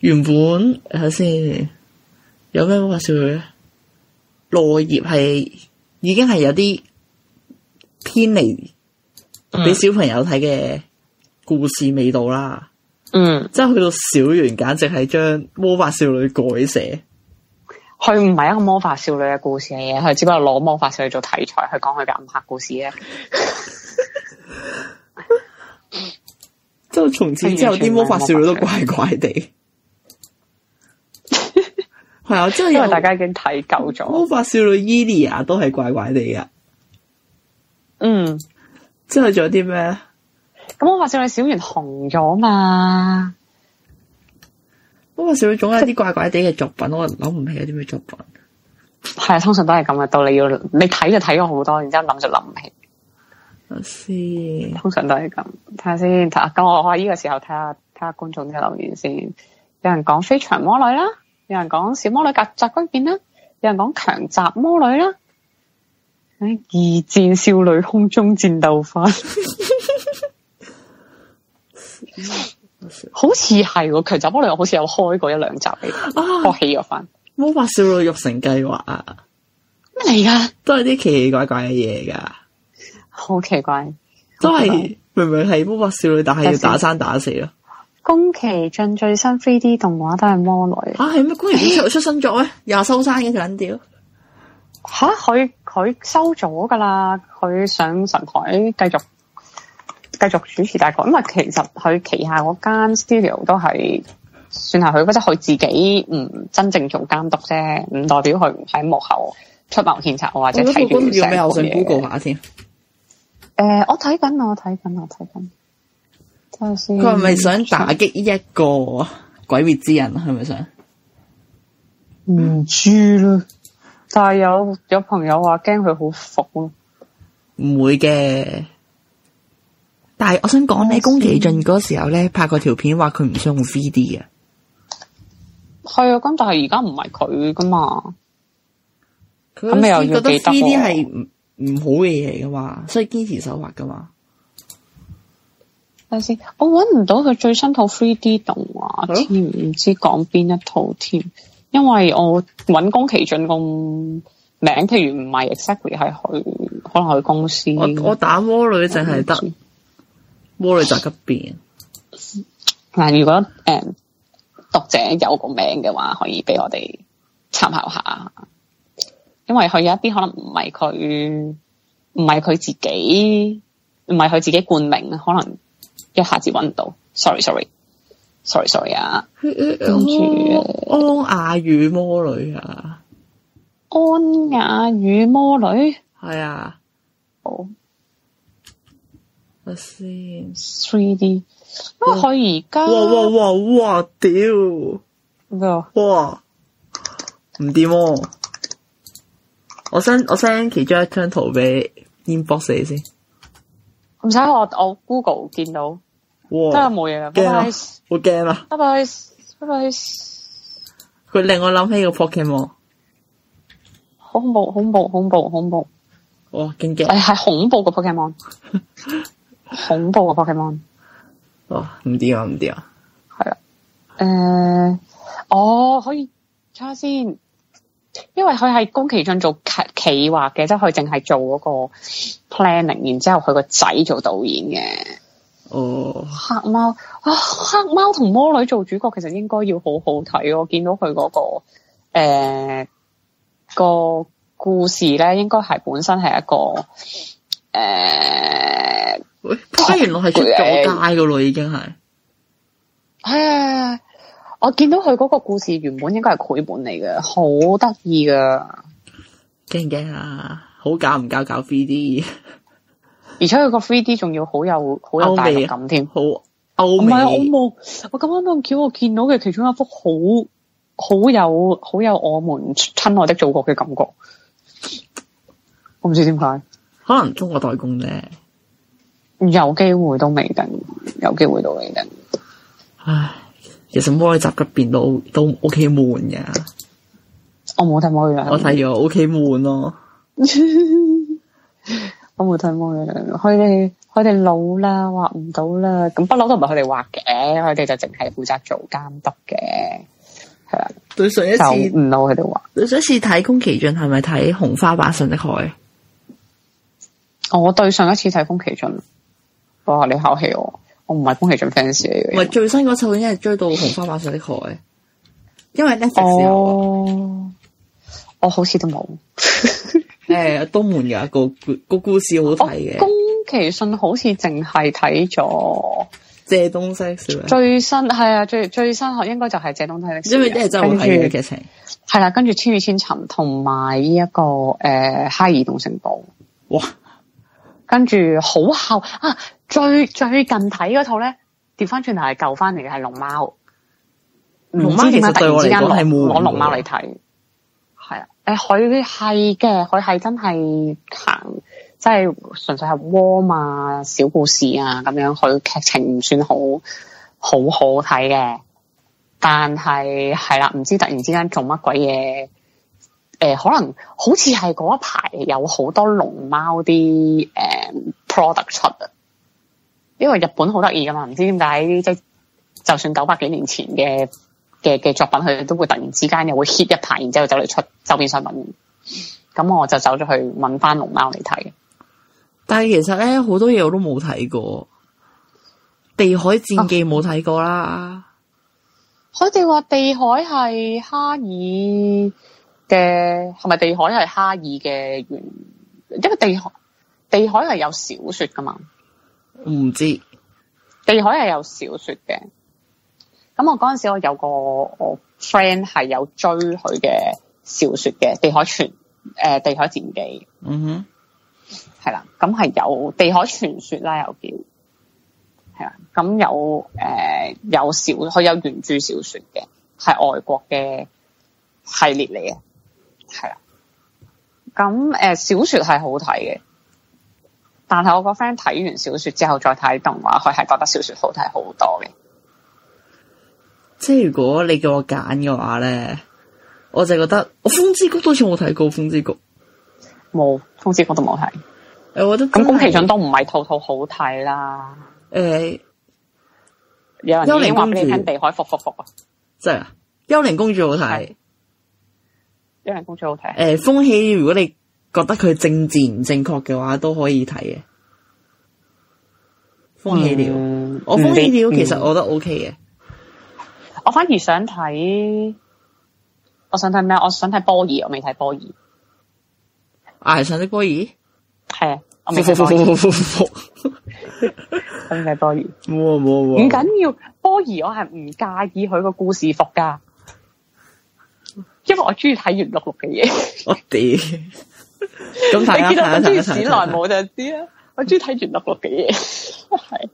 原本係先。等等有咩魔法少女咧？落葉係已經係有啲偏離俾、嗯、小朋友睇嘅故事味道啦。嗯，即係去到小圓，簡直係將魔法少女改寫。佢唔係一個魔法少女嘅故事嚟嘅，佢只不過攞魔法少女做題材去講佢嘅暗黑故事咧。即係從此之後，啲魔法少女都怪怪地。 <laughs> 係啊，即係因為大家已經睇夠咗。魔法少女伊利亞都係怪怪地嘅，嗯。之後仲有啲咩？咁魔法少女小圓紅咗嘛？魔法少女總有啲怪怪地嘅作品，是我諗唔起有啲咩作品。係啊，通常都係咁啊。到你要你睇就睇咗好多，然之後諗就諗唔起。我先等，通常都係咁。睇下先，睇下！咁我呢個時候睇下睇下觀眾嘅留言先。有人講《非常魔女》啦。有人講小魔女宅急便啦，有人講強襲魔女啦，二戰少女空中戰鬥番， <laughs> <laughs> 好似係強襲魔女，好似有開過一兩集嚟，我、啊、起咗翻魔法少女育成計劃啊，咩嚟噶？都係啲奇奇怪怪嘅嘢噶，好奇怪，都係是明明係魔法少女，但係要打生打死咯。宮崎駿最新 3D 動畫都係魔女吓，係咩、啊？宮崎駿又出新咗咧， <laughs> 又收生嘅佢捻屌吓，佢佢、 <laughs> 啊、收咗噶啦，佢上神台繼續繼續主持大局，因為其實佢旗下嗰間 studio 都係算係佢，覺得佢自己唔真正做監督啫，唔代表佢喺幕後出謀獻策或者睇住成個嘢。誒、嗯，我睇緊啊，我睇緊啊，睇緊。我佢係咪想打擊一個鬼滅之刃？係咪想，唔知啦？嗯、但係有有朋友話驚佢好服咯，唔會嘅。但係我想講，你宮崎駿嗰時候咧拍個條片，話佢唔想用 3D 嘅。係啊，咁但係而家唔係佢噶嘛。咁你他 又要記得呢啲係唔好嘅嘢噶嘛？所以堅持手畫噶嘛？睇下先，我搵唔到佢最新套 3D 動畫添，唔知講邊一套添，因為我搵宮崎駿個名，譬如唔係 exactly 係佢，可能佢公司我。我打魔女淨係得魔女就急便。嗱，如果誒、嗯、讀者有個名嘅話，可以俾我哋參考下，因為佢有一啲可能唔係佢，唔係佢自己，唔係佢自己冠名，可能。一下子揾唔到，sorry sorry sorry sorry 啊，跟住《安雅與魔女》啊，《安雅與魔女》係啊，好，我先 three D，乜可以而家？哇哇哇哇，屌啊！哇，唔掂啊！我 send 我 send 其中一張圖俾 inbox 你先。唔使我我 Google 見到，哇真係冇嘢啦。驚啊！好驚 Bye bye, 啊。拜拜拜拜，佢令我諗起個 Pokemon，、ok、好恐怖，恐怖，恐怖，哎、恐怖、ok。哇，驚驚！係恐怖個 Pokemon，、ok、恐怖個 Pokemon。 <laughs> 哦，唔掂啊，唔掂啊，係啊。誒、呃，哦，可以查先。因為佢係宮崎駿做企畫嘅，即係佢淨係做嗰個 planning，然之後佢個仔做導演嘅。哦、oh.，黑貓啊，黑貓同魔女做主角，其實應該要好好睇，我、哦、見到佢嗰、那個誒、呃、個故事咧，應該係本身係一個誒，佢、呃欸、原來係出咗街噶咯，已經係。嘿、呃。我見到佢嗰個故事原本應該係繪本嚟嘅，好得意噶，驚唔驚啊？好搞唔搞搞 3D？而且佢個 3D 仲要好有好有大感添，好歐美，唔係好冇，我咁啱咁巧，我見到嘅其中一幅好好有好有我們親愛的祖國嘅感覺。我唔知點解，可能中國代工咧，有機會都未定，有機會都未定， <laughs> 唉。其實魔女集嗰邊都都 O K 悶嘅，我冇睇魔女，我睇咗 O K 悶咯。我冇睇魔女，佢哋佢哋老啦，畫唔到啦。咁不嬲都唔係佢哋畫嘅，佢哋就淨係負責做監督嘅。係啊，對上一次唔嬲佢哋畫。畫對上一次睇宮崎駿係咪睇《紅花坂上的海》？我對上一次睇宮崎駿，哇！你考氣我。我唔係宮崎駿 fans，唔係最新嗰套已經係追到《紅花坂上的海》，因為 Netflix 哦、oh,，我好似都冇。誒，東門有一個故個故事好睇嘅，宮崎駿好似淨係睇咗《借東西》最新係啊，最最新學應該就係《借東西》，因為即係就係佢嘅劇情，係啦，跟住《千與千尋》同埋呢一個誒《哈爾、呃、移動城堡》哇。跟住好後啊，最最近睇嗰套咧，調翻轉頭係救翻嚟嘅係龍貓，龍貓點解突然之間攞龍貓嚟睇？係啊，誒佢係嘅，佢係真係行，即係純粹係 warm 嘛小故事啊咁樣，佢劇情唔算好好好睇嘅，但係係啦，唔知突然之間做乜鬼嘢。誒、呃，可能好似係嗰一排有好多龍貓啲誒 product 出啊，因為日本好得意噶嘛，唔知點解即係就算九百幾年前嘅嘅嘅作品，佢哋都會突然之間又會 hit 一排，然之後走嚟出周邊商品。咁我就走咗去揾翻龍貓嚟睇。但係其實咧，好多嘢我都冇睇過，《地海戰記》冇睇過啦。佢哋話地海係哈爾。嘅係咪地海係哈爾嘅原？因為地海地海係有小說噶嘛？唔知地海係有小說嘅。咁我嗰陣時我有個我 friend 係有追佢嘅小說嘅《地海傳》誒、呃，《地海戰記》。嗯哼。係啦，咁係有，有，有《地海傳說》啦，又叫係啦。咁有誒有小佢有原著小說嘅，係外國嘅系列嚟嘅。係啊，咁誒、呃，小說係好睇嘅，但係我個 friend 睇完小說之後再睇動畫，佢係覺得小說好睇好多嘅。即係如果你叫我揀嘅話咧，我就覺得哦，《風之谷》都似冇睇過《風之谷》，冇《風之谷》都冇睇。我覺得咁宮崎駿都唔係套套好睇啦。誒，幽靈公主、地海、复复复啊，真係幽靈公主好睇。人好聽呃《風雲》好睇。誒，《風起》如果你覺得佢政治唔正確嘅話，都可以睇嘅。《風起》了，嗯、我《風起》了，嗯、其實我覺得 OK 嘅、嗯。我反而想睇，我想睇咩？我想睇波兒，我未睇波兒。唉、啊，想睇波兒？係、啊。我未睇波兒。我未睇 <laughs> <laughs> 波兒。冇冇冇。唔緊要，波兒我係唔介意佢個故事服噶。因為我中意睇圓碌碌嘅嘢，我屌？你見到我中意史萊姆就知啦。我中意睇圓碌碌嘅嘢，係，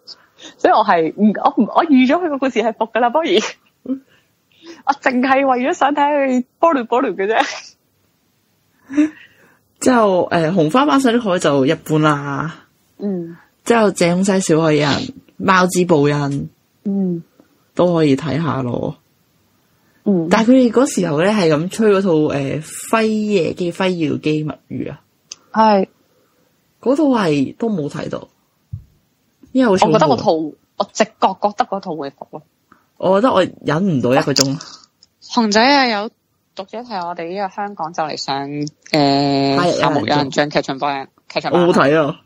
所以我係唔，我唔，我預咗佢個故事係服㗎啦。波兒，我淨係為咗想睇佢波亂波亂嘅啫。之後誒、呃，紅花坂上啲海就一般啦。嗯。之後正西小海人、貓之報恩，嗯，都可以睇下咯。嗯，但係佢哋嗰時候咧係咁吹嗰套誒《輝夜姬》輝《輝夜姬物語》啊是，係嗰套係都冇睇到，因為我覺得我套我直覺覺得嗰套會好咯，我覺得我忍唔到一個鐘。熊仔啊，仔有讀者提我哋呢個香港就嚟上誒《夏目友人帳》劇場播劇場版我冇睇啊，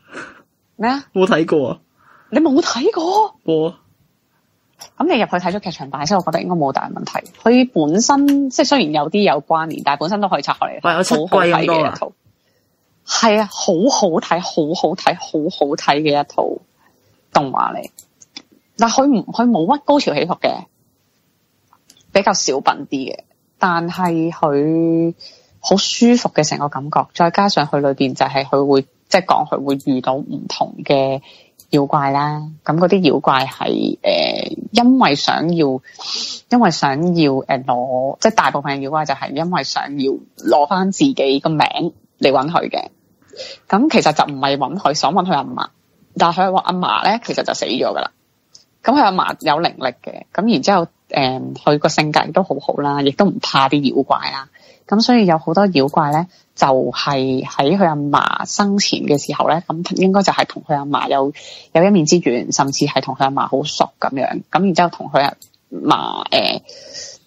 咩啊冇睇過啊， <noise> 你冇睇過？冇啊。 <noise> 咁你入去睇咗劇場版，所以我覺得應該冇大問題。佢本身即係雖然有啲有關聯，但係本身都可以拆開嚟睇。係我七貴嘅好一套，係啊，好好睇，好好睇，好好睇嘅一套動畫嚟。但佢唔佢冇乜高潮起伏嘅，比較小品啲嘅。但係佢好舒服嘅成個感覺，再加上佢裏邊就係佢會，即係講佢會遇到唔同嘅。妖怪啦，咁嗰啲妖怪係誒、呃，因為想要，因為想要誒攞、呃，即係大部分嘅妖怪就係因為想要攞翻自己個名嚟揾佢嘅。咁其實就唔係揾佢，想揾佢阿嫲，但係佢阿阿嫲咧，其實就死咗噶啦。咁佢阿嫲有能力嘅，咁然之後誒，佢、呃、個性格亦都好好啦，亦都唔怕啲妖怪啦。咁所以有好多妖怪咧。就係喺佢阿嫲生前嘅時候咧，咁應該就係同佢阿嫲有有一面之緣，甚至係同佢阿嫲好熟咁樣。咁然之後同佢阿嫲誒，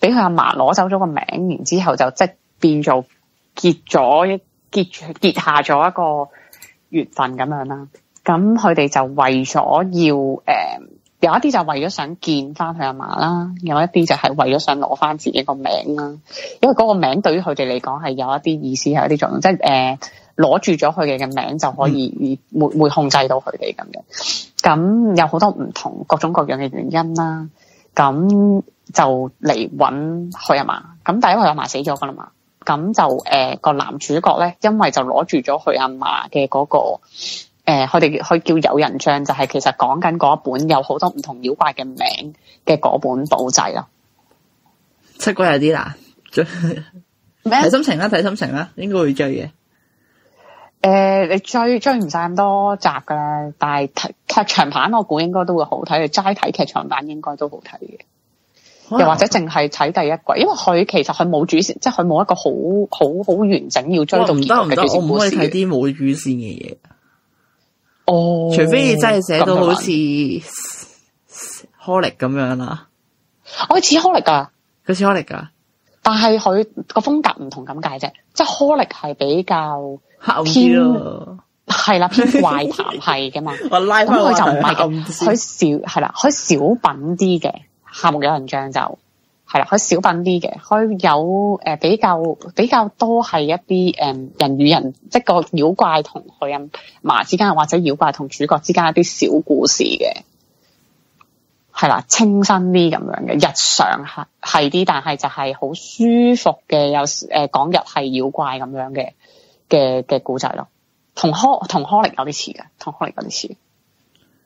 俾佢阿嫲攞走咗個名，然之後，呃，後就即變做結咗一結結下咗一個緣分咁樣啦。咁佢哋就為咗要誒。呃有一啲就係為咗想見翻佢阿嫲啦，有一啲就係為咗想攞翻自己個名啦，因為嗰個名對於佢哋嚟講係有一啲意思，係一啲作用，即係誒攞住咗佢嘅嘅名就可以而會會控制到佢哋咁樣。咁有好多唔同各種各樣嘅原因啦，咁就嚟揾佢阿嫲。咁但係佢阿嫲死咗噶啦嘛，咁就誒個、呃、男主角咧，因為就攞住咗佢阿嫲嘅嗰個。誒，佢哋佢叫友人帳，就係、是、其實講緊嗰本有好多唔同妖怪嘅名嘅嗰本簿仔啦。七季有啲啦，追咩？睇麼心情啦，睇心情啦，應該會追嘅。誒、呃，你追追唔晒咁多集噶啦，但係睇劇場版，我估應該都會好睇嘅。齋睇劇場版應該都好睇嘅，啊、又或者淨係睇第一季，因為佢其實佢冇主線，即係佢冇一個好好好完整要追到。唔得唔得，我唔可以睇啲冇主線嘅嘢。哦，oh, 除非你真係寫到好似柯力咁樣啦，佢似柯力噶，佢似柯力噶，但係佢個風格唔同咁解啫，即係柯力係比較偏係、啊、啦，偏怪談係嘅嘛，咁佢 <laughs> 就唔係咁，佢少，係啦，佢小品啲嘅喊嘅文章就。係啦，可以小品啲嘅，佢有誒、呃、比較比較多係一啲誒、呃、人與人，即個妖怪同佢阿嫲之間，或者妖怪同主角之間一啲小故事嘅，係啦，清新啲咁樣嘅，日常係係啲，但係就係好舒服嘅，有誒講日系妖怪咁樣嘅嘅嘅古仔咯，同柯同柯靈有啲似嘅，同柯靈有啲似，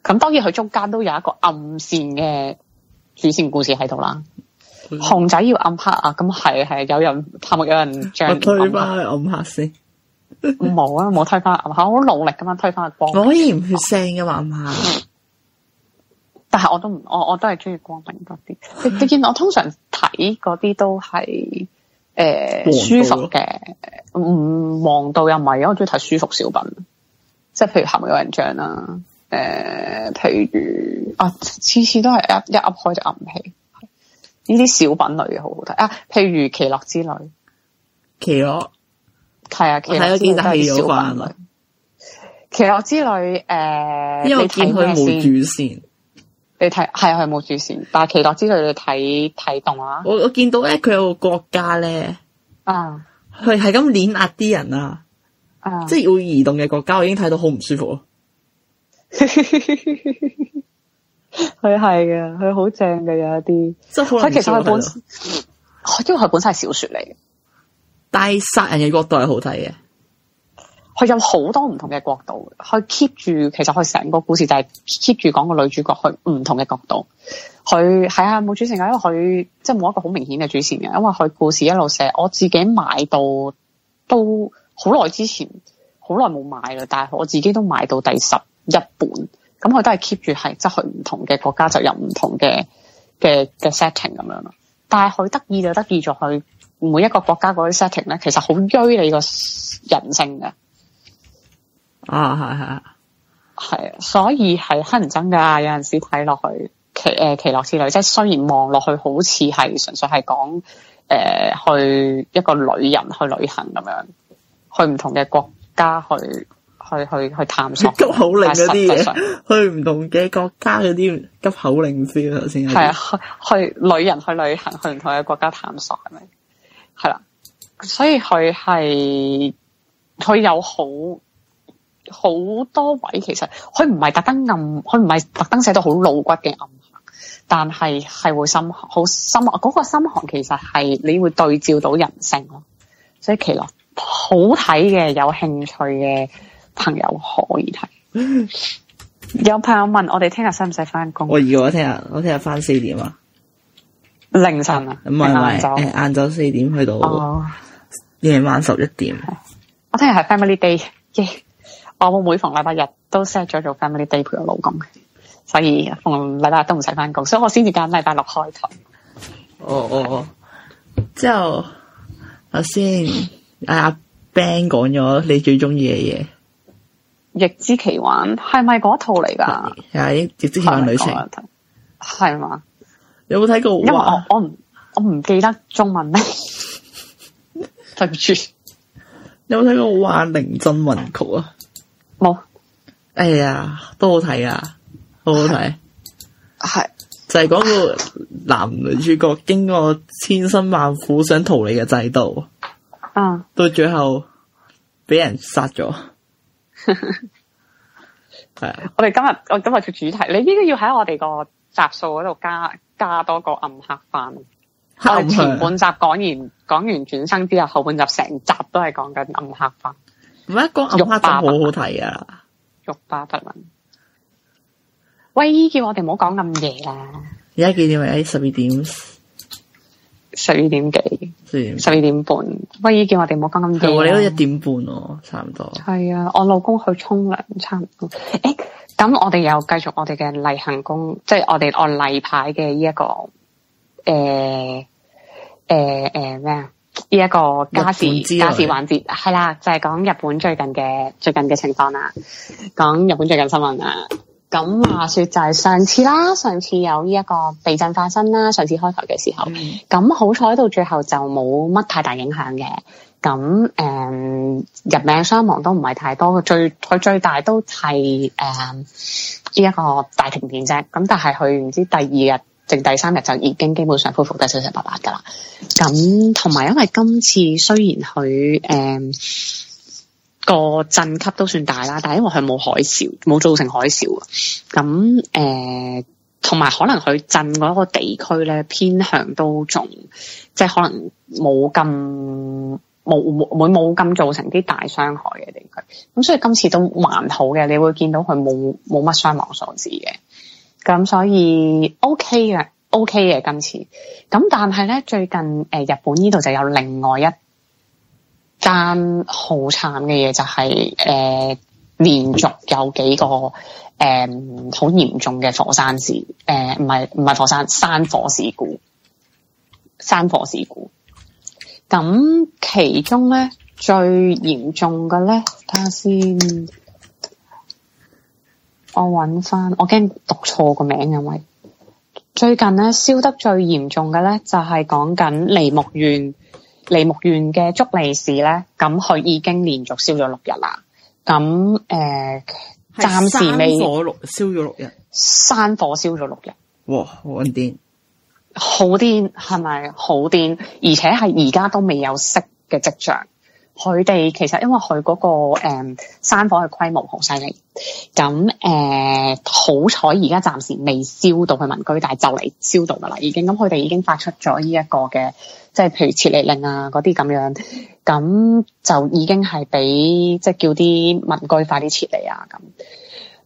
咁當然佢中間都有一個暗線嘅主線故事喺度啦。熊仔要暗黑啊！咁係係有人，項目有人將我推翻去暗黑先。冇啊， <laughs> 冇推翻暗黑，我好努力咁樣推翻光 <laughs> <laughs> 我。我可以唔血腥噶嘛，阿媽。但係我都唔，我我都係中意光明多啲。 <laughs> 你見我通常睇嗰啲都係誒、呃、了舒服嘅，唔、嗯、望到又唔係，我中意睇舒服小品。即係譬如項目有人像啦，誒、呃，譬如啊，次次都係一一開就暗器。呢啲小品類嘅好好睇啊，譬如奇奇諾《奇諾之旅》。奇諾係啊，《奇諾之旅》都係小品類。奇類《呃、奇諾之旅》誒、呃，你睇佢冇主線。你睇係啊，佢冇主線，但係《奇諾之旅》你睇睇動畫。我我見到咧，佢有個國家咧，啊，係係咁碾壓啲人啊，啊即係會移動嘅國家，我已經睇到好唔舒服。 <laughs> 佢係嘅，佢好正嘅有一啲。即係 <laughs> 其實佢本， <laughs> 因為佢本身係小說嚟。但係殺人嘅角度係好睇嘅。佢有好多唔同嘅角度，佢 keep 住其實佢成個故事就係 keep 住講個女主角去唔同嘅角度。佢係啊，冇主線啊，因為佢即係冇一個好明顯嘅主線嘅。因為佢故事一路寫，我自己買到都好耐之前，好耐冇買啦。但係我自己都買到第十一本。咁佢、嗯、都係 keep 住係，即係唔同嘅國家就有唔同嘅嘅嘅 setting 咁樣咯。但係佢得意就得意咗，佢每一個國家嗰啲 setting 咧，其實好追你個人性嘅。啊、哦，係係係，所以係乞人憎㗎。有陣時睇落去，奇誒奇樂之旅，即係雖然望落去好似係純粹係講誒、呃、去一個旅人去旅行咁樣，去唔同嘅國家去，去去去探索急口令嗰啲嘢，使 <laughs> 去唔同嘅國家嗰啲急口令先啦，先係係啊，去，去，人去旅行，去旅行，去唔同嘅國家探索係咪？係啦，所以佢係佢有好好多位，其實佢唔係特登暗，佢唔係特登寫到好露骨嘅暗，但係係會深行，好深啊！嗰個深行其實係你會對照到人性咯，所以其實好睇嘅，有興趣嘅。朋友可以睇。有朋友問我哋聽日使唔使翻工？我以為我聽日我聽日翻四點啊，凌晨啊，咁係晏晝四點去到，夜晚十一點。我聽日係 family day 耶、yeah！我每逢禮拜日都 set 咗做 family day 陪我老公，所以逢禮拜日都唔使翻工，所以我先至揀禮拜六開台，哦。哦哦哦，是之後我先阿 Ben 講咗你最中意嘅嘢。亦之奇幻，係咪嗰套嚟噶？係《亦之奇幻旅程》，係嘛？有冇睇過？因為我我唔我唔記得中文咩？ <laughs> <laughs> 對唔住起，有冇睇過《畫靈真雲曲》啊？冇。哎呀，都好睇啊！好好睇。係 <laughs> 就係嗰個男女主角經過千辛萬苦想逃離嘅制度，嗯， <laughs> 到最後俾人殺咗。係 <laughs> <laughs> 我哋今日我今日嘅主題，你應該要喺我哋個集數嗰度加加多個暗黑範。我前半集講完講完轉生之後，後半集成集都係講緊暗黑範。唔係講暗黑都好好睇啊！欲罷不能，喂！叫我哋唔好講咁夜啦。而家幾點？係十二點。十二點幾？十二點，點半。威姨叫我哋唔好講咁多。你都一點半咯、哦，差唔多。係啊，我老公去沖涼，差唔多。誒、欸，咁我哋又繼續我哋嘅例行工，即、就、係、是、我哋按例牌嘅呢一個，誒誒誒咩啊？呢一個加時加時環節係啦，就係、是、講日本最近嘅最近嘅情況啦，講日本最近新聞啦。咁話說就係上次啦，上次有呢一個地震發生啦，上次開頭嘅時候，咁、嗯、好彩到最後就冇乜太大影響嘅，咁誒人命傷亡都唔係太多，最佢最大都係誒呢一個大停電啫，咁但係佢唔知第二日定第三日就已經基本上恢復，復得七七八八噶啦，咁同埋因為今次雖然佢誒。嗯個震級都算大啦，但係因為佢冇海嘯，冇造成海嘯。咁誒，同、呃、埋可能佢震嗰一個地區咧，偏向都仲即係可能冇咁冇冇會冇咁造成啲大傷害嘅地區。咁所以今次都還好嘅，你會見到佢冇冇乜傷亡所致嘅。咁所以 OK 嘅，OK 嘅今次。咁但係咧，最近誒、呃、日本呢度就有另外一。但好慘嘅嘢就係、是、誒、呃，連續有幾個誒好嚴重嘅火山事誒，唔係唔係火山山火事故，山火事故。咁其中咧最嚴重嘅咧，睇下先。我揾翻，我驚讀錯個名因為最近咧燒得最嚴重嘅咧，就係講緊梨木縣。梨木縣嘅竹利市咧，咁佢已經連續燒咗六日啦。咁誒、呃，暫時未山火燒咗六日，山火燒咗六日。哇，好癲，好癲係咪？好癲，而且係而家都未有熄嘅迹象。佢哋其實因為佢嗰、那個誒、呃、山火嘅規模、呃、好犀利。咁誒，好彩而家暫時未燒到去民居，但係就嚟燒到噶啦已經。咁佢哋已經發出咗呢一個嘅。即係譬如撤離令啊，嗰啲咁樣，咁就已經係俾即係叫啲民居快啲撤離啊咁。誒、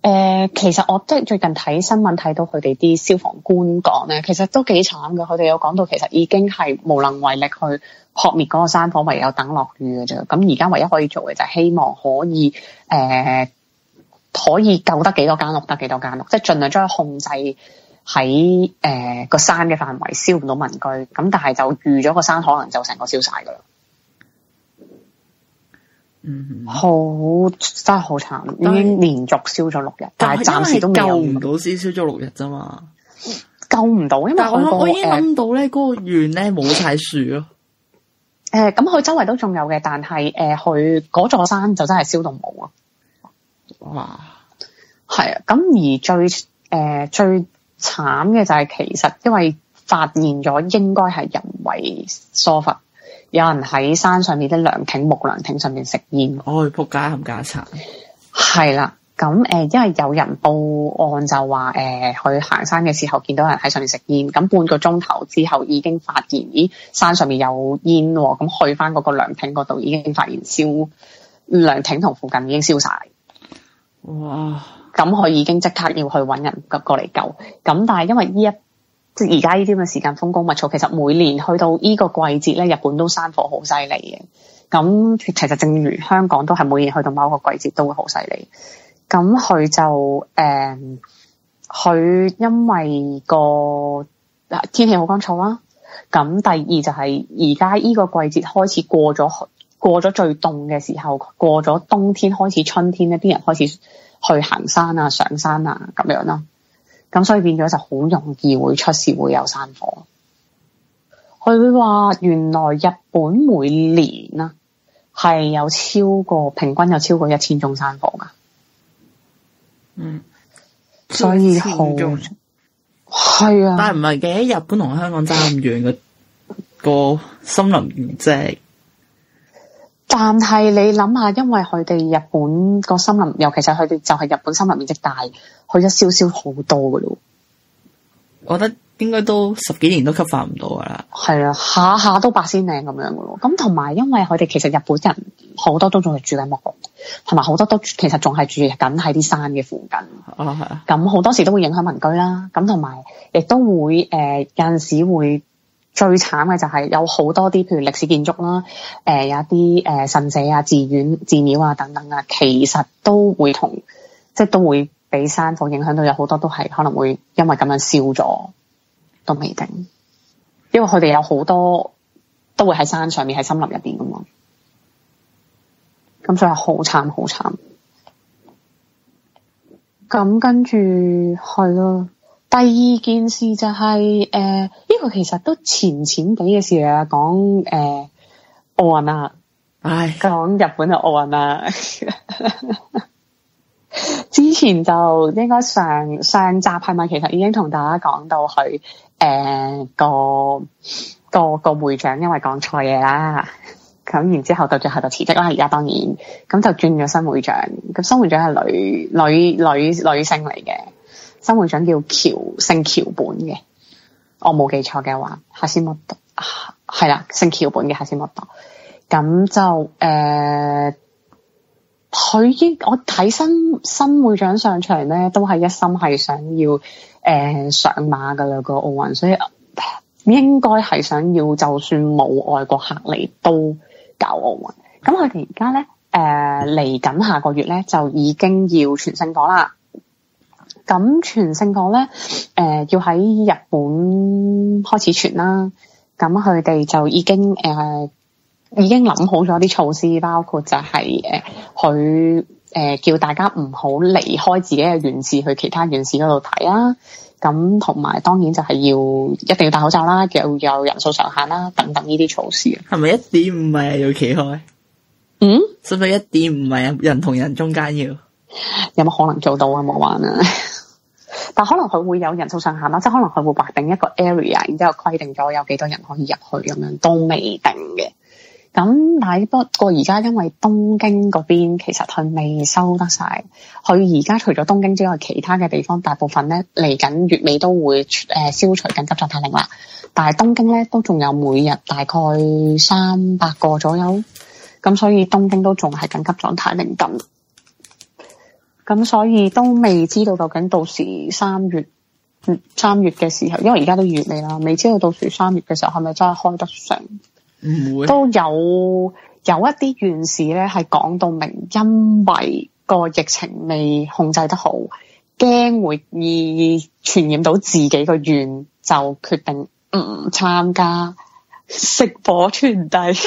呃，其實我即係最近睇新聞睇到佢哋啲消防官講咧，其實都幾慘嘅。佢哋有講到其實已經係無能為力去撲滅嗰個山火，唯有等落雨嘅啫。咁而家唯一可以做嘅就係希望可以誒、呃、可以救得幾多間屋得幾多間屋，即係盡量將佢控制。喺誒、呃、個山嘅範圍燒唔到民居，咁但係就預咗個山可能就成個燒晒噶啦。嗯，好，真係好慘，是已經連續燒咗六日，但係是暫時都救唔到。先燒咗六日啫嘛，救唔到，因為嗰、那個我已諗到咧，嗰個縣咧冇晒樹咯。誒，咁佢周圍都仲有嘅，但係誒佢嗰座山就真係燒到冇哇啊。哇！係啊，咁而最誒、呃、最。慘嘅就係、是、其實因為發現咗應該係人為疏忽，有人喺山上面嘅涼亭木涼亭上面食煙，哦、哎，仆街冚家賊，係啦，咁誒、呃，因為有人報案就話誒、呃，去行山嘅時候見到人喺上面食煙，咁半個鐘頭之後已經發現，咦，山上面有煙喎，咁去翻嗰個涼亭嗰度已經發現燒涼亭同附近已經燒晒，哇！咁佢已經即刻要去揾人急過嚟救。咁但係因為依一即係而家呢啲咁嘅時間風高物燥，其實每年去到呢個季節咧，日本都山火好犀利嘅。咁其實正如香港都係每年去到某個季節都會好犀利。咁佢就誒，佢、嗯、因為個嗱天氣好乾燥啦、啊。咁第二就係而家呢個季節開始過咗，過咗最凍嘅時候，過咗冬天開始春天咧，啲人開始。去行山啊，上山啊，咁樣啦、啊，咁所以變咗就好容易會出事，會有山火。佢會話原來日本每年啊，係有超過平均有超過一千宗山火噶，嗯，所以好係啊，但係唔係嘅，日本同香港爭咁遠嘅個森林即係。但係你諗下，因為佢哋日本個森林，尤其是佢哋就係日本森林面積大，佢一燒燒好多噶咯。我覺得應該都十幾年都吸發唔到噶啦。係啊，下下都八仙嶺咁樣噶咯。咁同埋因為佢哋其實日本人好多都仲係住緊木屋，同埋好多都其實仲係住緊喺啲山嘅附近。哦，咁好多時都會影響民居啦。咁同埋亦都會誒有陣、呃、時會。最慘嘅就係有好多啲，譬如歷史建築啦，誒、呃、有一啲誒、呃、神社啊、寺院、寺廟啊等等啊，其實都會同即係都會俾山火影響到，有好多都係可能會因為咁樣燒咗，都未定，因為佢哋有好多都會喺山上面、喺森林入邊噶嘛，咁所以好慘好慘。咁跟住係咯。第二件事就係、是、誒，呢、呃這個其實都錢錢哋嘅事啊，講誒、呃、奧運啊，唉講日本嘅奧運啊。 <laughs> 之前就應該上上集係咪其實已經同大家講到去誒、呃、個個個，個會長因為講錯嘢啦，咁然之後到最後就辭職啦，而家當然咁就轉咗新會長，咁新會長係女女女女性嚟嘅。新會長叫橋，姓橋本嘅，我冇記錯嘅話，哈斯莫多係啦，姓橋本嘅哈斯莫多，咁就誒，佢、呃、依我睇新新會長上場咧，都係一心係想要誒、呃、上馬噶啦、嗰個奧運，所以應該係想要就算冇外國客嚟都搞奧運。咁佢哋而家咧，誒嚟緊下個月咧就已經要全盛火啦。咁傳聖堂咧，誒、呃，要喺日本開始傳啦。咁佢哋就已經誒、呃，已經諗好咗啲措施，包括就係、是、誒，佢、呃、誒、呃、叫大家唔好離開自己嘅院士去其他院士嗰度睇啦。咁同埋當然就係要一定要戴口罩啦，又有人數上限啦，等等呢啲措施。係咪一點五米要企開？嗯，使唔使一點五米人同人中間要？有乜可能做到啊？冇玩啊！ <laughs> 但可能佢會有人數上限啦，即係可能佢會劃定一個 area，然之後規定咗有幾多人可以入去咁樣，都未定嘅。咁但係不過而家因為東京嗰邊其實佢未收得晒。佢而家除咗東京之外，其他嘅地方大部分呢嚟緊月尾都會誒、呃、消除緊急狀態令啦。但係東京呢都仲有每日大概三百個左右，咁所以東京都仲係緊急狀態令咁。咁、嗯、所以都未知道究竟到時三月，三月嘅時候，因為而家都月尾啦，未知道到時三月嘅時候係咪真係開得成？唔會都有有一啲院士咧，係講到明，因為個疫情未控制得好，驚會意傳染到自己個院，就決定唔參、嗯、加食火傳遞。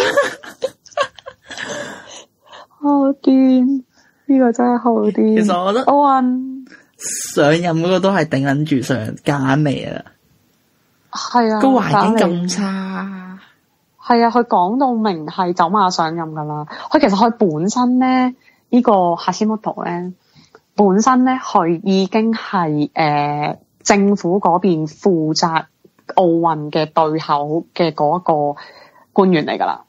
好啲。呢個真係好啲。其實我覺得奧運上任嗰個都係頂緊住上㗎嘛啊？係啊，個環境咁差。係啊，佢講到明係走馬上任㗎喇。佢其實佢本身咧，這個、呢個橋本咧，本身咧佢已經係誒、呃、政府嗰邊負責奧運嘅對口嘅嗰一個官員嚟㗎喇。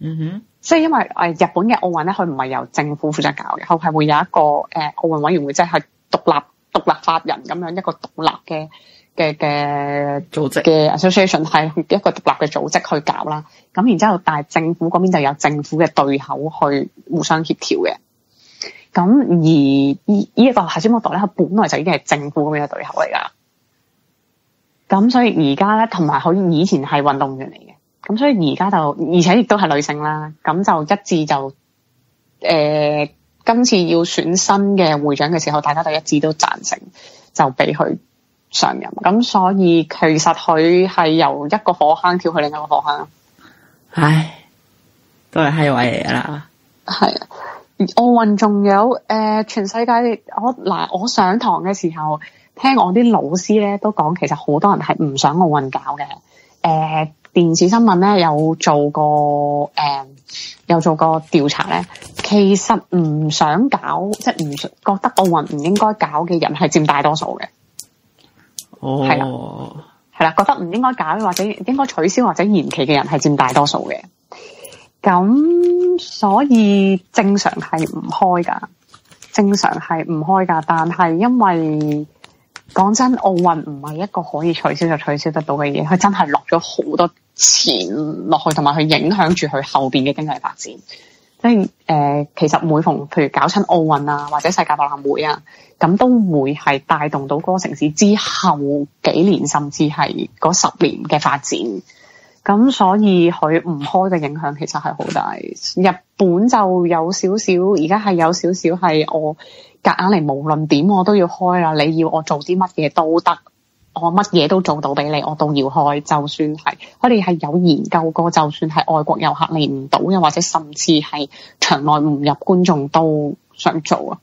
嗯哼，即係、mm hmm. 因為誒日本嘅奧運咧，佢唔係由政府負責搞嘅，佢係會有一個誒奧運委員會，即係獨立獨立法人咁樣一個獨立嘅嘅嘅組織嘅 association，係一個獨立嘅組織去搞啦。咁然之後，但係政府嗰邊就有政府嘅對口去互相協調嘅。咁而依呢一個 Hashimoto 咧，佢本來就已經係政府嗰邊嘅對口嚟噶。咁所以而家咧，同埋佢以前係運動員嚟嘅。咁所以而家就，而且亦都係女性啦，咁就一致就，誒、呃，今次要選新嘅會長嘅時候，大家都一致都贊成，就俾佢上任。咁所以其實佢係由一個火坑跳去另一個火坑啊。唉，都係虛位嚟嘅啦。係啊，奧運仲有誒、呃，全世界我嗱我上堂嘅時候，聽我啲老師咧都講，其實好多人係唔想奧運搞嘅，誒、呃。電視新聞咧有做過誒、呃、有做過調查咧，其實唔想搞即係唔覺得奧運唔應該搞嘅人係佔大多數嘅，哦，係啦，係啦，覺得唔應該搞或者應該取消或者延期嘅人係佔大多數嘅，咁所以正常係唔開㗎，正常係唔開㗎，但係因為講真奧運唔係一個可以取消就取消得到嘅嘢，佢真係落咗好多前落去，同埋去影響住佢後邊嘅經濟發展，即係誒、呃，其實每逢譬如搞親奧運啊，或者世界博覽會啊，咁都會係帶動到嗰個城市之後幾年，甚至係嗰十年嘅發展。咁所以佢唔開嘅影響其實係好大。日本就有少少，而家係有少少係我隔硬嚟，無論點我都要開啦。你要我做啲乜嘢都得。我乜嘢都做到俾你，我都要開。就算係，佢哋係有研究過，就算係外國遊客嚟唔到，又或者甚至係場內唔入觀眾都想做啊！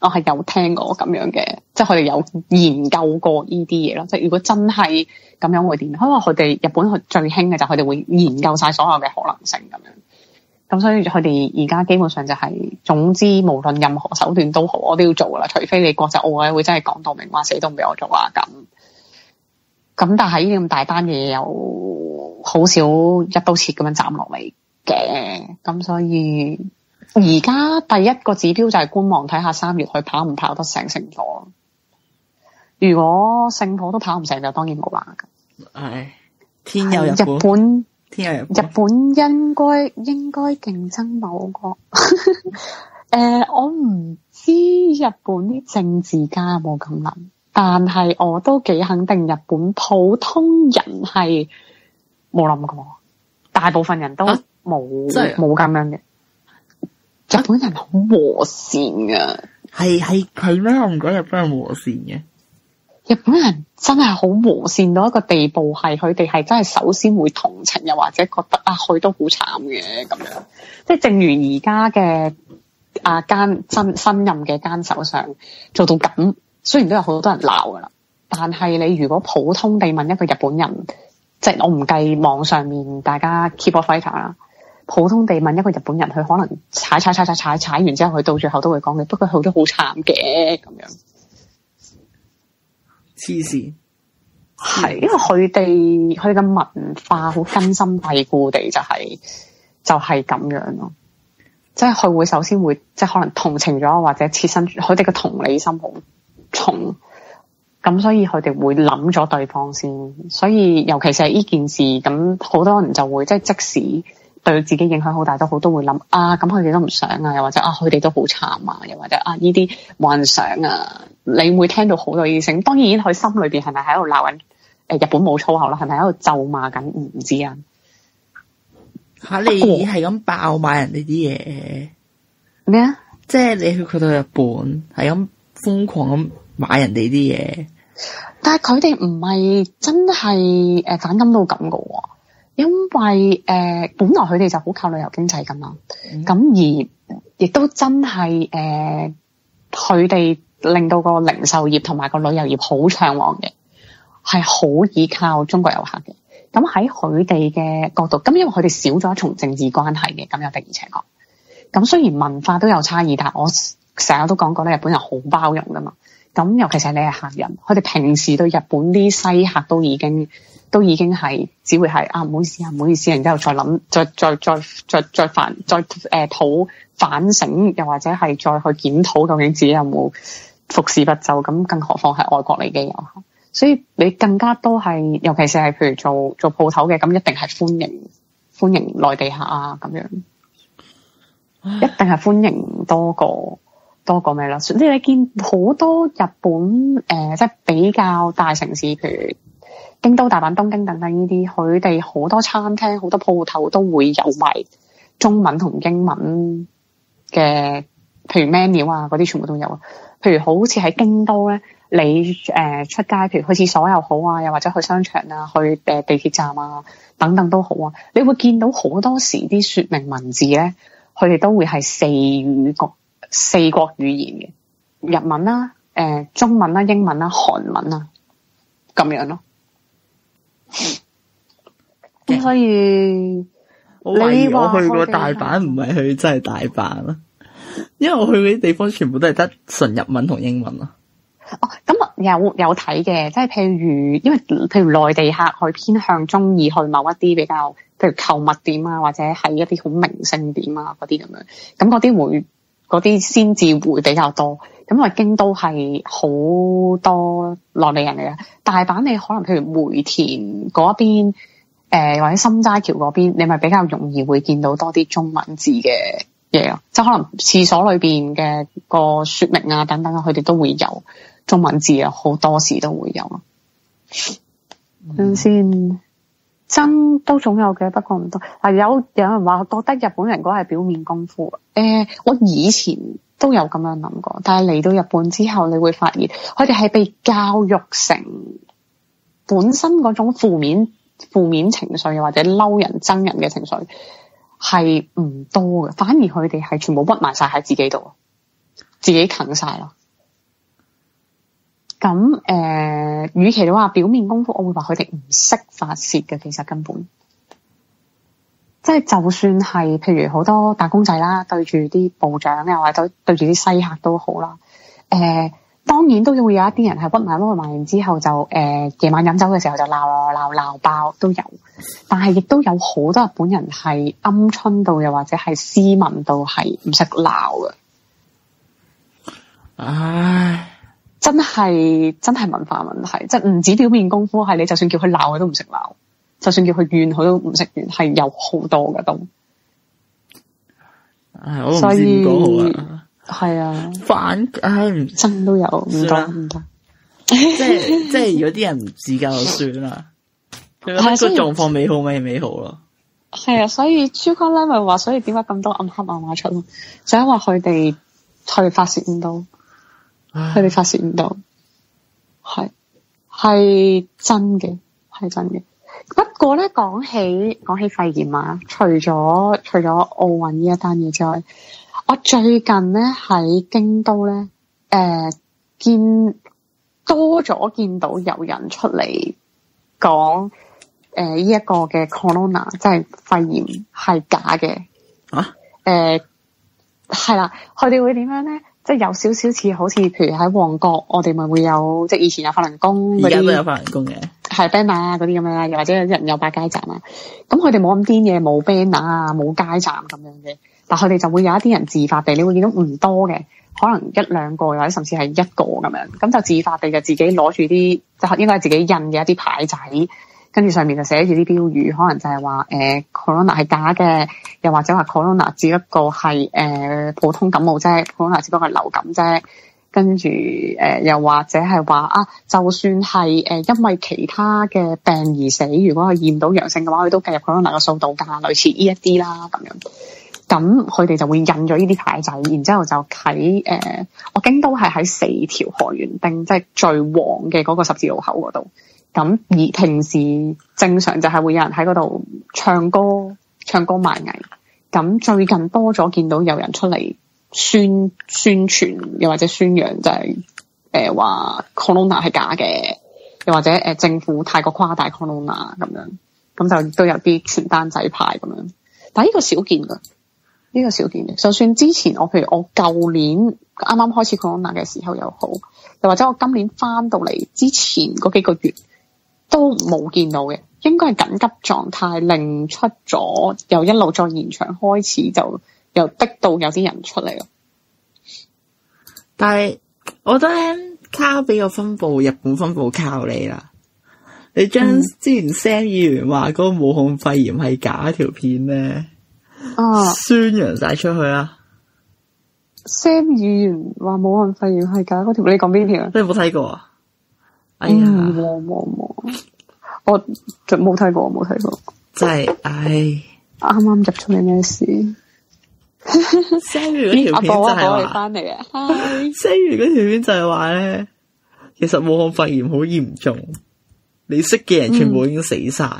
我係有聽過咁樣嘅，即係佢哋有研究過呢啲嘢囉。即係如果真係咁樣會點？因為佢哋日本佢最興嘅就係佢哋會研究晒所有嘅可能性咁樣。咁所以佢哋而家基本上就係、是，總之無論任何手段都好，我都要做噶啦。除非你國際奧委會真係講到明話，死都唔俾我做啊！咁咁但係呢啲咁大單嘢，有好少一刀切咁樣斬落嚟嘅。咁所以而家第一個指標就係觀望，睇下三月佢跑唔跑得成成聖火。如果聖普聖火都跑唔成，就當然冇話噶。係、哎、天佑一般。哎日本，日本應該應該競爭到過，誒、 <laughs> 呃，我唔知日本啲政治家有冇咁諗，但係我都幾肯定日本普通人係冇諗過，大部分人都冇，即係冇咁樣嘅。日本人好和善噶。啊，係係係咩？我唔覺得日本人和善嘅。日本人真係好和善到一個地步，係佢哋係真係首先會同情，又或者覺得啊，佢都好慘嘅咁樣。即係正如而家嘅阿間新新，新任嘅間首相做到咁，雖然都有好多人鬧噶啦，但係你如果普通地問一個日本人，即係我唔計網上面大家 keep a fighter 啦，普通地問一個日本人，佢可能踩踩踩踩踩踩完之後，佢到最後都會講嘅，不過佢都好慘嘅咁樣。黐線，係，因為佢哋佢哋嘅文化好根深蒂固地就係、是、就係、是、咁樣咯，即係佢會首先會即係可能同情咗或者切身，佢哋嘅同理心好重，咁所以佢哋會諗咗對方先，所以尤其是係呢件事咁，好多人就會即係即使。對自己影響好大都好，都會諗啊，咁佢哋都唔想啊，又或者啊，佢哋都好慘啊，又或者啊，呢啲幻想啊，你會聽到好多嘅聲。當然裡是是，佢心裏邊係咪喺度鬧緊？誒，日本冇粗口啦，係咪喺度咒罵緊？唔知啊。嚇、啊！你係咁爆買人哋啲嘢咩啊？即係你去佢到日本，係咁瘋狂咁買人哋啲嘢。但係佢哋唔係真係誒反感到咁嘅喎。因為誒、呃、本來佢哋就好靠旅遊經濟噶嘛，咁、嗯、而亦都真係誒佢哋令到個零售業同埋個旅遊業好暢旺嘅，係好依靠中國遊客嘅。咁喺佢哋嘅角度，咁、嗯、因為佢哋少咗一重政治關係嘅，咁又突然扯講。咁、嗯、雖然文化都有差異，但係我成日都講過咧，日本人好包容噶嘛。咁、嗯、尤其是你係客人，佢哋平時對日本啲西客都已經。都已經係，只會係啊，唔好意思啊，唔好意思，然之後再諗，再再再再再反，再誒討再、呃、反省，又或者係再去檢討，究竟自己有冇服侍不就咁，更何況係外國嚟嘅遊客，所以你更加都係，尤其是係譬如做做鋪頭嘅，咁一定係歡迎歡迎內地客啊，咁樣，一定係歡迎多過多過咩啦？即係你見好多日本誒、呃，即係比較大城市譬如。京都、大阪、東京等等呢啲，佢哋好多餐廳、好多鋪頭都會有埋中文同英文嘅，譬如 menu 啊，嗰啲全部都有啊。譬如好似喺京都咧，你誒出街，譬如去廁所又好啊，又或者去商場啊、去誒地鐵站啊等等都好啊，你會見到好多時啲説明文字咧，佢哋都會係四語國四國語言嘅，日文啦、啊、誒、呃、中文啦、啊、英文啦、啊、韓文啊，咁樣咯。咁可、嗯、以，你說我，我去過大阪，唔係 <laughs> 去真係大阪啦，因為我去嗰啲地方全部都係得純日文同英文啦。哦，咁啊有有睇嘅，即係譬如，因為譬如內地客去偏向中意去某一啲比較，譬如購物點啊，或者係一啲好明星點啊嗰啲咁樣，咁嗰啲會嗰啲先至會比較多。咁啊，京都係好多內地人嚟嘅。大阪你可能譬如梅田嗰邊、呃，或者心齋橋嗰邊，你咪比較容易會見到多啲中文字嘅嘢啊。即係可能廁所裏邊嘅個説明啊等等啊，佢哋都會有中文字啊，好多時都會有。係咪先、嗯？真都總有嘅，不過唔多。啊，有有人話覺得日本人嗰係表面功夫。誒、呃，我以前。都有咁樣諗過，但係嚟到日本之後，你會發現佢哋係被教育成本身嗰種負面負面情緒或者嬲人憎人嘅情緒係唔多嘅，反而佢哋係全部屈埋晒喺自己度，自己啃晒咯。咁誒，與其話表面功夫，我會話佢哋唔識發泄嘅，其實根本。即係就算係，譬如好多打工仔啦，對住啲部長啊，或者對住啲西客都好啦。誒、呃，當然都會有一啲人係屈埋屈埋，然之後就誒夜、呃、晚飲酒嘅時候就鬧鬧鬧爆都有。但係亦都有好多日本人係鵪鶉到又或者係斯文到係唔識鬧嘅。唉，真係真係文化問題，即係唔止表面功夫，係你就算叫佢鬧，佢都唔識鬧。就算叫佢怨，佢都唔食完，係有好多嘅都。所以係啊，反唉以，真都有唔多唔多。即係即係，如果啲人唔自嘅，就算啦。佢個狀況美好咪美好咯。係啊，所以朱坤咧咪話，所以點解咁多暗黑漫畫出咯？就因為佢哋佢哋發洩唔到，佢哋發洩唔到，係係 <laughs> 真嘅，係真嘅。不過咧，講起講起肺炎啊，除咗除咗奧運呢一單嘢之外，我最近咧喺京都咧，誒、呃、見多咗見到有人出嚟講，誒、呃、呢一個嘅 corona 即係肺炎係假嘅吓？誒係、啊呃、啦，佢哋會樣呢點樣咧？即係有少少似好似，譬如喺旺角，我哋咪會有即係以前有法輪功，而家都有法輪功嘅。係 banner 啊，嗰啲咁樣啦，又或者有啲人有擺街站啊，咁佢哋冇咁癲嘢，冇 banner 啊，冇街站咁樣嘅，但佢哋就會有一啲人自發地，你會見到唔多嘅，可能一兩個或者甚至係一個咁樣，咁就自發地就自己攞住啲，就應該係自己印嘅一啲牌仔，跟住上面就寫住啲標語，可能就係話誒 Corona 係假嘅，又或者話 Corona 只不過係誒普通感冒啫，Corona 只不過係流感啫。跟住，誒、呃、又或者係話啊，就算係誒、呃、因為其他嘅病而死，如果佢驗到陽性嘅話，佢都計入可能個數度加，類似呢一啲啦咁樣。咁佢哋就會印咗呢啲牌仔，然之後就喺誒、呃，我京都係喺四條河原町即係最旺嘅嗰個十字路口嗰度。咁而平時正常就係會有人喺嗰度唱歌、唱歌賣藝。咁最近多咗見到有人出嚟。宣宣傳又或者宣揚、就是，就係誒話 corona 係假嘅，又或者誒、呃、政府太過誇大 corona 咁樣，咁就都有啲傳單仔派咁樣。但係呢個少見噶，呢、這個少見嘅。就算之前我譬如我舊年啱啱開始 corona 嘅時候又好，又或者我今年翻到嚟之前嗰幾個月都冇見到嘅，應該係緊急狀態令出咗，又一路再延長開始就。又逼到有啲人出嚟咯，但係我覺得咧，卡比個分布，日本分布靠你啦。你將之前 Sam、嗯、議員話嗰個武漢肺炎係假條片咧，啊、宣揚晒出去啦。Sam 議員話武漢肺炎係假嗰條，你講邊條啊？你冇睇過啊？哎呀，我冇冇冇，我就冇睇過，冇睇過。真係，唉，啱啱入咗嚟咩事？星月嗰條片就係我哋返嚟嘅，星月嗰條片就係話咧，其實武漢肺炎好嚴重，你識嘅人全部已經死晒，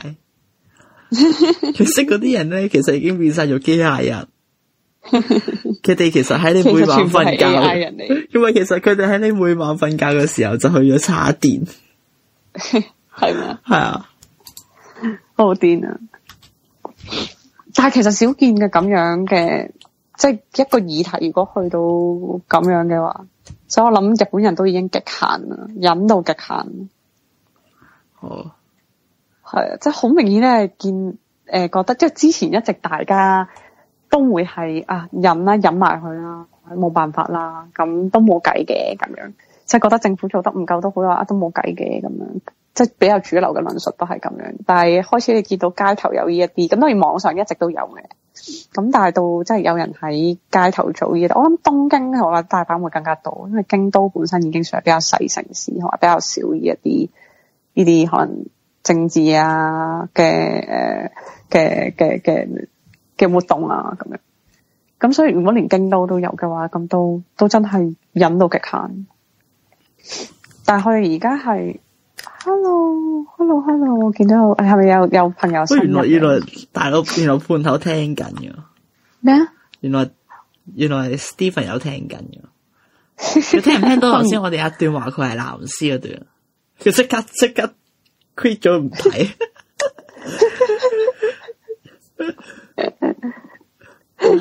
你、嗯、 <laughs> 識嗰啲人咧，其實已經變晒做機械人，佢哋 <laughs> 其實喺你每晚瞓覺，人嚟因為其實佢哋喺你每晚瞓覺嘅時候就去咗插電，係咪 <laughs> 嗎啊？係啊，好癲啊！但係其實少見嘅咁樣嘅。即係一個議題，如果去到咁樣嘅話，所以我諗日本人都已經極限啦，忍到極限。哦，係，即係好明顯咧，見、呃、誒覺得即係之前一直大家都會係啊忍啦，忍埋佢啦，冇辦法啦，咁都冇計嘅咁樣，即係覺得政府做得唔夠都好啦，都冇計嘅咁樣，即係比較主流嘅論述都係咁樣，但係開始你見到街頭有呢一啲，咁當然網上一直都有嘅。咁但係到真係有人喺街頭做嘢，我諗東京同埋大阪會更加多，因為京都本身已經算係比較細城市，同埋比較少呢一啲呢啲可能政治啊嘅誒嘅嘅嘅嘅活動啊咁樣。咁所以如果連京都都有嘅話，咁都都真係忍到極限。但係佢而家係。hello hello hello，我見到係咪有有朋友原？原來原來大佬原來判頭聽緊嘅咩啊？原來麼原來 Stephen 有聽緊嘅，你聽唔聽到頭先我哋一段話？佢係藍絲嗰段，佢即刻即刻 quit 咗唔睇。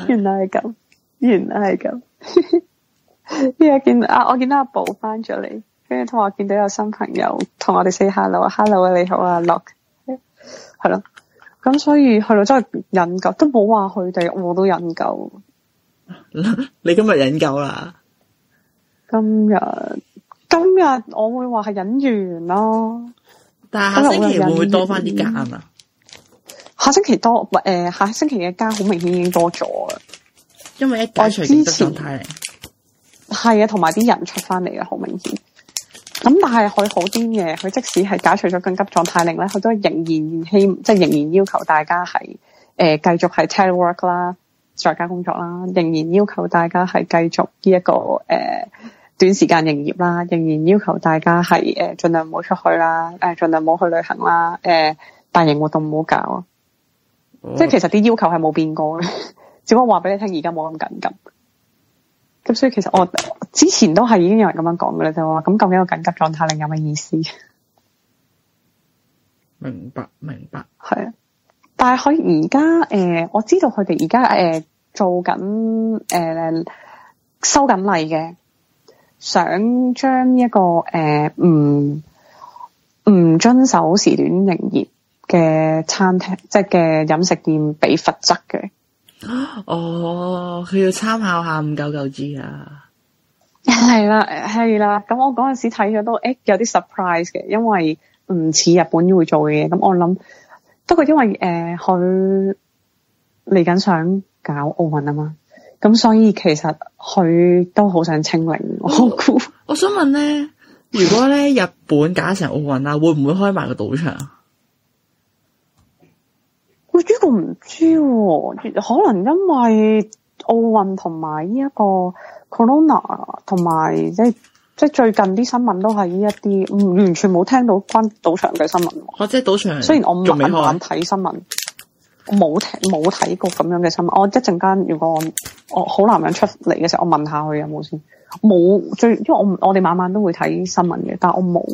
原來係咁， <laughs> 原來係咁。依 <laughs> 家見啊，我見到阿寶翻咗嚟。跟住同我見到有新朋友同我哋 say hello，hello 啊你好啊 Look 係咯，咁 <laughs> 所以去到真係忍夠，都冇話佢哋我都忍夠。 <laughs> 你今日忍夠啦？今日今日我會話係忍完咯。但係可能下星期會唔會多翻啲假啊？下星期多唔誒？下星期嘅假好明顯已經多咗啦，因為一之前係啊，同埋啲人出翻嚟啊，好明顯。咁但係佢好癲嘅，佢即使係解除咗緊急狀態令咧，佢都仍然希即係仍然要求大家係誒、呃、繼續係 telework 啦，在家工作啦，仍然要求大家係繼續呢、這、一個誒、呃、短時間營業啦，仍然要求大家係誒、呃、盡量唔好出去啦，誒、呃、盡量唔好去旅行啦，誒、呃、大型活動唔好搞，嗯、即係其實啲要求係冇變過嘅， <laughs> 只不過話俾你聽而家冇咁緊急，咁所以其實我。之前都係已經有人咁樣講噶啦，就話咁究竟個緊急狀態令有咩意思？明白，明白。係啊，但係佢而家誒，我知道佢哋而家誒做緊誒、呃、收緊例嘅，想將一個誒唔唔遵守時段營業嘅餐廳，即係嘅飲食店俾罰則嘅。哦，佢要參考下五九九 G 啊。係啦，係啦。咁我嗰陣時睇咗都，誒、欸，有啲 surprise 嘅，因為唔似日本會做嘅嘢。咁我諗，不過因為誒佢嚟緊想搞奧運啊嘛，咁所以其實佢都好想清零。我好攰， <laughs> 我想問咧，如果咧日本假成奧運啊，會唔會開埋個賭場？我呢個唔知喎、啊，可能因為奧運同埋呢一個。Corona 同埋即係即係最近啲新聞都係呢一啲，完全冇聽到關賭場嘅新聞。我、啊、即係賭場，雖然我晚晚睇新聞，我冇聽冇睇過咁樣嘅新聞。我一陣間如果我，我好男人出嚟嘅時候，我問下佢有冇先。冇最，因為我我哋晚晚都會睇新聞嘅，但我冇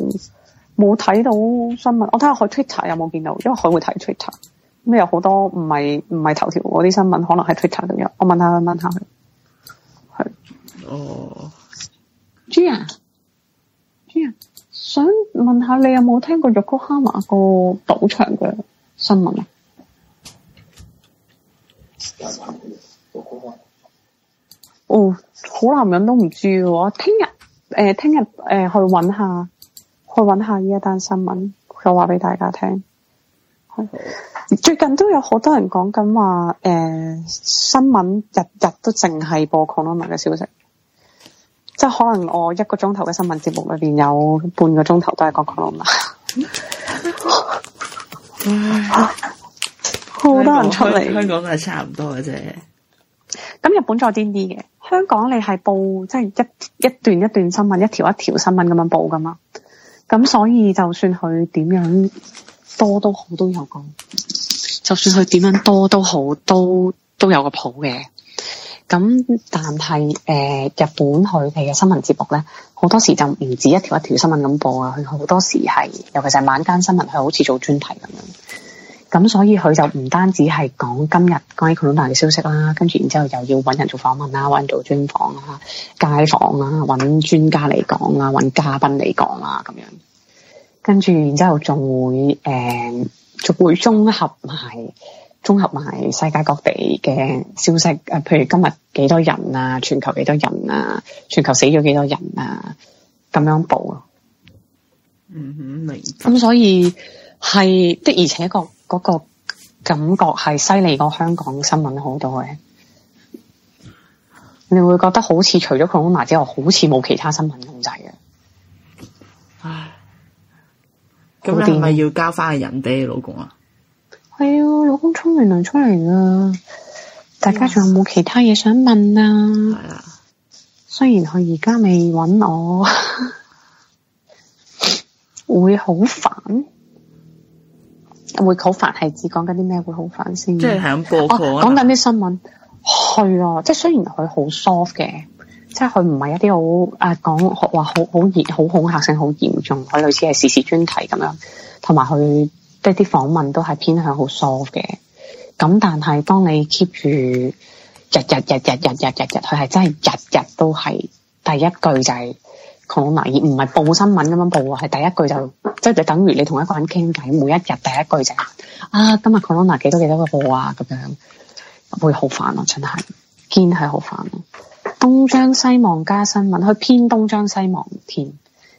冇睇到新聞。我睇下佢 Twitter 有冇見到，因為佢會睇 Twitter，咩有好多唔係唔係頭條嗰啲新聞，可能係 Twitter 度有。我問下佢，問下佢。哦，Gia，Gia，想問下你有冇聽過橫濱個賭場嘅新聞啊？哦， <music> oh, 好男人都唔知嘅話，聽日誒，聽日誒，去搵下，去搵下呢一單新聞，佢話俾大家聽。 <music> 最近都有好多人講緊話，誒、呃，新聞日日都淨係播 Corona 嘅消息。即係可能我一個鐘頭嘅新聞節目裏邊有半個鐘頭都係講恐龍啊！好多人出嚟，香港都係差唔多嘅啫。咁日本再癲啲嘅，香港你係報即係、即係、一一段一段新聞、一條一條新聞咁樣報噶嘛？咁所以就算佢點樣多都好，都有個；就算佢點樣多都好，都都有個譜嘅。咁，但係誒、呃、日本佢哋嘅新聞節目咧，好多時就唔止一條一條新聞咁播啊，佢好多時係，尤其是係晚間新聞，佢好似做專題咁樣。咁、嗯、所以佢就唔單止係講今日關於沖繩嘅消息啦，跟住然之後又要揾人做訪問啦，揾人做專訪啦、街訪啦，揾專家嚟講啦，揾嘉賓嚟講啦咁樣。跟住然之後仲會誒，仲、呃、會綜合埋。綜合埋世界各地嘅消息，誒，譬如今日幾多人啊？全球幾多人啊？全球死咗幾多人啊？咁樣報咯。嗯，明。 <noise> 咁所以係的而且確、這個、這個感覺係犀利過香港新聞好多嘅。你會覺得好似除咗佢 o n 之外，好似冇其他新聞咁滯嘅。唉。咁你咪要交翻去人哋老公啊？係啊、哎，老公沖完涼出嚟啦。大家仲有冇其他嘢想問啊？係的 <laughs> 啊、哦啊。雖然佢而家未搵我，會好煩，會好煩係指講緊啲咩會好煩先？即係咁播講緊啲新聞，係啊。即係雖然佢好 soft 嘅，即係佢唔係一啲好誒講話好好熱、好恐嚇性好嚴重，佢類似係時事專題咁樣，同埋佢。即係啲訪問都係偏向好疏嘅，咁但係當你 keep 住日日日日日日日日，佢係真係日日都係第一句就係 Corona 而唔係報新聞咁樣報啊，係第一句就即就等於你同一個人傾偈，每一日第一句就是、啊，今日 Corona 幾多幾多個報啊，咁樣會好煩咯、啊，真係堅係好煩咯、啊，東張西望加新聞，佢偏東張西望添。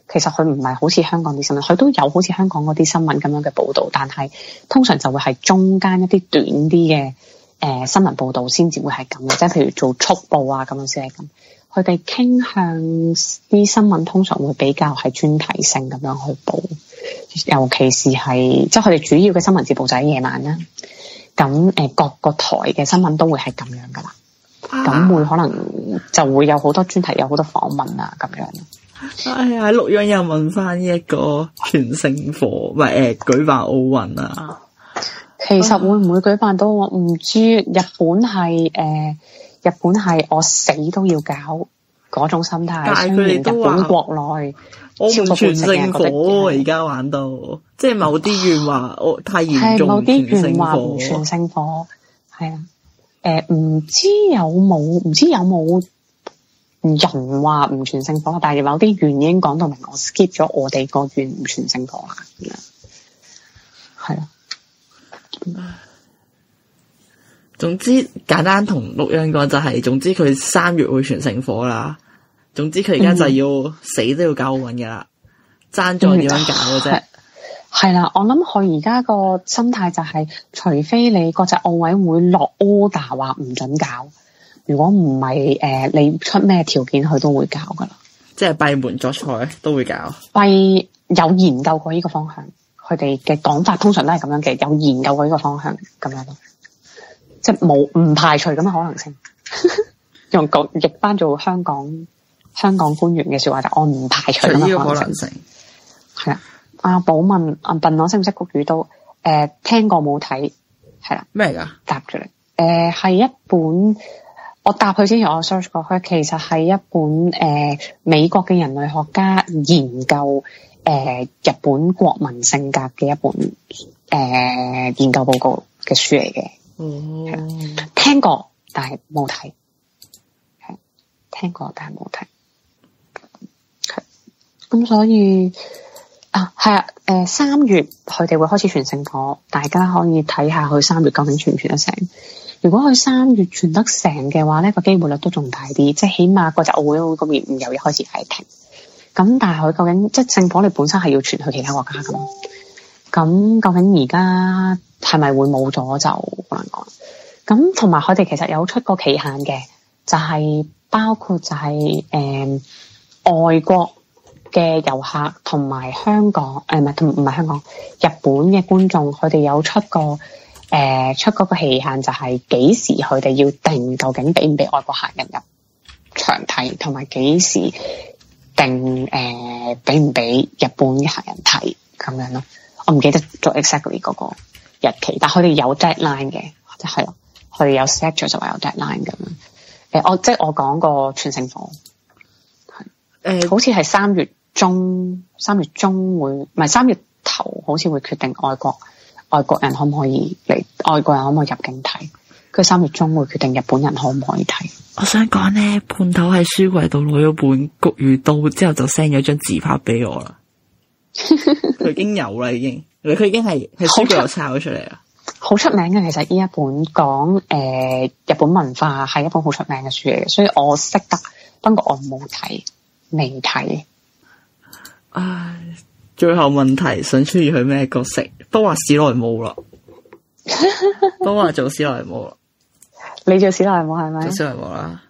其實佢唔係好似香港啲新聞，佢都有好似香港嗰啲新聞咁樣嘅報道，但係通常就會係中間一啲短啲嘅誒新聞報道先至會係咁嘅，即係譬如做速報啊咁樣先係咁。佢哋傾向啲新聞通常會比較係專題性咁樣去報，尤其是係即係佢哋主要嘅新聞節目就喺夜晚啦。咁誒、呃，各個台嘅新聞都會係咁樣噶啦，咁會可能就會有好多專題，有好多訪問啊咁樣。哎呀，喺陸央又問返呢一個傳聖火，喂，係、欸、誒，舉辦奧運啊？其實會唔會舉辦到我唔、嗯、知。日本係誒、呃，日本係我死都要搞嗰種心態。但係佢哋都本內啊，國內、嗯呃、傳聖火。而家玩到即係某啲言話，我太嚴重。某啲言話傳聖火，係啊？誒、呃，唔知有冇？唔知有冇？人話唔傳聖火，但係有啲原因已經講到明，我 skip 咗我哋個願唔傳聖火啦。係啊、就是，總之簡單同錄音講就係，總之佢三月會傳聖火啦。總之佢而家就要死都要搞奧運嘅啦，爭咗點樣搞嘅啫？係啦、嗯，我諗佢而家個心態就係、是，除非你國際奧委會落 order 話唔準搞。如果唔係誒，你出咩條件佢都會搞噶啦，即係閉門作菜都會搞。閉有研究過呢個方向，佢哋嘅講法通常都係咁樣嘅。有研究過呢個方向咁樣咯，即係冇唔排除咁嘅可能性。 <laughs> 用講譯翻做香港香港官員嘅說話就是，我唔排除呢個可能性。係啊，阿寶問阿、啊、笨佬識唔識國語都誒、呃，聽過冇睇係啦。咩嚟噶？麼答住嚟誒，係、呃、一本。我答佢先，前，我 search 過去，佢其實係一本誒、呃、美國嘅人類學家研究誒、呃、日本國民性格嘅一本誒、呃、研究報告嘅書嚟嘅。哦、嗯，聽過但係冇睇，係聽過但係冇睇。係，咁所以啊係啊，誒三、呃、月佢哋會開始傳聖火，大家可以睇下佢三月究竟傳唔傳得成。如果佢三月傳得成嘅話呢、呢個機會率都仲大啲，即係起碼個集奧運會嗰邊唔由一開始係停。咁但係佢究竟即係政府，你本身係要傳去其他國家噶嘛？咁究竟而家係咪會冇咗就好難講？咁同埋佢哋其實有出個期限嘅，就係、是、包括就係、是、誒、呃、外國嘅遊客同埋香港誒唔係同唔係香港日本嘅觀眾，佢哋有出個。誒、呃，出嗰個期限就係幾時，佢哋要定究竟俾唔俾外國客人入場睇，同埋幾時定誒，俾唔俾日本嘅客人睇咁樣咯？我唔記得咗 exactly 嗰個日期，但係佢哋有 deadline 嘅 de、呃，即係咯，佢哋有 set 咗就話有 deadline 咁樣。誒、呃，我即係我講個全盛房係誒，好似係三月中，三月中會唔係三月頭，好似會決定外國。外國人可唔可以嚟？外國人可唔可以入境睇？佢三月中會決定日本人可唔可以睇。我想講咧，判頭喺書櫃度攞咗本《菊與刀》，之後就 send 咗張自拍俾我啦。佢 <laughs> 已經有啦，已經佢已經係喺書櫃抄咗出嚟啦。好出，出名嘅，其實呢一本講誒、呃、日本文化係一本好出名嘅書嚟嘅，所以我識得，不過我冇睇，未睇。唉，最後問題，想出嚟去咩角色？都話史萊姆啦， <laughs> 都話做史萊姆啦。你做史萊姆係咪？做史萊姆啦，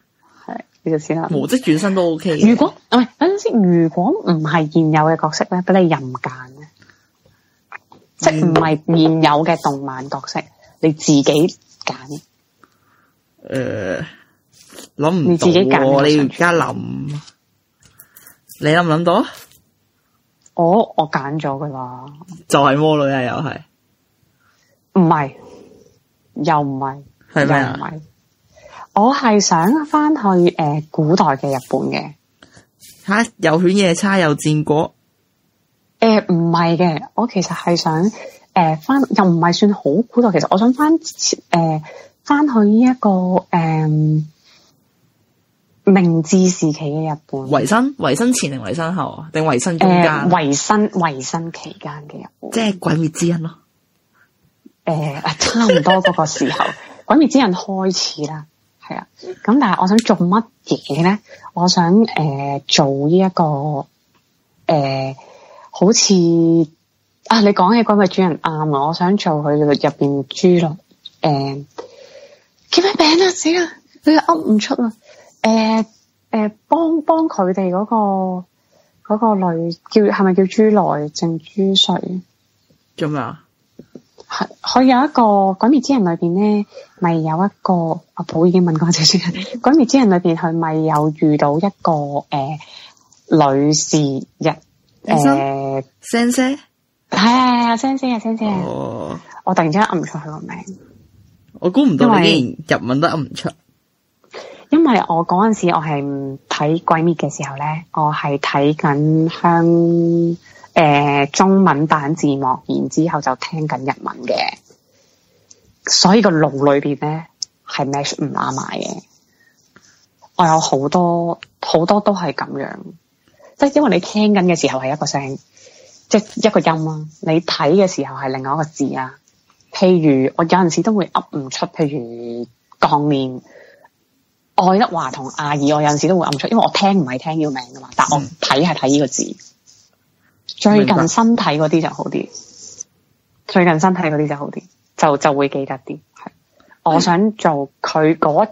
係你做史萊姆，模式轉身都 OK 如等等。如果唔係等陣先，如果唔係現有嘅角色咧，俾你任揀，嗯、即唔係現有嘅動漫角色，你自己揀。誒、呃，諗唔到，你自己揀，你而家諗，你諗唔諗到？我我揀咗噶啦，就係魔女啊又係，唔係，又唔係，係咩啊？我係想翻去誒、呃、古代嘅日本嘅，吓又犬夜叉又戰國，誒唔係嘅，我其實係想誒翻、呃、又唔係算好古代，其實我想翻誒翻去呢、這、一個誒。呃明治時期嘅日本維新，維新前定維新後啊？定維新中間？維新維新期間嘅日本，即係鬼滅之刃咯。誒、呃，差唔多嗰個時候， <laughs> 鬼滅之刃開始啦。係啊，咁但係我想做乜嘢咧？我想誒、呃、做呢、這、一個誒、呃，好似啊，你講嘅「鬼滅」主人啱啊。我想做佢入入邊豬咯。誒、呃，叫咩名啊？死啦，你又噏唔出啊？誒誒，幫幫佢哋嗰個嗰、嗰個女叫係咪叫朱來正、朱穗做咩啊？係佢有一個《鬼滅之人裡面呢》裏邊咧，咪有一個阿寶已經問過姐姐，《鬼滅之人》裏邊佢咪有遇到一個誒、呃、女士日，誒，sensei 係係係 sensei 啊 sensei、哎 oh，我突然之間諗唔出佢個名，我估唔到你竟然日文都諗唔出。因為我嗰陣時，我時，我係唔睇鬼滅嘅時候咧，我係睇緊香誒中文版字幕，然之後就聽緊日文嘅，所以個腦裏邊咧係 match 唔啱埋嘅。我有好多好多都係咁樣，即係因為你聽緊嘅時候係一個聲，即係一個音啦；你睇嘅時候係另外一個字啊。譬如我有陣時都會噏唔出，譬如當面」。愛德華同阿爾，我有陣時都會暗出，因為我聽唔係聽要名噶嘛，但係我睇係睇呢個字。嗯、最近新睇嗰啲就好啲，最近新睇嗰啲就好啲，就就會記得啲。係，嗯、我想做佢嗰、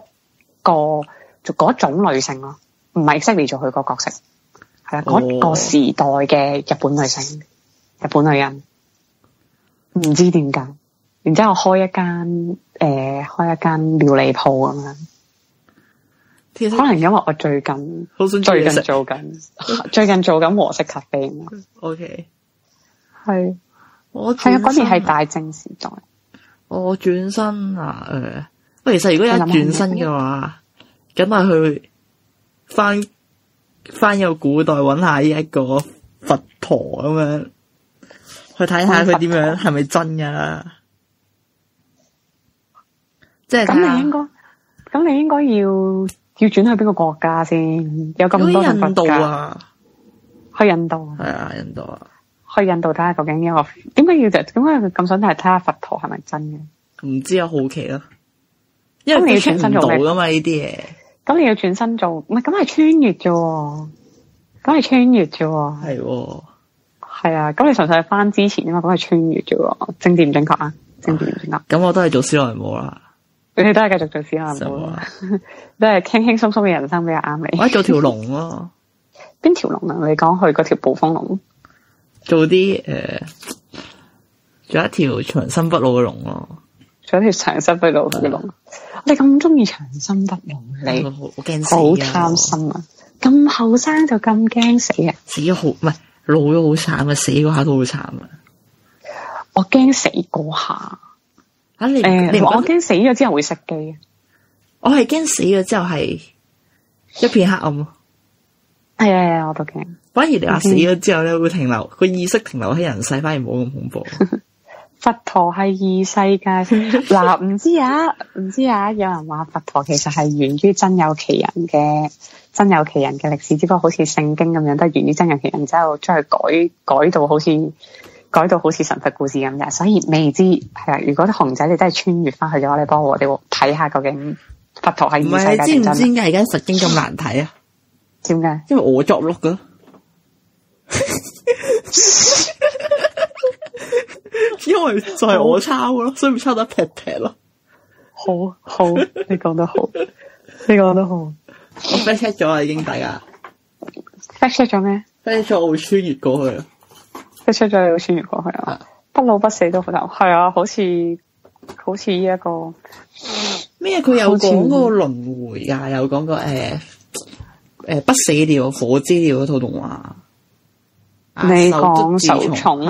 嗰個，就嗰種女性咯，唔係 exactly 做佢個角色，係啦，嗰、嗯、個時代嘅日本女性，日本女人，唔知點解，然之後我開一間，誒、呃，開一間料理鋪噉樣。其實可能因為我最近想最近做緊 <laughs> 最近做緊和式咖啡。OK，係我係嗰年係大正時代。我轉生啊，誒，喂，其實如果有轉生嘅話，咁啊去翻翻入古代揾下呢一個佛陀咁樣，去睇下佢點樣，係咪真噶啦？即係咁，你應該咁，你應該要。要轉去邊個國家先？有咁多人度啊，去印度係啊，印度啊，去印度睇下究竟呢、這個點解要就點解佢咁想睇睇下佛陀係咪真嘅？唔知啊，好奇啊！因咁、嗯、你要轉生做咩啊？嘛呢啲嘢，咁你要轉生做唔係咁係穿越啫？咁係穿越啫？係係啊，咁你純粹係翻之前啊嘛？咁係穿越啫？政治唔正確啊？政治唔正確？咁我都係做史萊姆啦。你哋都係繼續做屎爛佬，話都係輕輕鬆鬆嘅人生比較啱你。我做條龍咯，邊條龍啊？ <laughs> 你講去嗰條暴風龍，做啲誒、呃，做一條長生不老嘅龍咯，做一條長生不老嘅龍。啊、你咁中意長生不老，嗯、你我好驚死、啊，好貪心啊！咁後生就咁驚死啊！死好唔係老咗好慘啊！死下都好慘啊！我驚死過下。吓、啊、你！你欸、我驚死咗之後會熄機，我係驚死咗之後係一片黑暗。係係啊，我都驚。反而你話死咗之後咧會停留個意識停留喺人世，反而冇咁恐怖。佛陀係異世界。嗱，唔知啊，唔知啊，有人話佛陀其實係源於真有其人嘅真有其人嘅歷史，只不過好似聖經咁樣都係源於真有其人，之後將佢改改到好似。改到好似神佛故事咁嘅，所以未知係啊。如果熊仔你真係穿越翻去咗，你幫我哋睇下究竟佛陀係唔係知唔知點解而家《佛經》咁難睇啊？點解？因為我作碌噶， <laughs> <laughs> 因為就係我抄咯，好所以唔抄得劈劈咯。 <laughs> 好，好，你講得好， <laughs> 你講得好。 <laughs> 我 flash 咗啦，已經大家。flash 咗咩？flash 咗我會穿越過去。啊！即出咗穿越過去啊，不老不死都好睇，係啊，好似好似呢一個咩？佢有講個輪迴噶有講個誒誒不死鳥火之鳥嗰套動畫。你講手塚，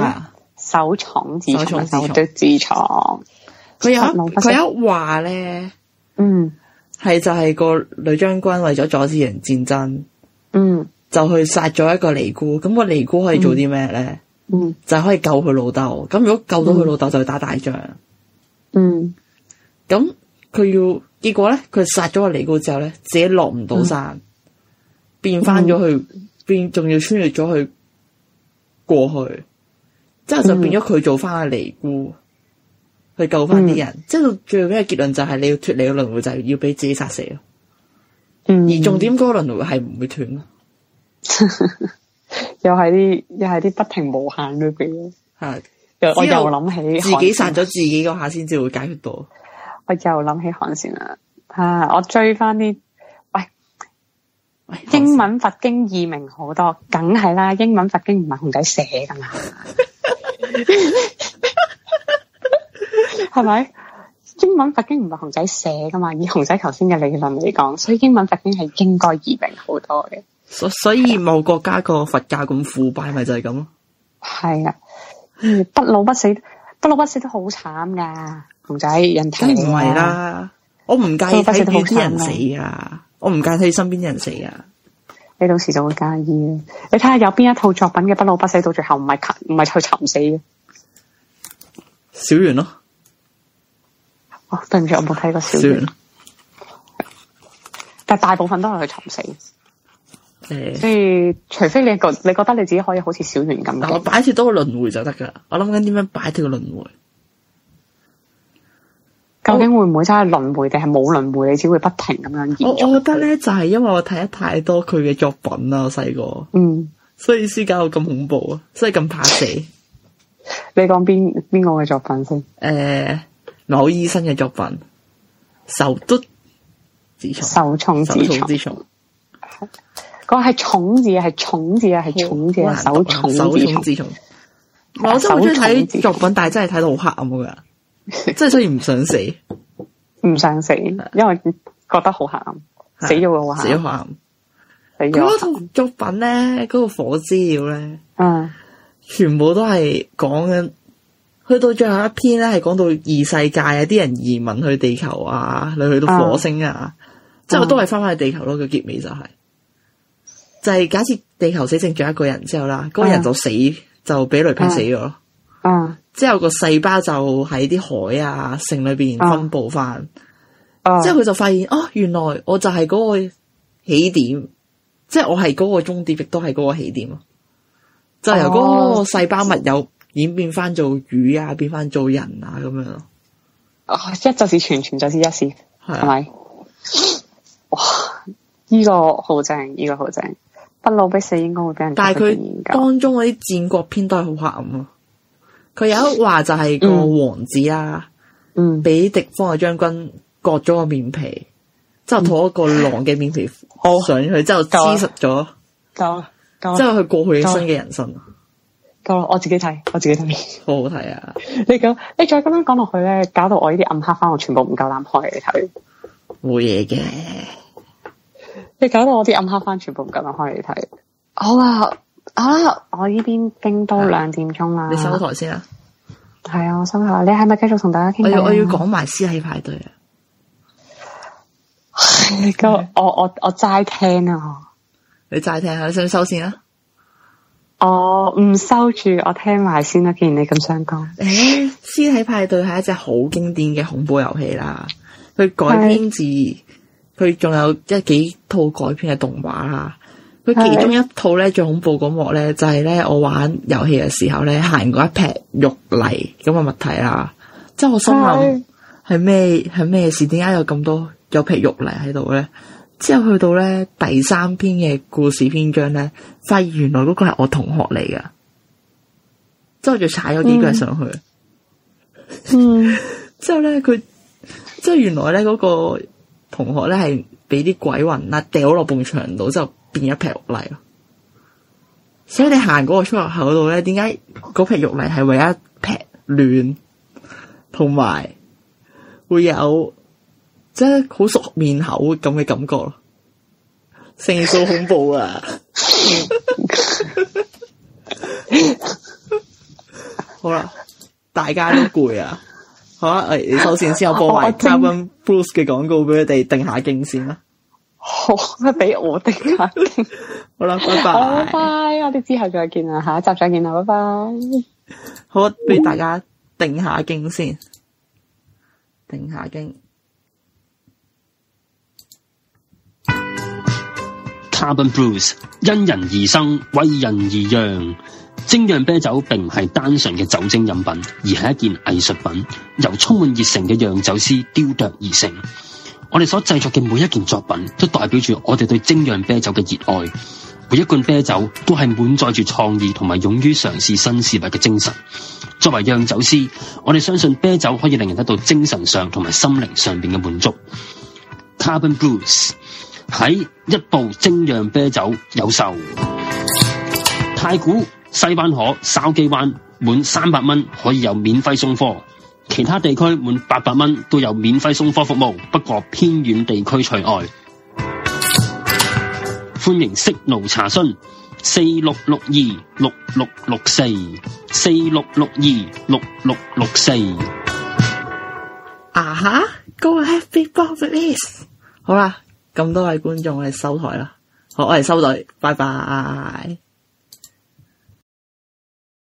手塚手塚，手塚治虫。佢有佢一話咧，嗯，係就係個女將軍為咗阻止人戰爭，嗯，就去殺咗一個尼姑。咁個尼姑可以做啲咩咧？嗯，就係可以救佢老豆。咁如果救到佢老豆，嗯、就去打大仗。嗯，咁佢要結果咧，佢殺咗個尼姑之後咧，自己落唔到山，嗯、變翻咗去，嗯、變仲要穿越咗去過去，之後就變咗佢做翻個尼姑、嗯、去救翻啲人。嗯、即係到最後嘅結論就係你要脫離個輪回，就係、是、要俾自己殺死咯。嗯，嗯而重點嗰個輪回係唔會斷。 <laughs> 又係啲，又係啲不停無限嘅嘢。係、啊，我又諗起自己殺咗自己嗰下，先至會解決到。我又諗起寒蟬啦。啊，我追翻啲，喂，哎、英文佛經易明好多，梗係啦。英文佛經唔係熊仔寫噶嘛，係咪？ <laughs> <laughs> 英文佛經唔係熊仔寫噶嘛？以熊仔頭先嘅理論嚟講，所以英文佛經係應該易明好多嘅。所所以某國家個佛教咁腐敗，咪就係咁咯？係啊，不老不死，不老不死都好慘噶，熊仔，人體唔係啦。我唔介意睇啲人死啊，我唔介意睇身邊人死啊。你到時就會介意啦。你睇下有邊一套作品嘅不老不死到最後唔係唔係去尋死嘅？小圓元咯，哦，對唔住，我冇睇過小圓，小元但係大部分都係去尋死。欸、所以，除非你覺你覺得你自己可以好似小圓咁，嗱，我擺脫多個輪迴就得噶啦。我諗緊點樣擺脫個輪迴？究竟會唔會真係輪迴，定係冇輪迴？你只會不停咁樣。我我覺得咧，就係、是、因為我睇得太多佢嘅作品啦，細個。嗯所，所以先搞到咁恐怖啊，所以咁怕死。 <laughs> 你講邊邊個嘅作品先？誒、欸，老醫生嘅作品，手塚、手塚，手塚治虫 <laughs> 個係重字啊，係重字啊，係重字啊，手重字重。我真係好中意睇作品，但係真係睇到好黑暗嘅，即係雖然唔想死，唔想死，因為覺得好黑暗，死咗嘅話，死咗好黑暗。佢嗰作品咧，嗰個《火之鳥》咧，嗯，全部都係講緊，去到最後一篇咧，係講到異世界啊，啲人移民去地球啊，你去到火星啊，即係都係翻返去地球咯。個結尾就係。就係假設地球死剩咗一個人之後啦，嗰、那個人就死，uh, 就俾雷劈死咗咯。嗯，uh, uh, 之後個細胞就喺啲海啊、城裏邊分布翻。Uh, uh, 之後佢就發現，哦，原來我就係嗰個起點，即、就、係、是、我係嗰個終點，亦都係嗰個起點。就由嗰個細胞物有演變翻做魚啊，變翻做人啊咁、uh, uh, 樣咯。哦，uh, 一就是全，全就是一、啊、時，係咪？哇！依、這個好正，依、這個好正。這個好不老不死應該會俾人，但係佢當中嗰啲戰國編都係好黑暗啊！佢有一話就係個王子啊，嗯，俾、嗯、敵方嘅將軍割咗個面皮，嗯、之後同一個狼嘅面皮上去，嗯、之後黐實咗，夠了，之後佢過去嘅新嘅人生啊！夠，我自己睇，我自己睇，好好睇啊！ <laughs> 你咁，你再咁樣講落去咧，搞到我呢啲暗黑番我全部唔夠膽開嚟睇，冇嘢嘅。你搞到我啲暗黑番全部唔敢開嚟睇。好啊，啊，我呢邊冰到兩點鐘啦、啊。你收台先啦、啊。係啊，我收下你係咪繼續同大家傾、啊？我要我要講埋屍體派對啊。咁我我我齋聽啊。你齋聽，下，想收先啦。我唔收住，我聽埋先啦、啊。既然你咁想講。誒、欸，屍體派對係一隻好經典嘅恐怖遊戲啦。佢改編自。佢仲有一幾套改編嘅動畫啦，佢其中一套咧最恐怖嗰幕咧就係咧我玩遊戲嘅時候咧行過一劈肉泥咁嘅物體啦，即係我心諗係咩係咩事？點解有咁多有劈肉泥喺度咧？之後去到咧第三篇嘅故事篇章咧，發現原來嗰個係我同學嚟噶，之後就踩咗幾腳上去，嗯，嗯 <laughs> 之後咧佢即係原來咧、那、嗰個。同學咧係俾啲鬼魂啦、啊，掉落埲牆度就變一劈玉泥咯。所以你行嗰個出入口度咧，點解嗰撇玉泥係唯一劈軟，同埋會有即係好熟面口咁嘅感覺咯。成數恐怖啊！好啦，大家都攰啊！好啊！誒，首先先有播埋 Car、bon 正《Carbon Blues》嘅廣告俾你哋定下經先啦。好，俾我定下經。 <laughs> 好啦、啊，拜拜。好，拜，拜。我哋之後再見啊！下一集再見啦，拜拜。好、啊，不如大家定下經先。定下經。Carbon Blues 因人而生，為人而讓。精釀啤酒並唔係單純嘅酒精飲品，而係一件藝術品，由充滿熱誠嘅釀酒師雕琢而成。我哋所製作嘅每一件作品，都代表住我哋對精釀啤酒嘅熱愛。每一罐啤酒都係滿載住創意同埋勇於嘗試新事物嘅精神。作為釀酒師，我哋相信啤酒可以令人得到精神上同埋心靈上面嘅滿足。Carbon Blues 喺一部精釀啤酒有售，太古。西灣河筲箕灣滿三百蚊可以有免費送貨，其他地區滿八百蚊都有免費送貨服務，不過偏遠地區除外。 <noise> 歡迎息怒查詢四六六二六六六四四六六二六六六四。64，啊哈，Go happy for this。好啦，啊，咁多位觀眾我哋收台啦，好，我哋收隊，拜拜。